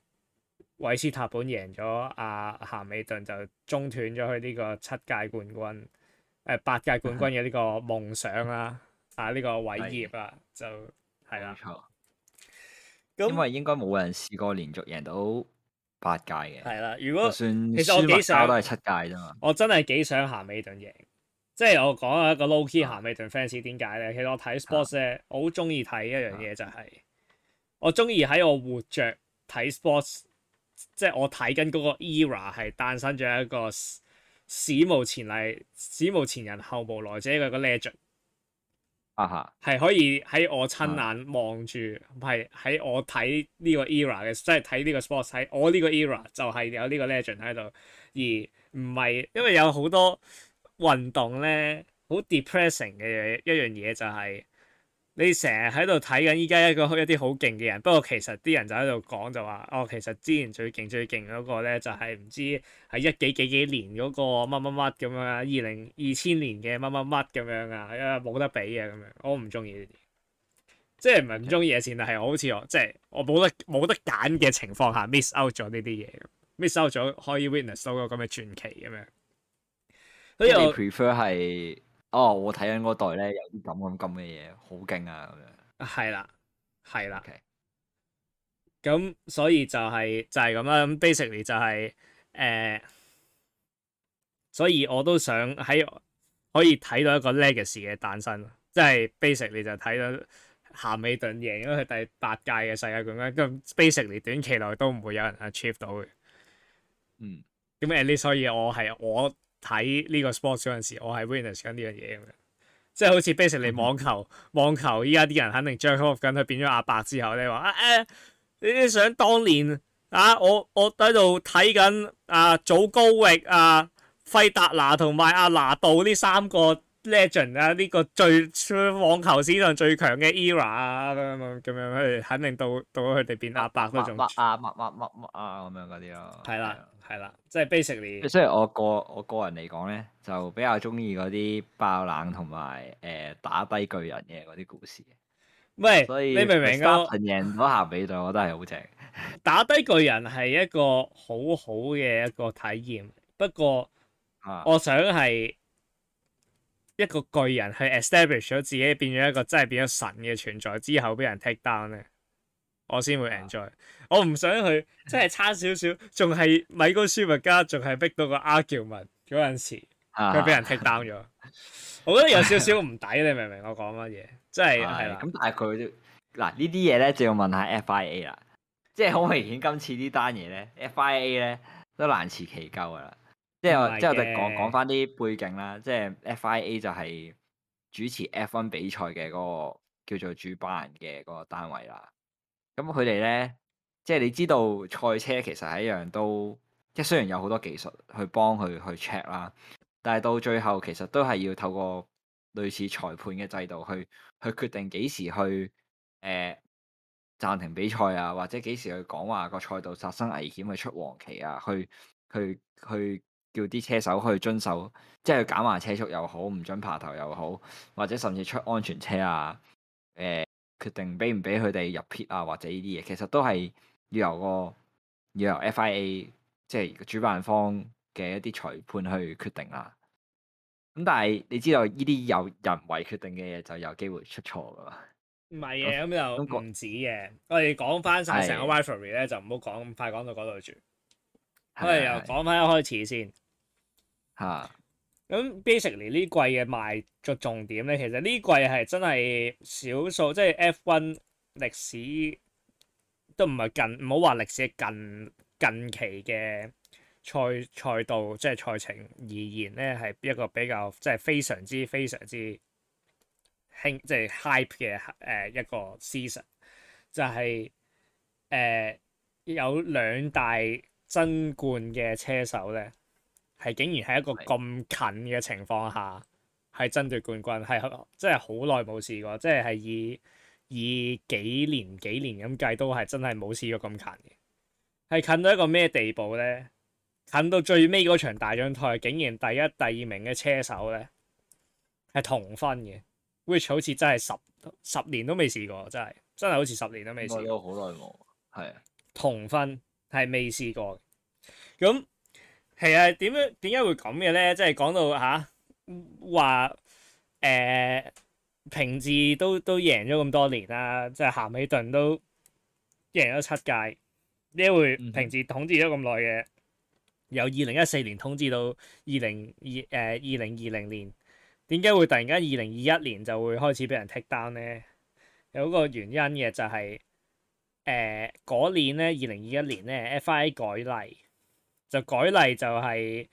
韋斯塔本贏咗阿咸美頓，就中斷咗佢呢個七屆冠軍，誒、呃、八屆冠軍嘅呢個夢想啦，啊呢個偉業啊，這個、業就係啦。了咁因為應該冇人試過連續贏到八屆嘅。係啦 以說，如 果其實我幾想都係七屆啫嘛。我真係幾想咸美頓贏，即係 我講一個 Lowkey 咸美頓 fans 點解咧？其實我睇 sports，呢的我好中意睇一樣嘢就係我中意喺我活着睇 sports。即係我睇緊嗰個 era 係誕生咗一個史無前例、史無前人、後無來者嘅個 legend 啊係可以喺我親眼望住，唔係喺我睇呢個 era 嘅，即係睇呢個 sports，喺我呢個 era 就係有呢個 legend 喺度，而唔係因為有好多運動咧好 depressing 嘅嘢，一樣嘢就係、是。你成日喺度睇緊依家一個一啲好勁嘅人，不過其實啲人就喺度講就話，哦，其實之前最勁最勁嗰個咧就係、是、唔知喺一幾幾幾年嗰個乜乜乜咁樣啊，二零二千年嘅乜乜乜咁樣啊，冇得比啊咁樣，我唔中意呢啲，即係唔係唔中意嘅事，Okay. 但係我好似、就是、我即係我冇得冇得揀嘅情況下 miss out 咗呢啲嘢，miss out 咗可以 witness 到個咁嘅傳奇咁樣，你 prefer 係？哦，oh, 我睇緊嗰代咧有啲咁咁咁嘅嘢，好勁啊咁樣。係啦，係啦、啊。咁 Okay. 所以就係、是、就係咁啦。咁 basically 就係、是、誒、呃，所以我都想喺可以睇到一個 legacy 嘅誕生，即係 basically 就睇、是、bas 到咸美頓贏咗佢第八屆嘅世界冠軍。咁 basically 短期內都唔會有人 achieve 到。嗯。咁 at least 所以我係我。睇呢個 sports 嗰陣時，我係 winner 緊呢樣嘢咁樣，即係好似 basically 網球，嗯、網球依家啲人肯定 j a c 佢變咗阿伯之後咧，話，誒，你想當年啊，我我喺度睇緊啊早高域啊、費達拿同埋阿拿度呢三個 legend 啊，呢、這個最網球史上最強嘅 era 啊，咁樣佢哋肯定到到咗佢哋變阿伯嗰乜啊乜乜乜乜啊咁樣嗰啲咯，係啦。係啦，即係 basically。即係、basically，所以我個我個人嚟講咧，就比較中意嗰啲爆冷同埋誒打低巨人嘅嗰啲故事。喂，你明唔明啊 s 下比賽，我都係好正。打低巨人係一個好好嘅一個體驗， 不過我想係一個巨人去 establish 咗自己變咗一個真係變咗神嘅存在之後，俾人 take down 咧。我先會 enjoy， 我唔想去，即係差少少，仲係米高舒密加，仲係逼到個阿喬文嗰陣時，佢俾人踢單咗， 我覺得有少少唔抵，你明唔明我講乜嘢？即係係啦。咁 但係佢嗱呢啲嘢咧，就要問下 FIA 啦，即係好明顯今次呢單嘢咧，FIA 咧都難辭其咎噶啦。即、就、係、是、 之後我哋講講翻啲背景啦，即係 FIA 就係、是、主持 F1 比賽嘅嗰、那個叫做主辦人嘅嗰個單位啦。咁佢哋咧，即係你知道賽車其實係一樣都，即係雖然有好多技術去幫佢去 check 啦，但係到最後其實都係要透過類似裁判嘅制度去去決定幾時去誒暫停比賽啊，或者幾時去講話個賽道發生危險去出黃旗啊，去去去叫啲車手去遵守，即係去減慢車速又好，唔準爬頭又好，或者甚至出安全車啊，誒。決定俾唔俾佢哋入 pit 啊，或者呢啲嘢，其實都係要由個要由 FIA 即係主辦方嘅一啲裁判去決定啦。咁但係你知道呢啲有人為決定嘅嘢就有機會出錯噶嘛？唔係嘅，咁那又唔止嘅。我哋講翻晒成個 rivalry 咧，就唔好講咁快講到嗰度住。我哋又講翻一開始先嚇。咁 basically 呢季嘅賣嘅重點咧，其實呢季係真係少數，即係 F1 歷史都唔係近，唔好話歷史近近期嘅賽賽道，即係賽程而言咧，係一個比較即係非常之非常之興，即係 hype 嘅誒一個 season，就係誒有兩大爭冠嘅車手咧。係竟然喺一個咁近嘅情況下，係爭奪冠軍，係真係好耐冇試過，即係係以以幾年幾年咁計都係真係冇試過咁近嘅。係近到一個咩地步咧？近到最尾嗰場大獎賽，竟然第一、第二名嘅車手咧係同分嘅，which 好似真係十十年都未試過，真係真係好似十年都未試過，好耐冇，係啊，同分係未試過，咁。係、就是、啊，點樣點解會咁嘅咧？即係講到嚇，話誒平治都都贏咗咁多年啦、啊，即係咸美頓都贏咗七屆，點解會平治統治咗咁耐嘅？由二零一四年統治到 20, 二零二誒二零二零年，點解會突然間二零二一年就會開始俾人剔單咧？有個原因嘅就係誒嗰年咧，二零二一年咧，FIA 改例。就改例就係、是、誒、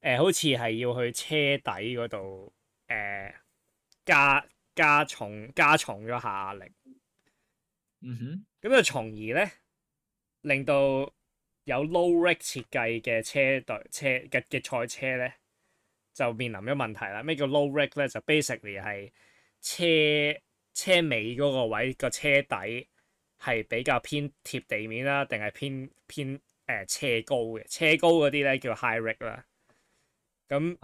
呃，好似係要去車底嗰度誒加加重加重咗下壓力。嗯哼、mm。咁、hmm. 就從而咧，令到有 low rack 設計嘅車隊車嘅嘅賽車咧，就面臨咗問題啦。咩叫 low rack 咧？就 basically 係車車尾嗰個位個車底係比較偏貼地面啦，定係偏偏？偏誒車、呃、高嘅車高嗰啲咧叫 High Rig 啦，咁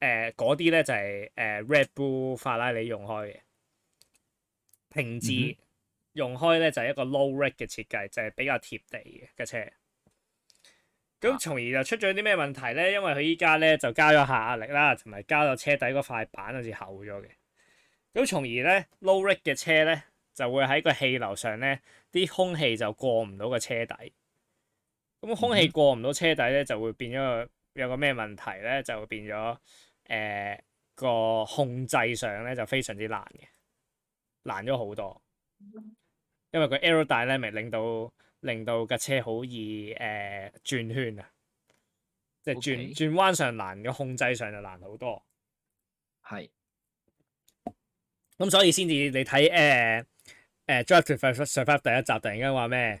誒嗰啲咧就係、是、誒、呃、Red Bull 法拉利用開嘅，平治用開咧就係、是、一個 Low Rig 嘅設計，就係、是、比較貼地嘅車。咁從而就出咗啲咩問題咧？因為佢依家咧就加咗下壓力啦，同埋加咗車底嗰塊板好似厚咗嘅。咁從而咧 Low Rig 嘅車咧就會喺個氣流上咧啲空氣就過唔到個車底。咁空氣過唔到車底咧，就會變咗個有個咩問題咧，就會變咗誒、呃、個控制上咧就非常之難嘅，難咗好多。因為個 Aerodynamic 咧咪令到令到架車好易誒、呃、轉圈啊，即、就、係、是、轉 Okay. 轉彎上難，個控制上就難好多。係是。咁所以先至你睇誒誒 Drive to Survive 上翻第一集，突然間話咩？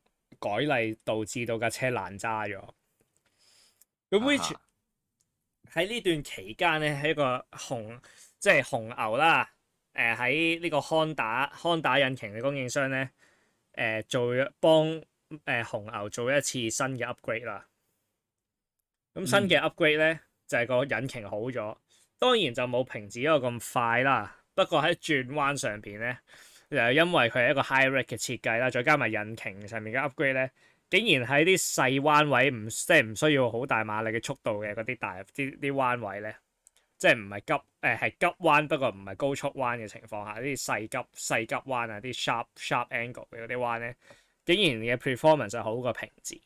改例導致到架車爛揸咗。咁 which 喺呢段期間呢，喺一個紅即係、就是、紅牛啦，誒喺呢個康打康打引擎嘅供應商呢，誒、呃、做幫誒、呃、紅牛做一次新嘅 upgrade 啦。咁新嘅 upgrade 呢，mm. 就係個引擎好咗，當然就冇平時嗰個咁快啦。不過喺轉彎上邊呢。誒，因為佢係一個 high rate 嘅設計啦，再加埋引擎上面嘅 upgrade 咧，竟然喺啲細彎位唔即係唔需要好大馬力嘅速度嘅嗰啲大啲啲彎位咧，即係唔係急誒係、呃、急彎，不過唔係高速彎嘅情況下，啲細急細急彎啊，啲 sharp sharp angle 嘅嗰啲彎咧，竟然嘅 performance 就好過平治。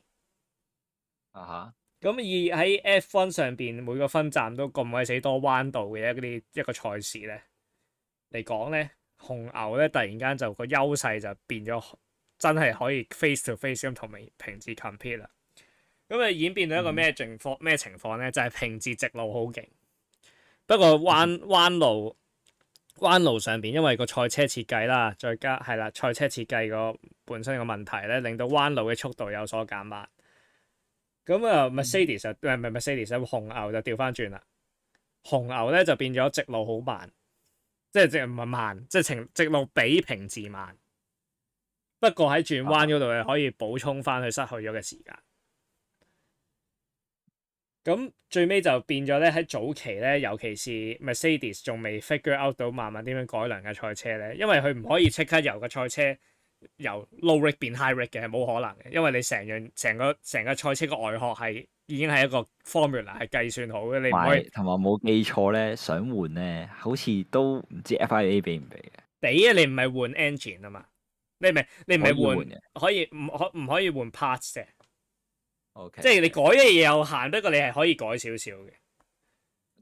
啊哈、uh！咁、huh. 而喺 F1 上邊每個分站都咁鬼死多彎道嘅一啲一個賽事咧，嚟講咧。紅牛咧，突然間就個優勢就變咗，真係可以 face to face 咁同平平治 compete 啦。咁啊演變到一個咩情況？咩、嗯、情況咧？就係、是、平治直路好勁，不過彎彎路彎路上邊，因為個賽車設計啦，再加係啦，賽車設計個本身個問題咧，令到彎路嘅速度有所減慢。咁啊、呃、Mercedes 啊、嗯，唔係 Mercedes 啊，紅牛就調翻轉啦。紅牛咧就變咗直路好慢。即係直唔係慢，即係直路比平時慢。不過喺轉彎嗰度，又可以補充翻佢失去咗嘅時間。咁最尾就變咗呢，喺早期呢，尤其是 Mercedes 仲未 figure out 到慢慢點樣改良嘅賽車呢，因為佢唔可以即刻由個賽車。由 low rake 變 high rake 嘅係冇可能嘅，因為你成樣成個成個賽車個外殼係已經係一個 formula 係計算好嘅，你唔可以。同埋冇記錯咧，想換咧，好似都唔知 FIA 俾唔俾嘅。俾啊，你唔係換 engine 啊嘛？你唔係你唔係換可以唔可唔可以換 parts 啫？OK，即係你改嘅嘢有限，不過你係可以改少少嘅，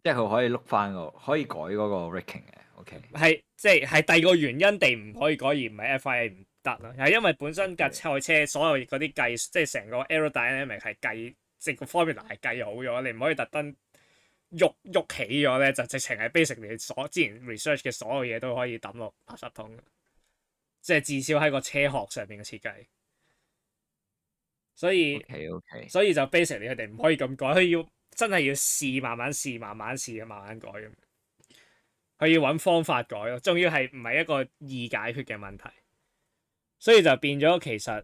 即係佢可以碌翻個可以改嗰個 raking 嘅。OK，係即係係第二個原因，地唔可以改而唔係 FIA 唔。得啦，係因為本身架賽車所有嗰啲計，即係成個 aerodynamics 係計，即個 formula 係計好咗。你唔可以特登喐喐起咗咧，就直情係 basically 所之前 research 嘅所有嘢都可以抌落垃圾桶。即係至少喺個車殼上面嘅設計，所以 okay, okay. 所以就 basically 佢哋唔可以咁改，佢要真係要試，慢慢試，慢慢試，慢慢改咁。佢要揾方法改咯，仲要係唔係一個易解決嘅問題？所以就變咗，其實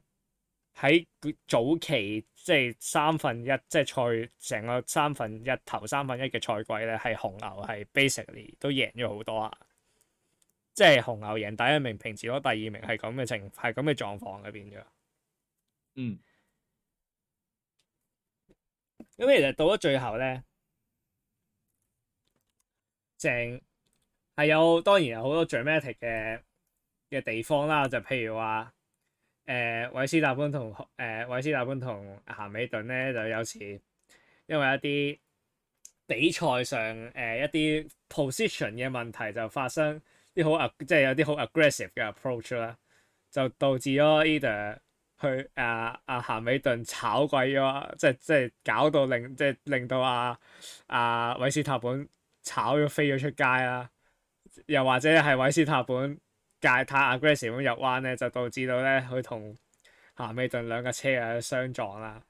喺早期，即係三分一，即係賽成個三分一，頭三分一嘅賽季呢，係紅牛係 basically 都贏咗好多啊！即係紅牛贏第一名，平時攞第二名，係咁嘅情況，係咁嘅狀況入邊嘅。嗯。咁其實到咗最後呢，淨係有，當然有好多 dramatic 嘅嘅地方啦，就譬如話，誒、呃、韋斯塔本同誒韋斯塔本同阿咸美頓咧，就有時因為一啲比賽上誒、呃、一啲 position 嘅問題，就發生啲好啊，即係有啲好 aggressive 嘅 approach 啦，就導致咗 ida 去啊啊咸美頓炒鬼咗，即係即係搞到令即係令到啊啊韋斯塔本炒咗飛咗出街啦，又或者係韋斯塔本。界太 aggressive 咁入彎咧，就導致到咧佢同鹹美頓兩架車啊相撞啦。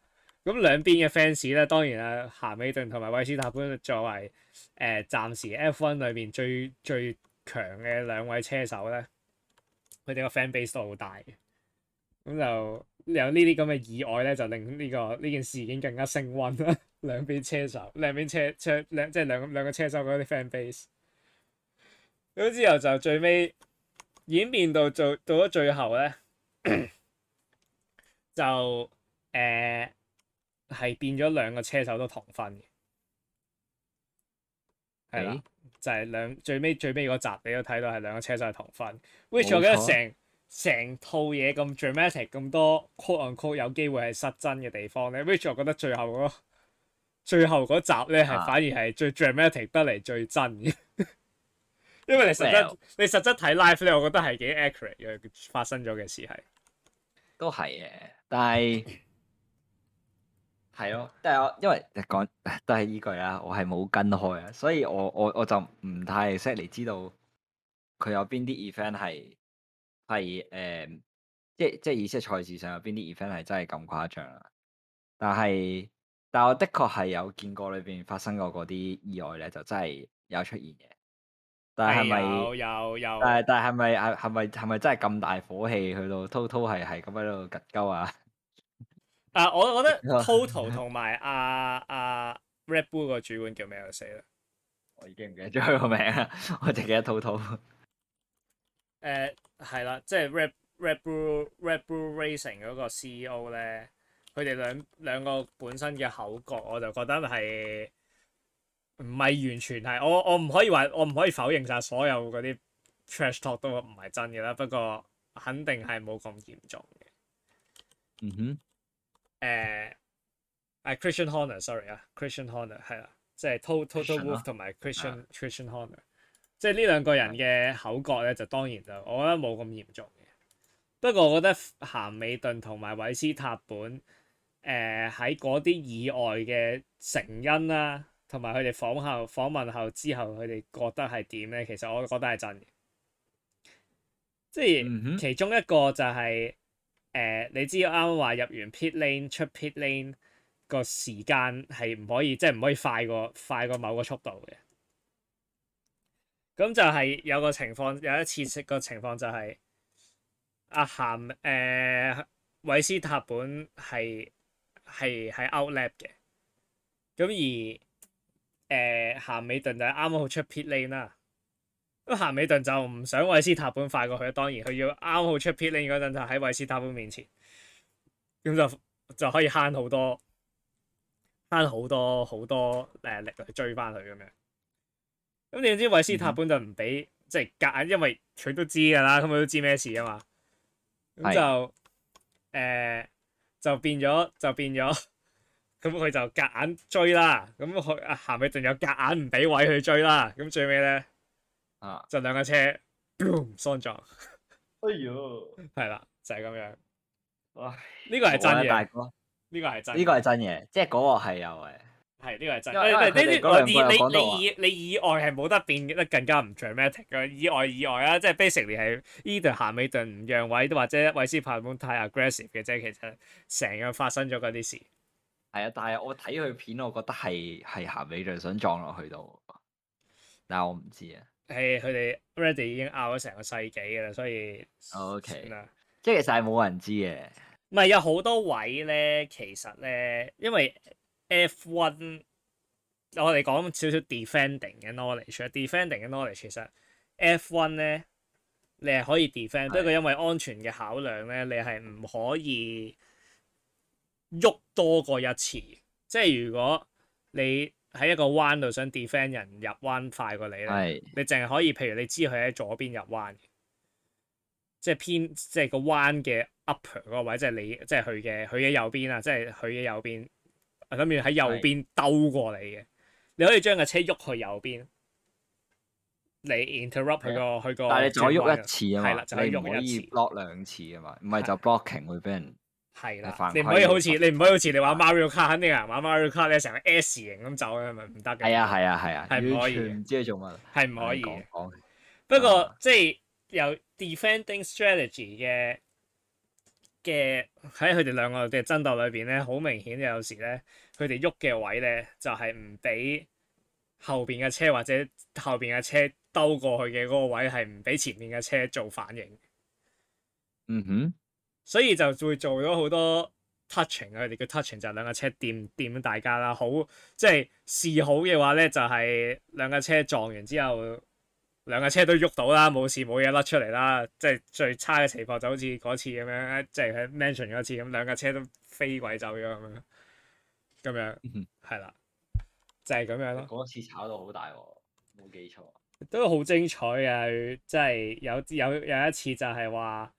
咁兩邊嘅 fans 咧，當然啊鹹美頓同埋維斯塔潘作為誒暫、呃、時 F1 裏邊最最強嘅兩位車手咧，佢哋個 fan base 都好大嘅。咁就有呢啲咁嘅意外咧，就令呢、這個呢件事已經更加升溫啦。兩 邊車手，兩邊車車兩即係兩兩個車手嗰啲 fan base。咁之後就最尾。已經變到最到咗最後咧， 就誒係、呃、變咗兩個車手都同分嘅，係啦，欸、就係兩最尾最尾嗰集你都睇到係兩個車手係同分。Which 錯我覺得成成套嘢咁 dramatic 咁多 quote unquote 有機會係失真嘅地方咧。Which 我覺得最後嗰、嗰個、最後嗰集咧係反而係最 dramatic 得嚟最真嘅。 因為你實質 Well, 你實質睇 live 咧，我覺得係幾 accurate 嘅發生咗嘅事係， 都係嘅。但係係咯，但係我因為講都係依句啦，我係冇跟開啊，所以我我我就唔太識嚟知道佢有邊啲 event 係係誒，即即係意思係賽事上有邊啲 event 係真係咁誇張啊？但係但我的確係有見過裏邊發生過嗰啲意外咧，就真係有出現嘅。但係咪？有有有，但係但係咪係係咪係咪真係咁大火氣去到 Toto 係咁喺度拮鳩啊？啊 ，uh, 我覺得 Toto 同埋、啊、阿阿、uh, Red Bull 個主管叫咩嚟死啦，我已經唔記得咗佢個名啦，我淨記得 Toto。誒，係啦，即係 Red Red Bull Red Bull Racing 嗰個 CEO 咧，佢哋兩兩個本身嘅口角，我就覺得係。唔係完全係我我唔可以話我唔可以否認晒所有嗰啲 trash talk 都唔係真嘅啦，不過肯定係冇咁嚴重嘅。嗯哼、mm。誒、hmm. uh, uh, 就是，Christian Horner，sorry 啊，Christian Horner 係啦，即係 Toto Wolff 同埋 Christian Christian Horner，即係呢兩個人嘅口角咧，就當然就我覺得冇咁嚴重嘅。不過我覺得鹹美頓同埋韋斯塔本，誒喺嗰啲以外嘅成因啦、啊。同埋佢哋訪後訪問後之後，佢哋覺得係點咧？其實我覺得係真嘅，即係其中一個就係、是、誒、呃，你知啱啱話入完 pit lane 出 pit lane 個時間係唔可以，即係唔可以快過快過某個速度嘅。咁就係有個情況，有一次個情況就係阿咸誒韋斯塔本係係喺 out lap 嘅，咁而。誒鹹、呃、美頓就係啱好出撇領啦，咁鹹美頓就唔想韋斯塔本快過去，當然佢要啱好出撇領嗰陣就喺韋斯塔本面前，咁就就可以慳好多慳好多好多誒、呃、力量追去追翻佢咁樣。咁點知韋斯塔本就唔俾即係隔硬，嗯、哼因為佢都知噶啦，咁佢都知咩事啊嘛，咁就誒的、呃、就變咗就變咗。 咁佢就夾硬追啦，咁佢阿咸美頓又夾硬唔俾位去追啦，咁最尾咧、啊、就兩架車 boom 喪撞。 哎呦，係啦， 就係、是、咁樣。哇、哎，呢、呢個係真嘅。大哥，呢個係真。呢個係真嘅，即係嗰個係意外。係呢、呢個係真。因為因為你你你你以你意外係冇得變得更加唔 dramatic 嘅意外意外啊！即係 basically 係 either 咸美頓唔讓位，或者維斯帕滿太，太 aggressive 嘅啫。其實成日發生咗嗰啲事。係啊，但係我睇佢片，我覺得係係咸尾最想撞落去到。但係我唔知啊。係佢哋 ready 已經拗咗成個世紀噶啦，所以 O K 啦。Okay. 即係其實係冇人知嘅。唔係、嗯、有好多位咧，其實咧，因為 F one 我哋講少少 defending 嘅 knowledge 啊的，defending 嘅 knowledge, Def knowledge 其實 F one 咧，你係可以 defend，不過的因為安全嘅考量咧，你係唔可以。喐多過一次，即係如果你喺一個彎度想 defend 人入彎快過是你咧，你淨係可以，譬如你知佢喺左邊入彎，即係偏，即係個彎嘅 upper 嗰個位，即係你，即係佢嘅，佢嘅右邊啊，即係佢嘅右邊，咁要喺右邊兜是過你嘅，你可以將個車喐去右邊，你 interrupt 佢個佢個再喐一次啊嘛，就係一次，你唔可以 block 兩次啊嘛，唔係就 blocking 會俾人。係啦，你唔可以好似你唔可以好似你玩 Mario Kart 肯定啊，玩 Mario Kart 你成 S 型咁走係咪唔得嘅？係啊係啊係啊，係唔、啊、可以。唔知你做乜？係唔可以。講講不過、啊、即係有 defending strategy 嘅嘅喺佢哋兩個嘅爭鬥裏邊咧，好明顯有時咧，佢哋喐嘅位咧就係唔俾後邊嘅車或者後邊嘅車兜過去嘅嗰個位係唔俾前面嘅車做反應。嗯哼。所以就會做咗好多 touching 佢哋嘅 touching 就係兩架車掂掂大家啦，好即係示好嘅話咧，就係、是、兩架車撞完之後，兩架車都喐到啦，冇事冇嘢甩出嚟啦。即係最差嘅情況就好似嗰次咁樣，即係佢 mention 咗一次咁，兩架車都飛鬼走咗咁樣，咁樣係、嗯哼就是、啦，就係咁樣咯。嗰次炒到好大喎、哦，冇記錯、啊、都好精彩嘅，即係有有有，有一次就係話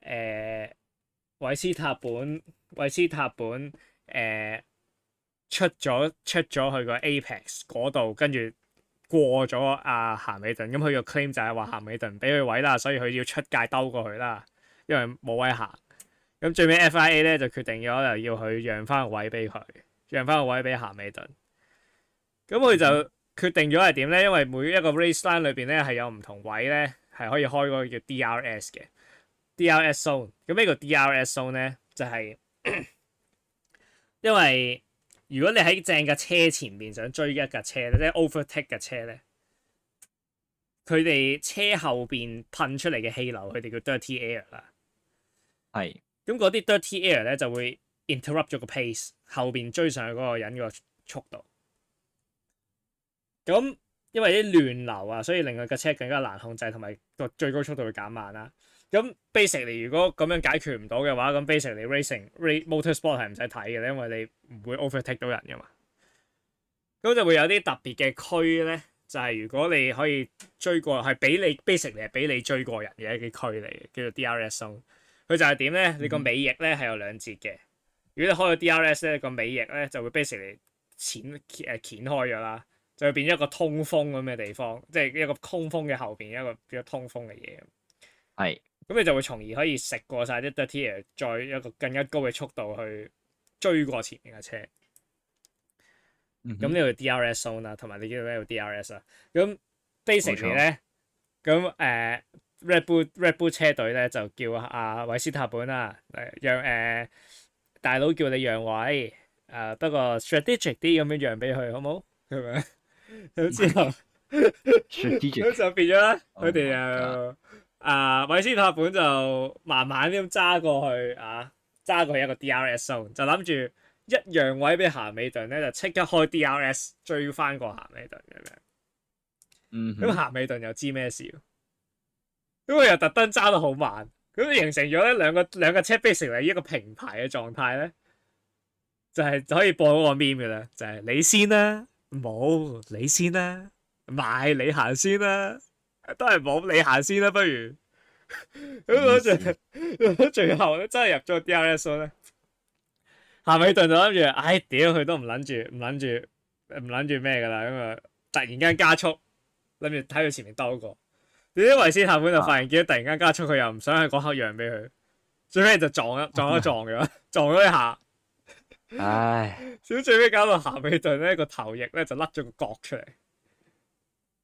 誒。欸維斯塔本，維斯塔本，誒、呃，出咗出咗去個 apex 嗰度，跟住過咗阿咸美頓，咁、嗯、佢個 claim 就係話咸美頓唔俾佢位啦，所以佢要出界兜過去啦，因為冇位行。咁、嗯、最尾 FIA 咧就決定咗就要佢讓翻個位俾佢，讓翻個位俾咸美頓。咁、嗯、佢、嗯嗯、就決定咗係點咧？因為每一個 race line 裏邊咧係有唔同位咧，係可以開嗰個叫 DRS 嘅。 DRS zone，n 咁呢個 DRS zone n 咧就係、是、 因為如果你喺正架車前面想追一架車咧，即、就、係、是、overtake 架車咧，佢哋車後邊噴出嚟嘅氣流，佢哋叫 dirty air 啦。係是。咁嗰啲 dirty air 咧就會 interrupt 咗個 pace，後邊追上去嗰個人個速度。咁因為啲亂流啊，所以令外架車更加難控制，同埋個最高速度會減慢啦、啊。咁 basic a l l y 如果咁樣解決唔到嘅話，咁 basic a l l y racing rate motorsport 係唔使睇嘅，因為你唔會 overtake 到人噶嘛。咁就會有啲特別嘅區咧，就係、是、如果你可以追過，係比你 basic a l l y 嚟，比你追過人嘅一啲區嚟，叫做 DRS z 佢就係點咧？你、嗯、個尾翼咧係有兩截嘅。如果你開咗 DRS 咧，個尾翼咧就會 basic a 嚟剪誒剷開咗啦，就會變一個通風咁嘅地方，即係一,一,一個通風嘅後邊一個叫做通風嘅嘢。係、嗯。咁你就會從而可以食過晒啲 detail，再有個更加高嘅速度去追過前面嘅車。咁、嗯、哼呢度 D.R.S. zone 啦，同埋你叫咩叫 D.R.S. 啊？咁 basically 咧，咁、呃、誒 Red Bull Red Bull 車隊咧就叫阿、啊、維斯塔本啊，讓誒、呃、大佬叫你讓位。誒、啊、不過 strategic 啲咁樣讓俾佢好冇好，咪？咁 之後 s 就變咗啦。佢哋又～ my 啊，米斯泰本就慢慢咁揸過去啊，揸過去一個 DRS zone，就諗住一讓位俾咸美頓咧，就即刻開 DRS 追翻過咸美頓咁樣。嗯哼。咁咸美頓又知咩事？咁佢又特登揸得好慢，咁就形成咗咧兩個兩架車變成嚟一個平排嘅狀態咧，就係就可以播嗰個 Meme 嘅啦，就係你先啦，冇你先啦，咪你行先啦。都係冇理下先啦、啊，不如咁到最最後咧，真係入咗 DRS、SO，咧。夏美頓就諗住，唉、哎、屌，佢都唔諗住，唔諗住，唔諗住咩噶啦，咁啊突然間加速，諗住睇佢前面兜過，點知維斯塔本就發現，見到突然間加速，佢又唔想去嗰刻讓俾佢，最尾就撞一撞一撞咗，撞咗唉一下。 唉！小最尾搞到夏美頓咧個頭翼咧就甩咗個角出嚟。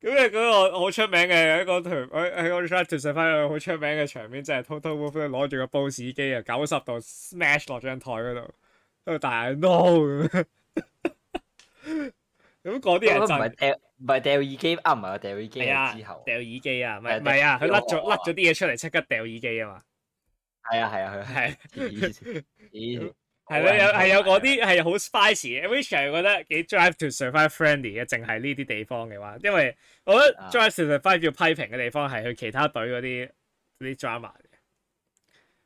咁你嗰個好出名嘅、那個、一個我喺喺個《The Last of Us》翻去好出名嘅場面，就係偷偷摸摸 Toto Wolff 攞住個 Bose 機、no! 多多機啊，九十度 smash 落張台嗰度，喺度大嗌 No 咁。咁嗰啲人就。唔係掉耳機啊，唔係個掉耳機嘅字頭。掉耳機啊，唔係唔係啊，佢甩咗甩咗啲嘢出嚟，即刻掉耳機啊嘛。係啊係啊係。咦.？ 係咯， 有係有嗰啲係好 spicy 嘅，which I 覺得幾 drive to survive friendly 嘅，淨係呢啲地方嘅話，因為我覺得 drive to survive 要批評嘅地方係去其他隊嗰啲啲 drama 嘅。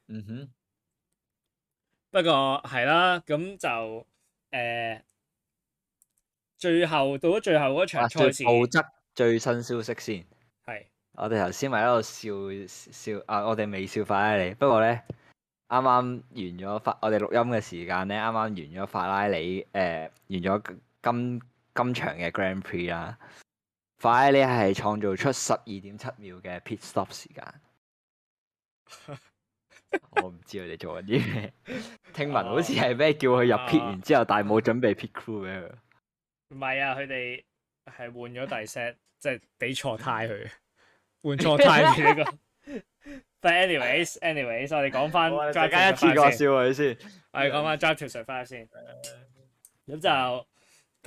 嗯哼。不過係啦，咁就誒、呃，最後到咗最後嗰場賽事。好責、啊、最，最新消息先。係是。我哋頭先咪喺度笑笑啊！我哋未笑翻、啊、你，不過咧。啱啱完咗法，我哋錄音嘅時間咧，啱啱完咗法拉利，誒、呃，完咗今，今場嘅 Grand Prix 啦。法拉利係創造出十二點七秒嘅 pit stop 時間。 我唔知佢哋做緊啲咩，聽聞好似係咩叫佢入 pit，完之後但係冇準備 pit crew 俾佢。唔係啊，佢哋係換咗第 set，即係俾錯胎佢，換錯胎 anyways, anyways， 我哋講翻再加一次搞笑先。 我哋講翻 Drive to Survive 先。咁、 嗯、就到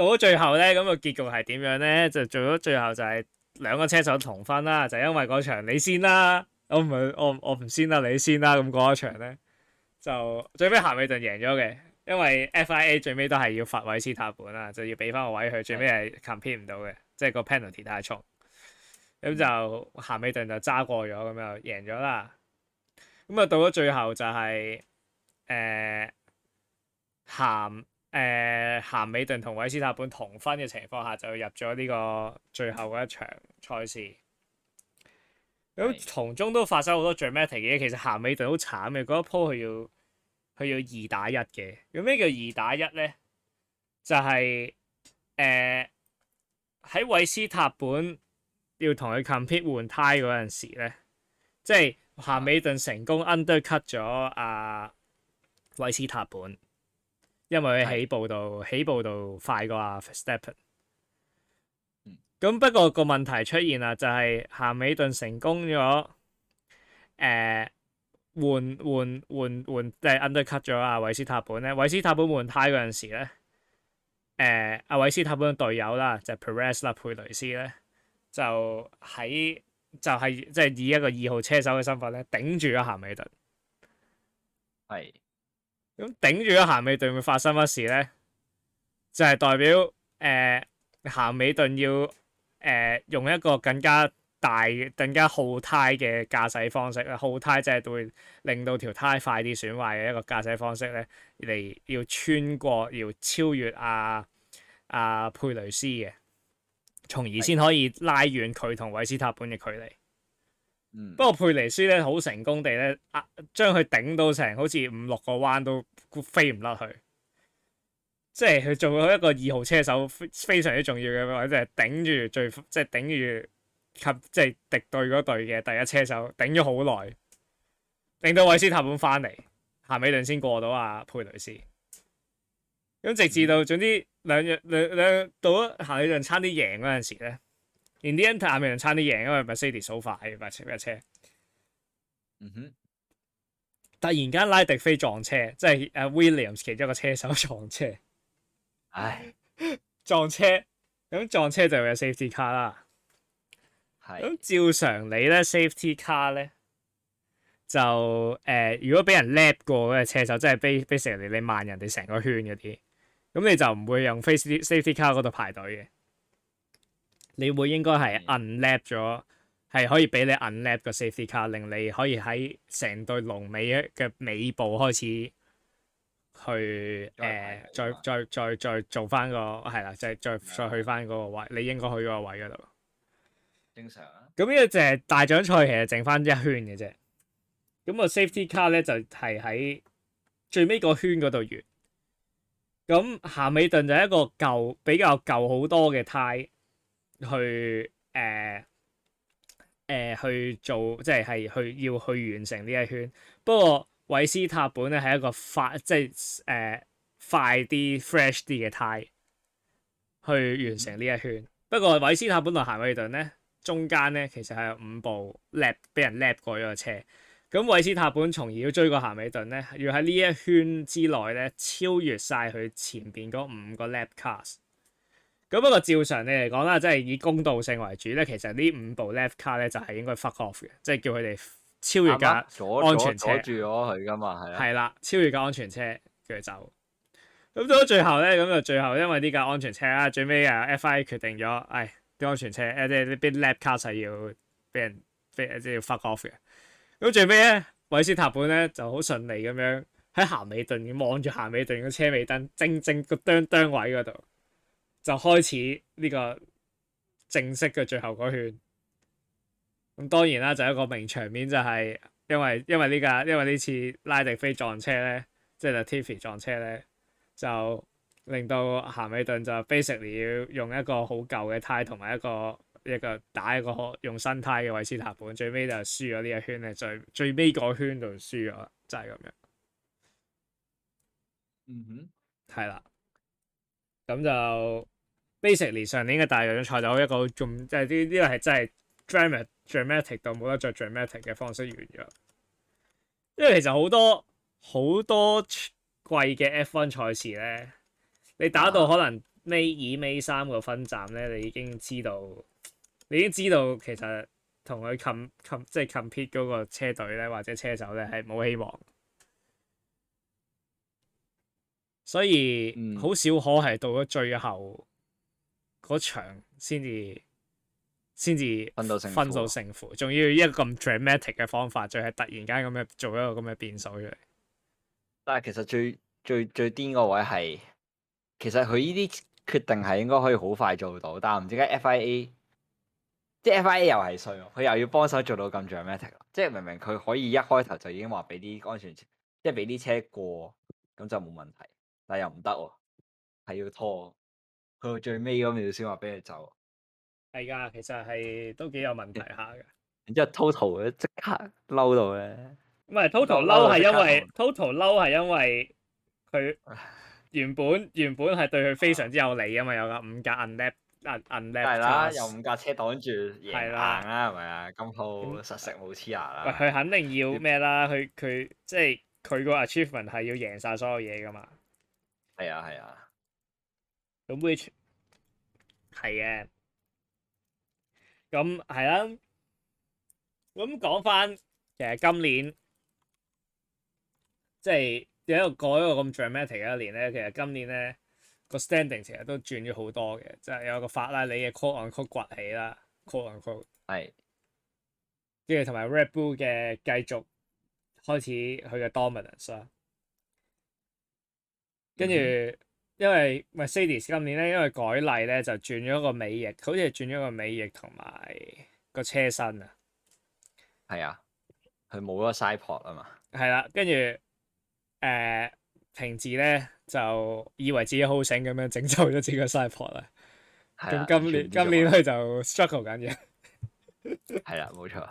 咗最後咧，咁、那個結局係點樣咧？就做咗最後就係兩個車手同分啦，就是、因為嗰場你先啦，我唔係我我唔先啦，你先啦。咁、那、嗰、個、場咧就最尾夏美頓贏咗嘅，因為 FIA 最尾都係要罰韋斯塔本啊，就要俾翻個位佢。最尾係 compete 唔到嘅，即、就、係、是、個 penalty 太重。咁、嗯嗯、就咸美頓就揸過咗，咁就贏咗啦。咁啊到咗最後就係、是、誒、呃、咸誒、呃、咸美頓同韋斯塔本同分嘅情況下，就入咗呢個最後嗰一場賽事。咁從是中都發生好多 m 戲劇嘅嘢。其實咸美頓好慘嘅，嗰一鋪佢要佢要二打一嘅。咁咩叫二打一咧？就係誒喺韋斯塔本要同佢 compete 換胎嗰陣時咧，即係夏美頓成功 undercut 咗阿維、啊、斯塔本，因為佢起步度的起步度快過阿 Stepan。咁不過個問題出現啦，就係夏美頓成功咗誒、呃、換換換換，換，即係 undercut 咗阿維斯塔本咧。維斯塔本換胎嗰陣時咧，誒阿維斯塔本嘅隊友啦，就係、是、Perez 啦佩雷斯咧。就喺就係即係以一個二號車手嘅身份呢，頂住咗鹹美頓。係。咁頂住咗鹹美頓會發生乜事呢？就係代表誒鹹美頓要誒用一個更加大、更加耗胎嘅駕駛方式啦。耗胎即係會令到條胎快啲損壞嘅一個駕駛方式呢，嚟要穿過、要超越阿、啊、佩雷斯嘅。從而先可以拉遠佢同維斯塔本嘅距離。嗯，不過佩雷斯咧好成功地咧將佢頂到成好似五六個彎都飛唔甩去，即係佢做咗一個二號車手，非常之重要嘅，位就係頂住最即係頂住及即係敵隊嗰隊嘅第一車手，頂咗好耐，令到維斯塔本翻嚟，夏米頓先過到啊佩雷斯。咁直至到總之。嗯兩日兩到兩到咗下尾輪差啲贏嗰陣時咧 i 啲 d i a n 同亞美輪差啲贏，因為咪 c f e t y 數快，快車快車。嗯哼。突然間拉迪飛撞車，即係阿 Williams 其中一個車手撞車。唉，撞車咁撞車就有 Safety c a 卡啦。係是。咁照常你咧 Safety c a 卡咧就誒、呃，如果俾人叻 a 過嗰、那個車手，真係飛飛食人哋，你慢人哋成個圈嗰啲。咁你就唔會用 face safety car 嗰度排隊嘅，你會應該係 unlap 咗，係可以俾你 unlap 個 safety car，令你可以喺成隊龍尾嘅尾部開始去誒、呃，再再再再做翻個係啦，再再再去翻嗰個位，你應該去嗰個位嗰度。正常。咁呢個淨係大獎賽，其實剩翻一圈嘅啫。咁個 safety car 咧就係喺最尾個圈嗰度完。咁咸、嗯、美頓就係一個舊比較舊好多嘅胎去誒誒、呃呃、去做，即係係去要去完成呢一圈。不過韋斯塔本咧係一個快即係誒、呃、快啲 fresh 啲嘅胎去完成呢一圈。不過韋斯塔本同咸美頓咧中間咧其實係有五部 lap 俾人 lap 過咗個車。咁維斯塔本從而要追過夏美頓咧，要喺呢一圈之內咧超越晒佢前邊嗰五個 lap cars。咁不過照常理嚟講啦，即係以公道性為主咧，其實呢五部 lap car 咧就係應該 fuck off 嘅，即係叫佢哋超越，安、嗯、超越安架安全車。阻住咗佢噶嘛，係。係啦，超越架安全車佢就。咁到最後咧，咁就最後因為呢架安全車啦，最尾啊 FIA 決定咗，唉，啲安全車誒即係啲 lap cars 係要俾人即係要 fuck off 嘅。咁最尾咧，維斯塔本咧就好順利咁樣喺咸美頓望住咸美頓嘅車尾燈，正正個釒釒位嗰度就開始呢個正式嘅最後嗰圈。咁當然啦，就一個名場面就係因為因為呢架，因為呢次拉迪菲撞車咧，即係拉蒂 y 撞車咧，就令到咸美頓就飛食了用一個好舊嘅胎同埋一個。一個打一個用新胎嘅維斯塔本，最尾就係輸咗呢一圈咧，最最尾個圈就輸咗，就係、是、咁樣。嗯哼，係啦，咁就 basically 上年嘅大型賽道一個仲即係呢呢個係真係 dramatic 到 d 到冇得再 dramatic 嘅方式完咗。因為其實好多好多貴嘅 F1 賽事呢，你打到可能。尾二尾三個分站呢，你已經知道，你已經知道其實同佢 comp comp 即係 compete 嗰個車隊呢，或者車手呢，係冇希望，所以好、嗯、少可係到咗最後嗰場先至先至分到勝分到勝負，仲要一個咁 dramatic 嘅方法，就係、是、突然間咁樣做一個咁嘅變數出嚟。但係其實最最最癲個位係，其實佢呢啲。決定係應該可以好快做到，但係唔知點解 FIA，即係 FIA 又係衰喎，佢又要幫手做到咁 dramatic 即係明明佢可以一開頭就已經話俾啲安全車，即係俾啲車過，咁就冇問題，但係又唔得喎，係要拖去到最尾嗰秒先話俾佢走，係㗎，其實係都幾有問題下㗎。然之後 Toto 即刻嬲到咧，唔係 Toto 嬲係因為 Toto 嬲係因為佢。 原本原本係對佢非常之有利啊嘛，有個五架 unlap un unlap 車，梗係啦，有五架車擋住贏硬啦，係咪啊？今鋪實食冇黐牙啦。佢肯定要咩啦？佢佢即係佢個 achievement 係要贏曬所有嘢噶嘛。係啊係啊。咁 which 係嘅。咁係啦。咁講翻，其實今年即係。而喺度改一個咁 dramatic 嘅一年咧，其實今年咧個 standing 其實都轉咗好多嘅，即係有個法拉利嘅 quote unquote 崛起啦，quote unquote，係，跟住同埋 Red Bull 嘅繼續開始佢嘅 dominance 啦，跟住、嗯、因為 Mercedes 今年咧因為改例咧就轉咗個尾翼，好似係轉咗個尾翼同埋個車身啊，係啊，佢冇咗 side pod 啊嘛，係啦，跟住。誒，uh, 平治咧就以為自己好醒咁樣整走咗自己個 sidepod 啦。係啊。咁今年今年佢就 struggle 緊嘅。係 啦，冇錯。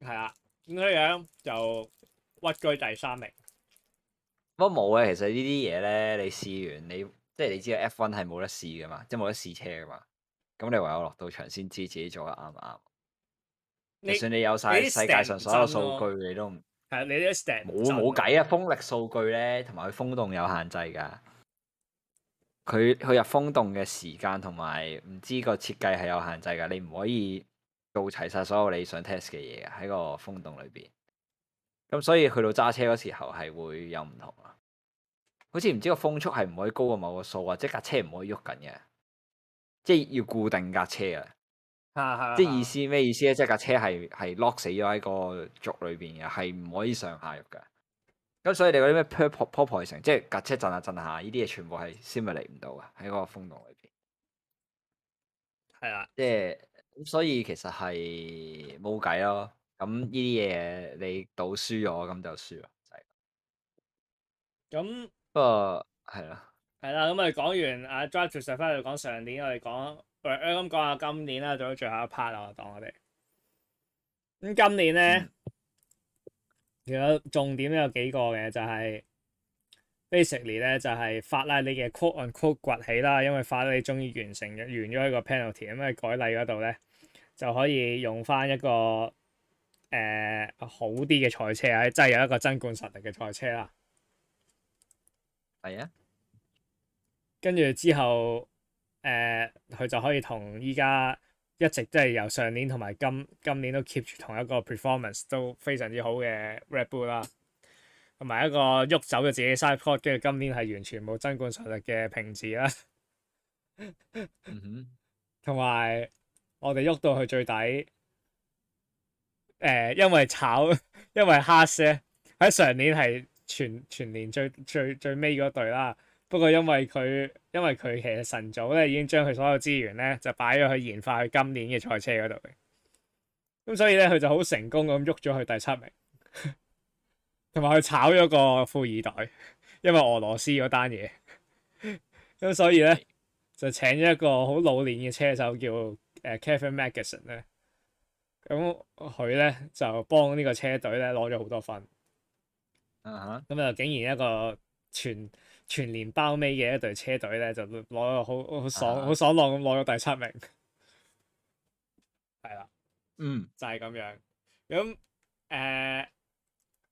係 啦，咁樣樣就屈居第三名。不過冇啊，其實呢啲嘢咧，你試完你即係你知道 f one 係冇得試噶嘛，即係冇得試車噶嘛。咁你唯有落到場先知自己做得啱唔啱。就你算你有晒世界上所有數據，你都唔、啊。係啊，你啲冇冇計啊！風力數據咧，同埋佢風洞有限制噶。佢佢入風洞嘅時間同埋唔知個設計係有限制噶，你唔可以做齊晒所有你想 test 嘅嘢喺個風洞裏邊。咁所以去到揸車嗰時候係會有唔同啊。好似唔知個風速係唔可以高過某個數啊，即架車唔可以喐緊嘅，即係要固定架車啊。啊啊、即係意思咩意思咧？即係架車係係 lock 死咗喺個軸裏邊嘅，係唔可以上下入嘅。咁、嗯、所以你嗰啲咩 purpose 即係架車震下震下，呢啲嘢全部係 simulate 唔到嘅，喺嗰個風洞裏邊。係啦的，即係咁，所以其實係冇計咯。咁呢啲嘢你賭輸咗，咁就輸啦。咁不過係啊，係啦，咁我哋講完阿 Drive to Survive，翻嚟講上年我哋講。喂，我咁講下今年啦，仲有最後一 part 啊，我當我哋咁今年呢，其實 重點有幾個嘅，就係、是、basically 咧就係、是、法拉利嘅 quote unquote 崛起啦，因為法拉利終於完成完咗一個 penalty，咁啊改例嗰度呢，就可以用翻一個誒、呃、好啲嘅賽車啊，即係有一個爭冠實力嘅賽車啦。係啊，跟住之後。誒，佢、uh, 就可以同依家一直都係由上年同埋今今年都 keep 住同一個 performance 都非常之好嘅 Red Bull 啦，同埋一個喐走咗自己嘅 side plot，跟住今年係完全冇爭冠實力嘅平治啦，同埋、mm hmm. 我哋喐到去最底，誒、呃，因為炒，因為哈斯喺上年係全全年最最，最最尾嗰隊啦。不過因為佢，因為佢其實晨早咧已經將佢所有資源咧就擺咗去研發佢今年嘅賽車嗰度嘅，咁所以咧佢就好成功咁喐咗去第七名，同埋佢炒咗個富二代，因為俄羅斯嗰單嘢，咁 所以咧就請咗一個好老練嘅車手叫誒、uh, Kevin Magnussen 咧，咁佢咧就幫呢個車隊咧攞咗好多分，啊哈、uh，咁、huh. 啊竟然一個全全年包尾嘅一隊車隊呢，就攞咗好好爽，好、啊、爽朗咁攞咗第七名。係 啦了，嗯，就係咁樣。咁誒、呃，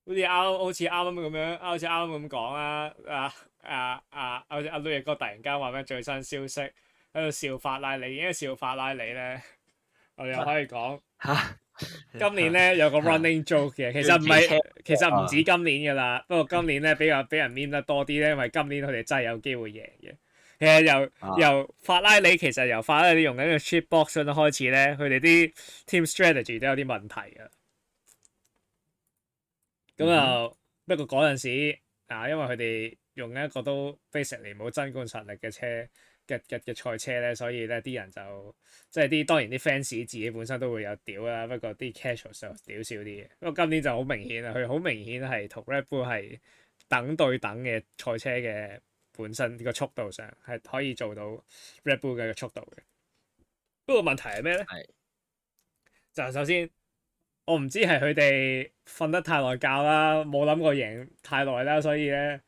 好似啱，好似啱咁樣，好似啱咁講啦。啊啊啊！好似阿 Lukas 哥突然間話咩最新消息喺度笑法拉利，因為笑法拉利呢？我哋又可以講嚇。啊啊今年呢， 有個 running joke 嘅， 其實唔係， 其實唔止今年噶啦。 不過今年呢，比較俾人 mean 得多啲呢，因為今年佢哋真係有機會贏嘅。其實由 由法拉利，其實由法拉利用緊個 cheap box 箱開始呢，佢哋啲 team strategy 都有啲問題㗎。咁又 不過嗰陣時啊，因為佢哋用緊一個都 basically 冇爭冠實力嘅車。嘅嘅嘅賽車咧，所以咧啲人就即係啲當然啲 fans 自己本身都會有屌啦，不過啲 casual 就屌少啲。不過今年就好明顯啦，佢好明顯係同 Red Bull 係等對等嘅賽車嘅，本身個速度上係可以做到 Red Bull 嘅個速度嘅。不過問題係咩咧？係是就首先我唔知係佢哋瞓得太耐覺啦，冇諗過贏太耐啦，所以咧。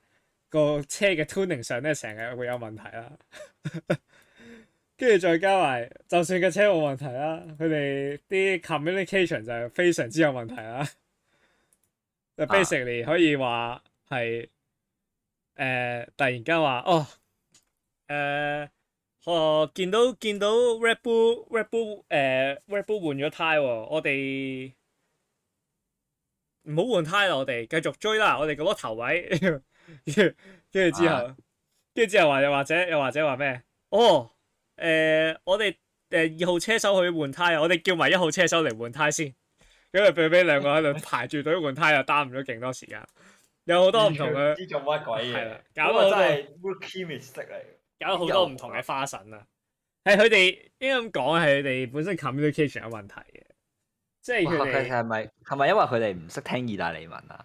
個車嘅 tuning 上咧成日會有問題啦，跟住再加埋，就算個車冇問題啦，佢哋啲 communication 就係非常之有問題啦。 就 Basically 可以話係誒突然間話哦誒，哦見到見到 Red Bull Red Bull 誒 Red Bull 換咗胎喎，我哋唔好換胎啦，我哋繼續追啦，我哋嗰個頭位。 跟住，之 後，跟住之後話又或者，又或者話咩？哦，誒、呃，我哋誒二號車手去換胎啊！我哋叫埋一號車手嚟換胎先，咁啊，要俾兩個喺度排住隊換胎又耽誤咗勁多時間，有好多唔同嘅。知知做乜鬼嘢？的搞到真係 work image 嚟，搞到好多唔同嘅花神啊！係佢哋應該咁講，係佢哋本身 communication 有問題嘅，即係佢哋係咪係咪因為佢哋唔識聽意大利文啊？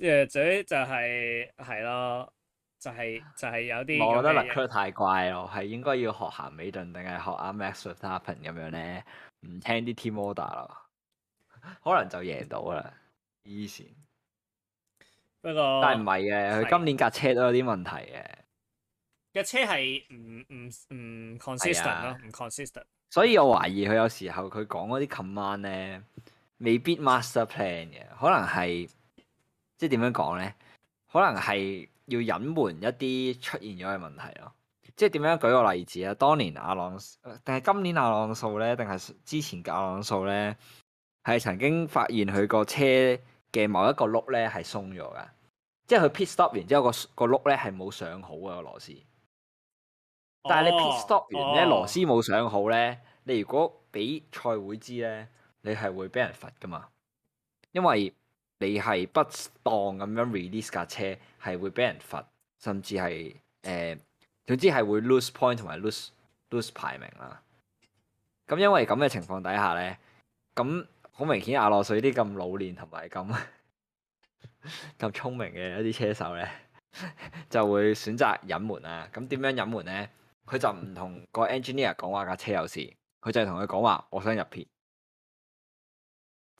誒，最就係係咯，就係、是、就係、是、有啲。我覺得 Leclerc 太怪咯，係應該要學下咸美頓定係學阿 Max Verstappen 咁樣咧，唔聽啲 Team Order 啦，al, 可能就贏到啦。以前不過，但係唔係嘅，佢的今年架車都有啲問題嘅。架車係唔唔唔 consistent 咯，唔的 consistent。所以我懷疑佢有時候佢講嗰啲 command 咧，command, 未必 master plan 嘅，可能係。即係點樣講咧？可能係要隱瞞一啲出現咗嘅問題咯。即係點樣舉個例子啊？當年阿朗，定係今年阿朗素咧，定係之前嘅阿朗素咧，係曾經發現佢個車嘅某一個碌咧係鬆咗噶。即係佢 pit stop 完之後，個個碌咧係冇上好啊個螺絲。但係你 pit stop 完咧，螺絲冇上好咧，你如果俾賽會知咧，你係會俾人罰噶嘛？因為你係不當咁樣 release 架車，係會俾人罰，甚至係誒、呃，總之係會 lose point 同埋 lose lose 排名啦。咁因為咁嘅情況底下咧，咁好明顯阿羅水啲咁老練同埋咁咁聰明嘅一啲車手咧， 就會選擇隱瞞啊。咁點樣隱瞞咧？佢就唔同個 engineer 講話架車有事，佢就係同佢講話，我想入 pit。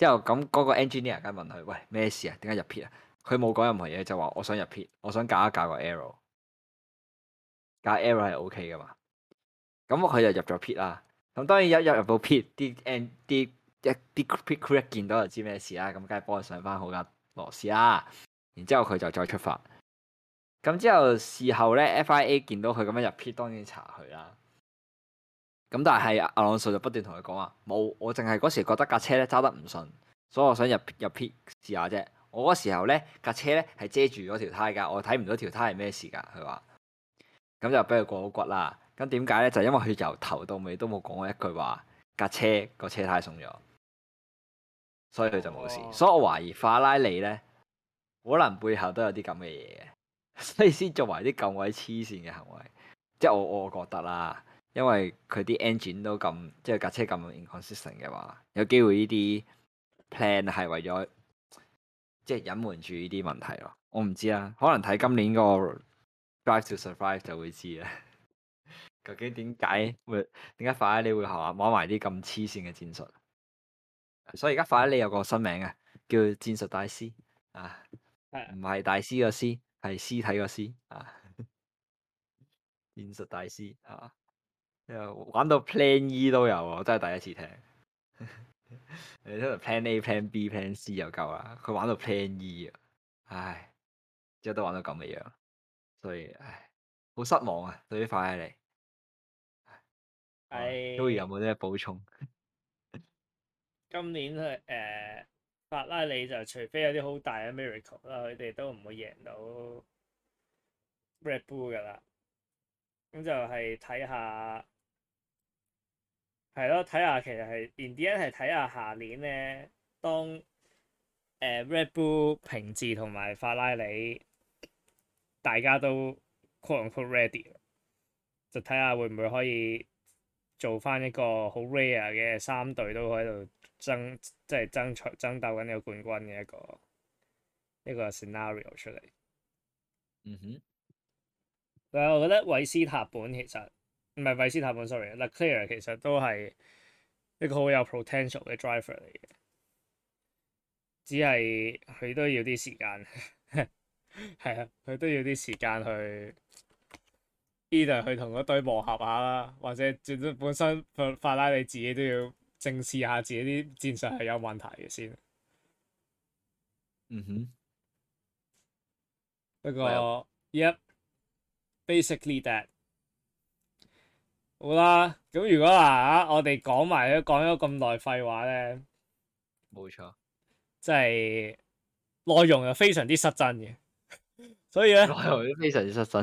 之後咁嗰個 engineer 梗係問佢：喂，咩事啊？點解入 pit 啊？佢冇講任何嘢，就話我想入 pit，我想搞一搞個 error，搞 error 係 OK 㗎嘛？咁佢就入咗 pit 啦。咁當然一入入到 pit，啲啲一啲 pit crew 見到就知咩事啦。咁梗係幫佢上翻好架螺絲啦。然之後佢就再出發。咁之後事後咧，FIA 見到佢咁樣入 pit，當然查佢啦。咁但係阿朗素就不斷同佢講話冇，我淨係嗰時覺得架車咧揸得唔順，所以我想入入撇試下啫。我嗰時候咧架車咧係遮住咗條胎噶，我睇唔到條胎係咩事噶。佢話咁就俾佢過咗骨啦。咁點解咧？就因為佢由頭到尾都冇講過一句話架車個車胎鬆咗，所以佢就冇事。哇所以我懷疑法拉利咧可能背後都有啲咁嘅嘢，所以先做埋啲咁鬼黐線嘅行為。即係我我覺得啦。因為佢啲 engine 都咁，即係架車咁 inconsistent 嘅話，有機會呢啲 plan 係為咗即係隱瞞住呢啲問題咯。我唔知啊，可能睇今年個 Drive to Survive 就會知啦。 究竟點解會點解法拉利會下摸埋啲咁黐線嘅戰術？所以而家法拉利有個新名啊，叫戰術大師啊，唔係大師個、啊、 師，係屍體個屍啊，戰術大師啊。玩到 Plan E 都有喎，我真係第一次聽。你喺度 Plan A、Plan B、Plan C 又夠啦，佢玩到 Plan E 啊，唉，之後都玩到咁嘅樣，所以唉，好失望啊！對於法拉利，唉 Joey 唉有冇咩補充？ 今年係唉，uh, 法拉利就除非有啲好大嘅 miracle 啦，佢哋都唔會贏到 Red Bull 噶啦。咁就係睇下。係咯，睇下其實係，而啲人係睇下下年呢，當誒、呃、Red Bull、平治同埋法拉利，大家都 quote ready，就睇下會唔會可以做翻一個好 rare 嘅三隊都喺度爭，即係爭取爭鬥緊呢個冠軍嘅一個呢個 scenario 出嚟。嗯哼。但係，我覺得韋斯塔本其實。唔係維斯塔本，sorry，嗱 Leclerc 其實都係一個好有 potential 嘅 driver 嚟嘅，只係佢都要啲時間，係 啊，佢都要啲時間去，呢度去同嗰隊磨合下啦，或者至少本身法拉利自己都要正視下自己啲戰術係有問題嘅先。嗯哼、mm。Hmm. 不過一。Well, yep, basically that。好啦，咁如果嗱、啊，我哋講埋都講咗咁耐廢話咧，冇錯，即係內容又非常之失真嘅， 所以咧呢內容非常之失真，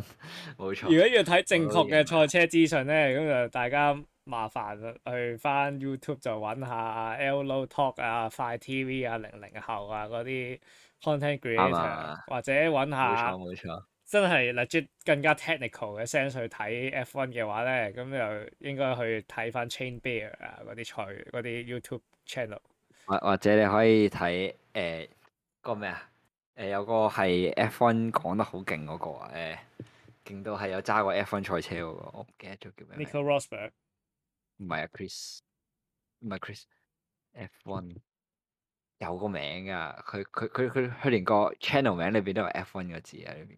冇錯。如果要睇正確嘅賽車資訊咧，咁就大家麻煩去翻 YouTube 就揾下 Lolo Talk 啊、快、啊啊、TV 啊、零零後啊嗰啲 content creator，、啊、或者揾下錯。冇錯真係嗱，接更加 technical 嘅 sense 去睇 F 一嘅話咧，咁又應該去睇翻 Chain Bear 啊嗰啲賽嗰啲 YouTube channel，或或者你可以睇誒、呃、那個咩啊？誒、呃、有個係 F 一講得好勁嗰個啊，誒、欸、勁到係有揸過 F 一賽車嗰、那個，我唔記得咗叫咩 Michael Rosberg，唔係啊，Chris 唔係、啊、Chris，F 一有個名㗎、啊，佢佢佢佢佢連個 channel 名裏邊都有 F 一個字啊，裏邊。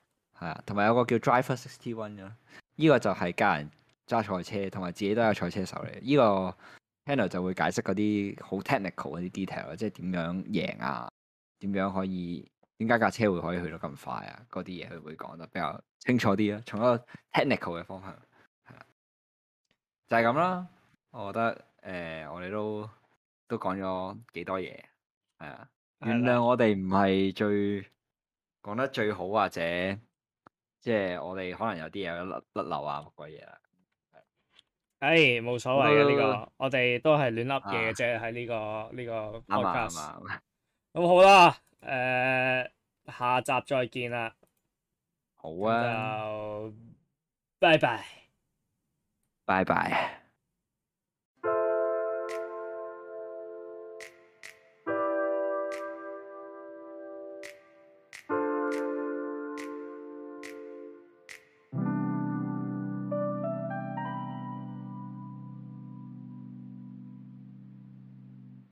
係啊，同埋有個叫 Driver Sixty One 嘅，依個就係教人揸賽車，同埋自己都有賽車手嚟。依、這個 channel 就會解釋嗰啲好 technical 嗰啲 detail 啊，即係點樣贏啊，點樣可以點解架車會可，可以去到咁快啊，嗰啲嘢佢會講得比較清楚啲啊，從一個 technical 嘅方向係啊，就係咁啦。我覺得誒、呃，我哋都都講咗幾多嘢，係啊，原諒我哋唔係最講得最好或者。即係我哋可能有啲嘢甩甩漏啊，乜鬼嘢啊。唉、欸，冇所謂嘅呢個，我哋都係亂笠嘢嘅啫，喺呢個呢個。啱啊，咁好啦，誒、呃，下集再見啦。好啊。就。拜拜。拜拜。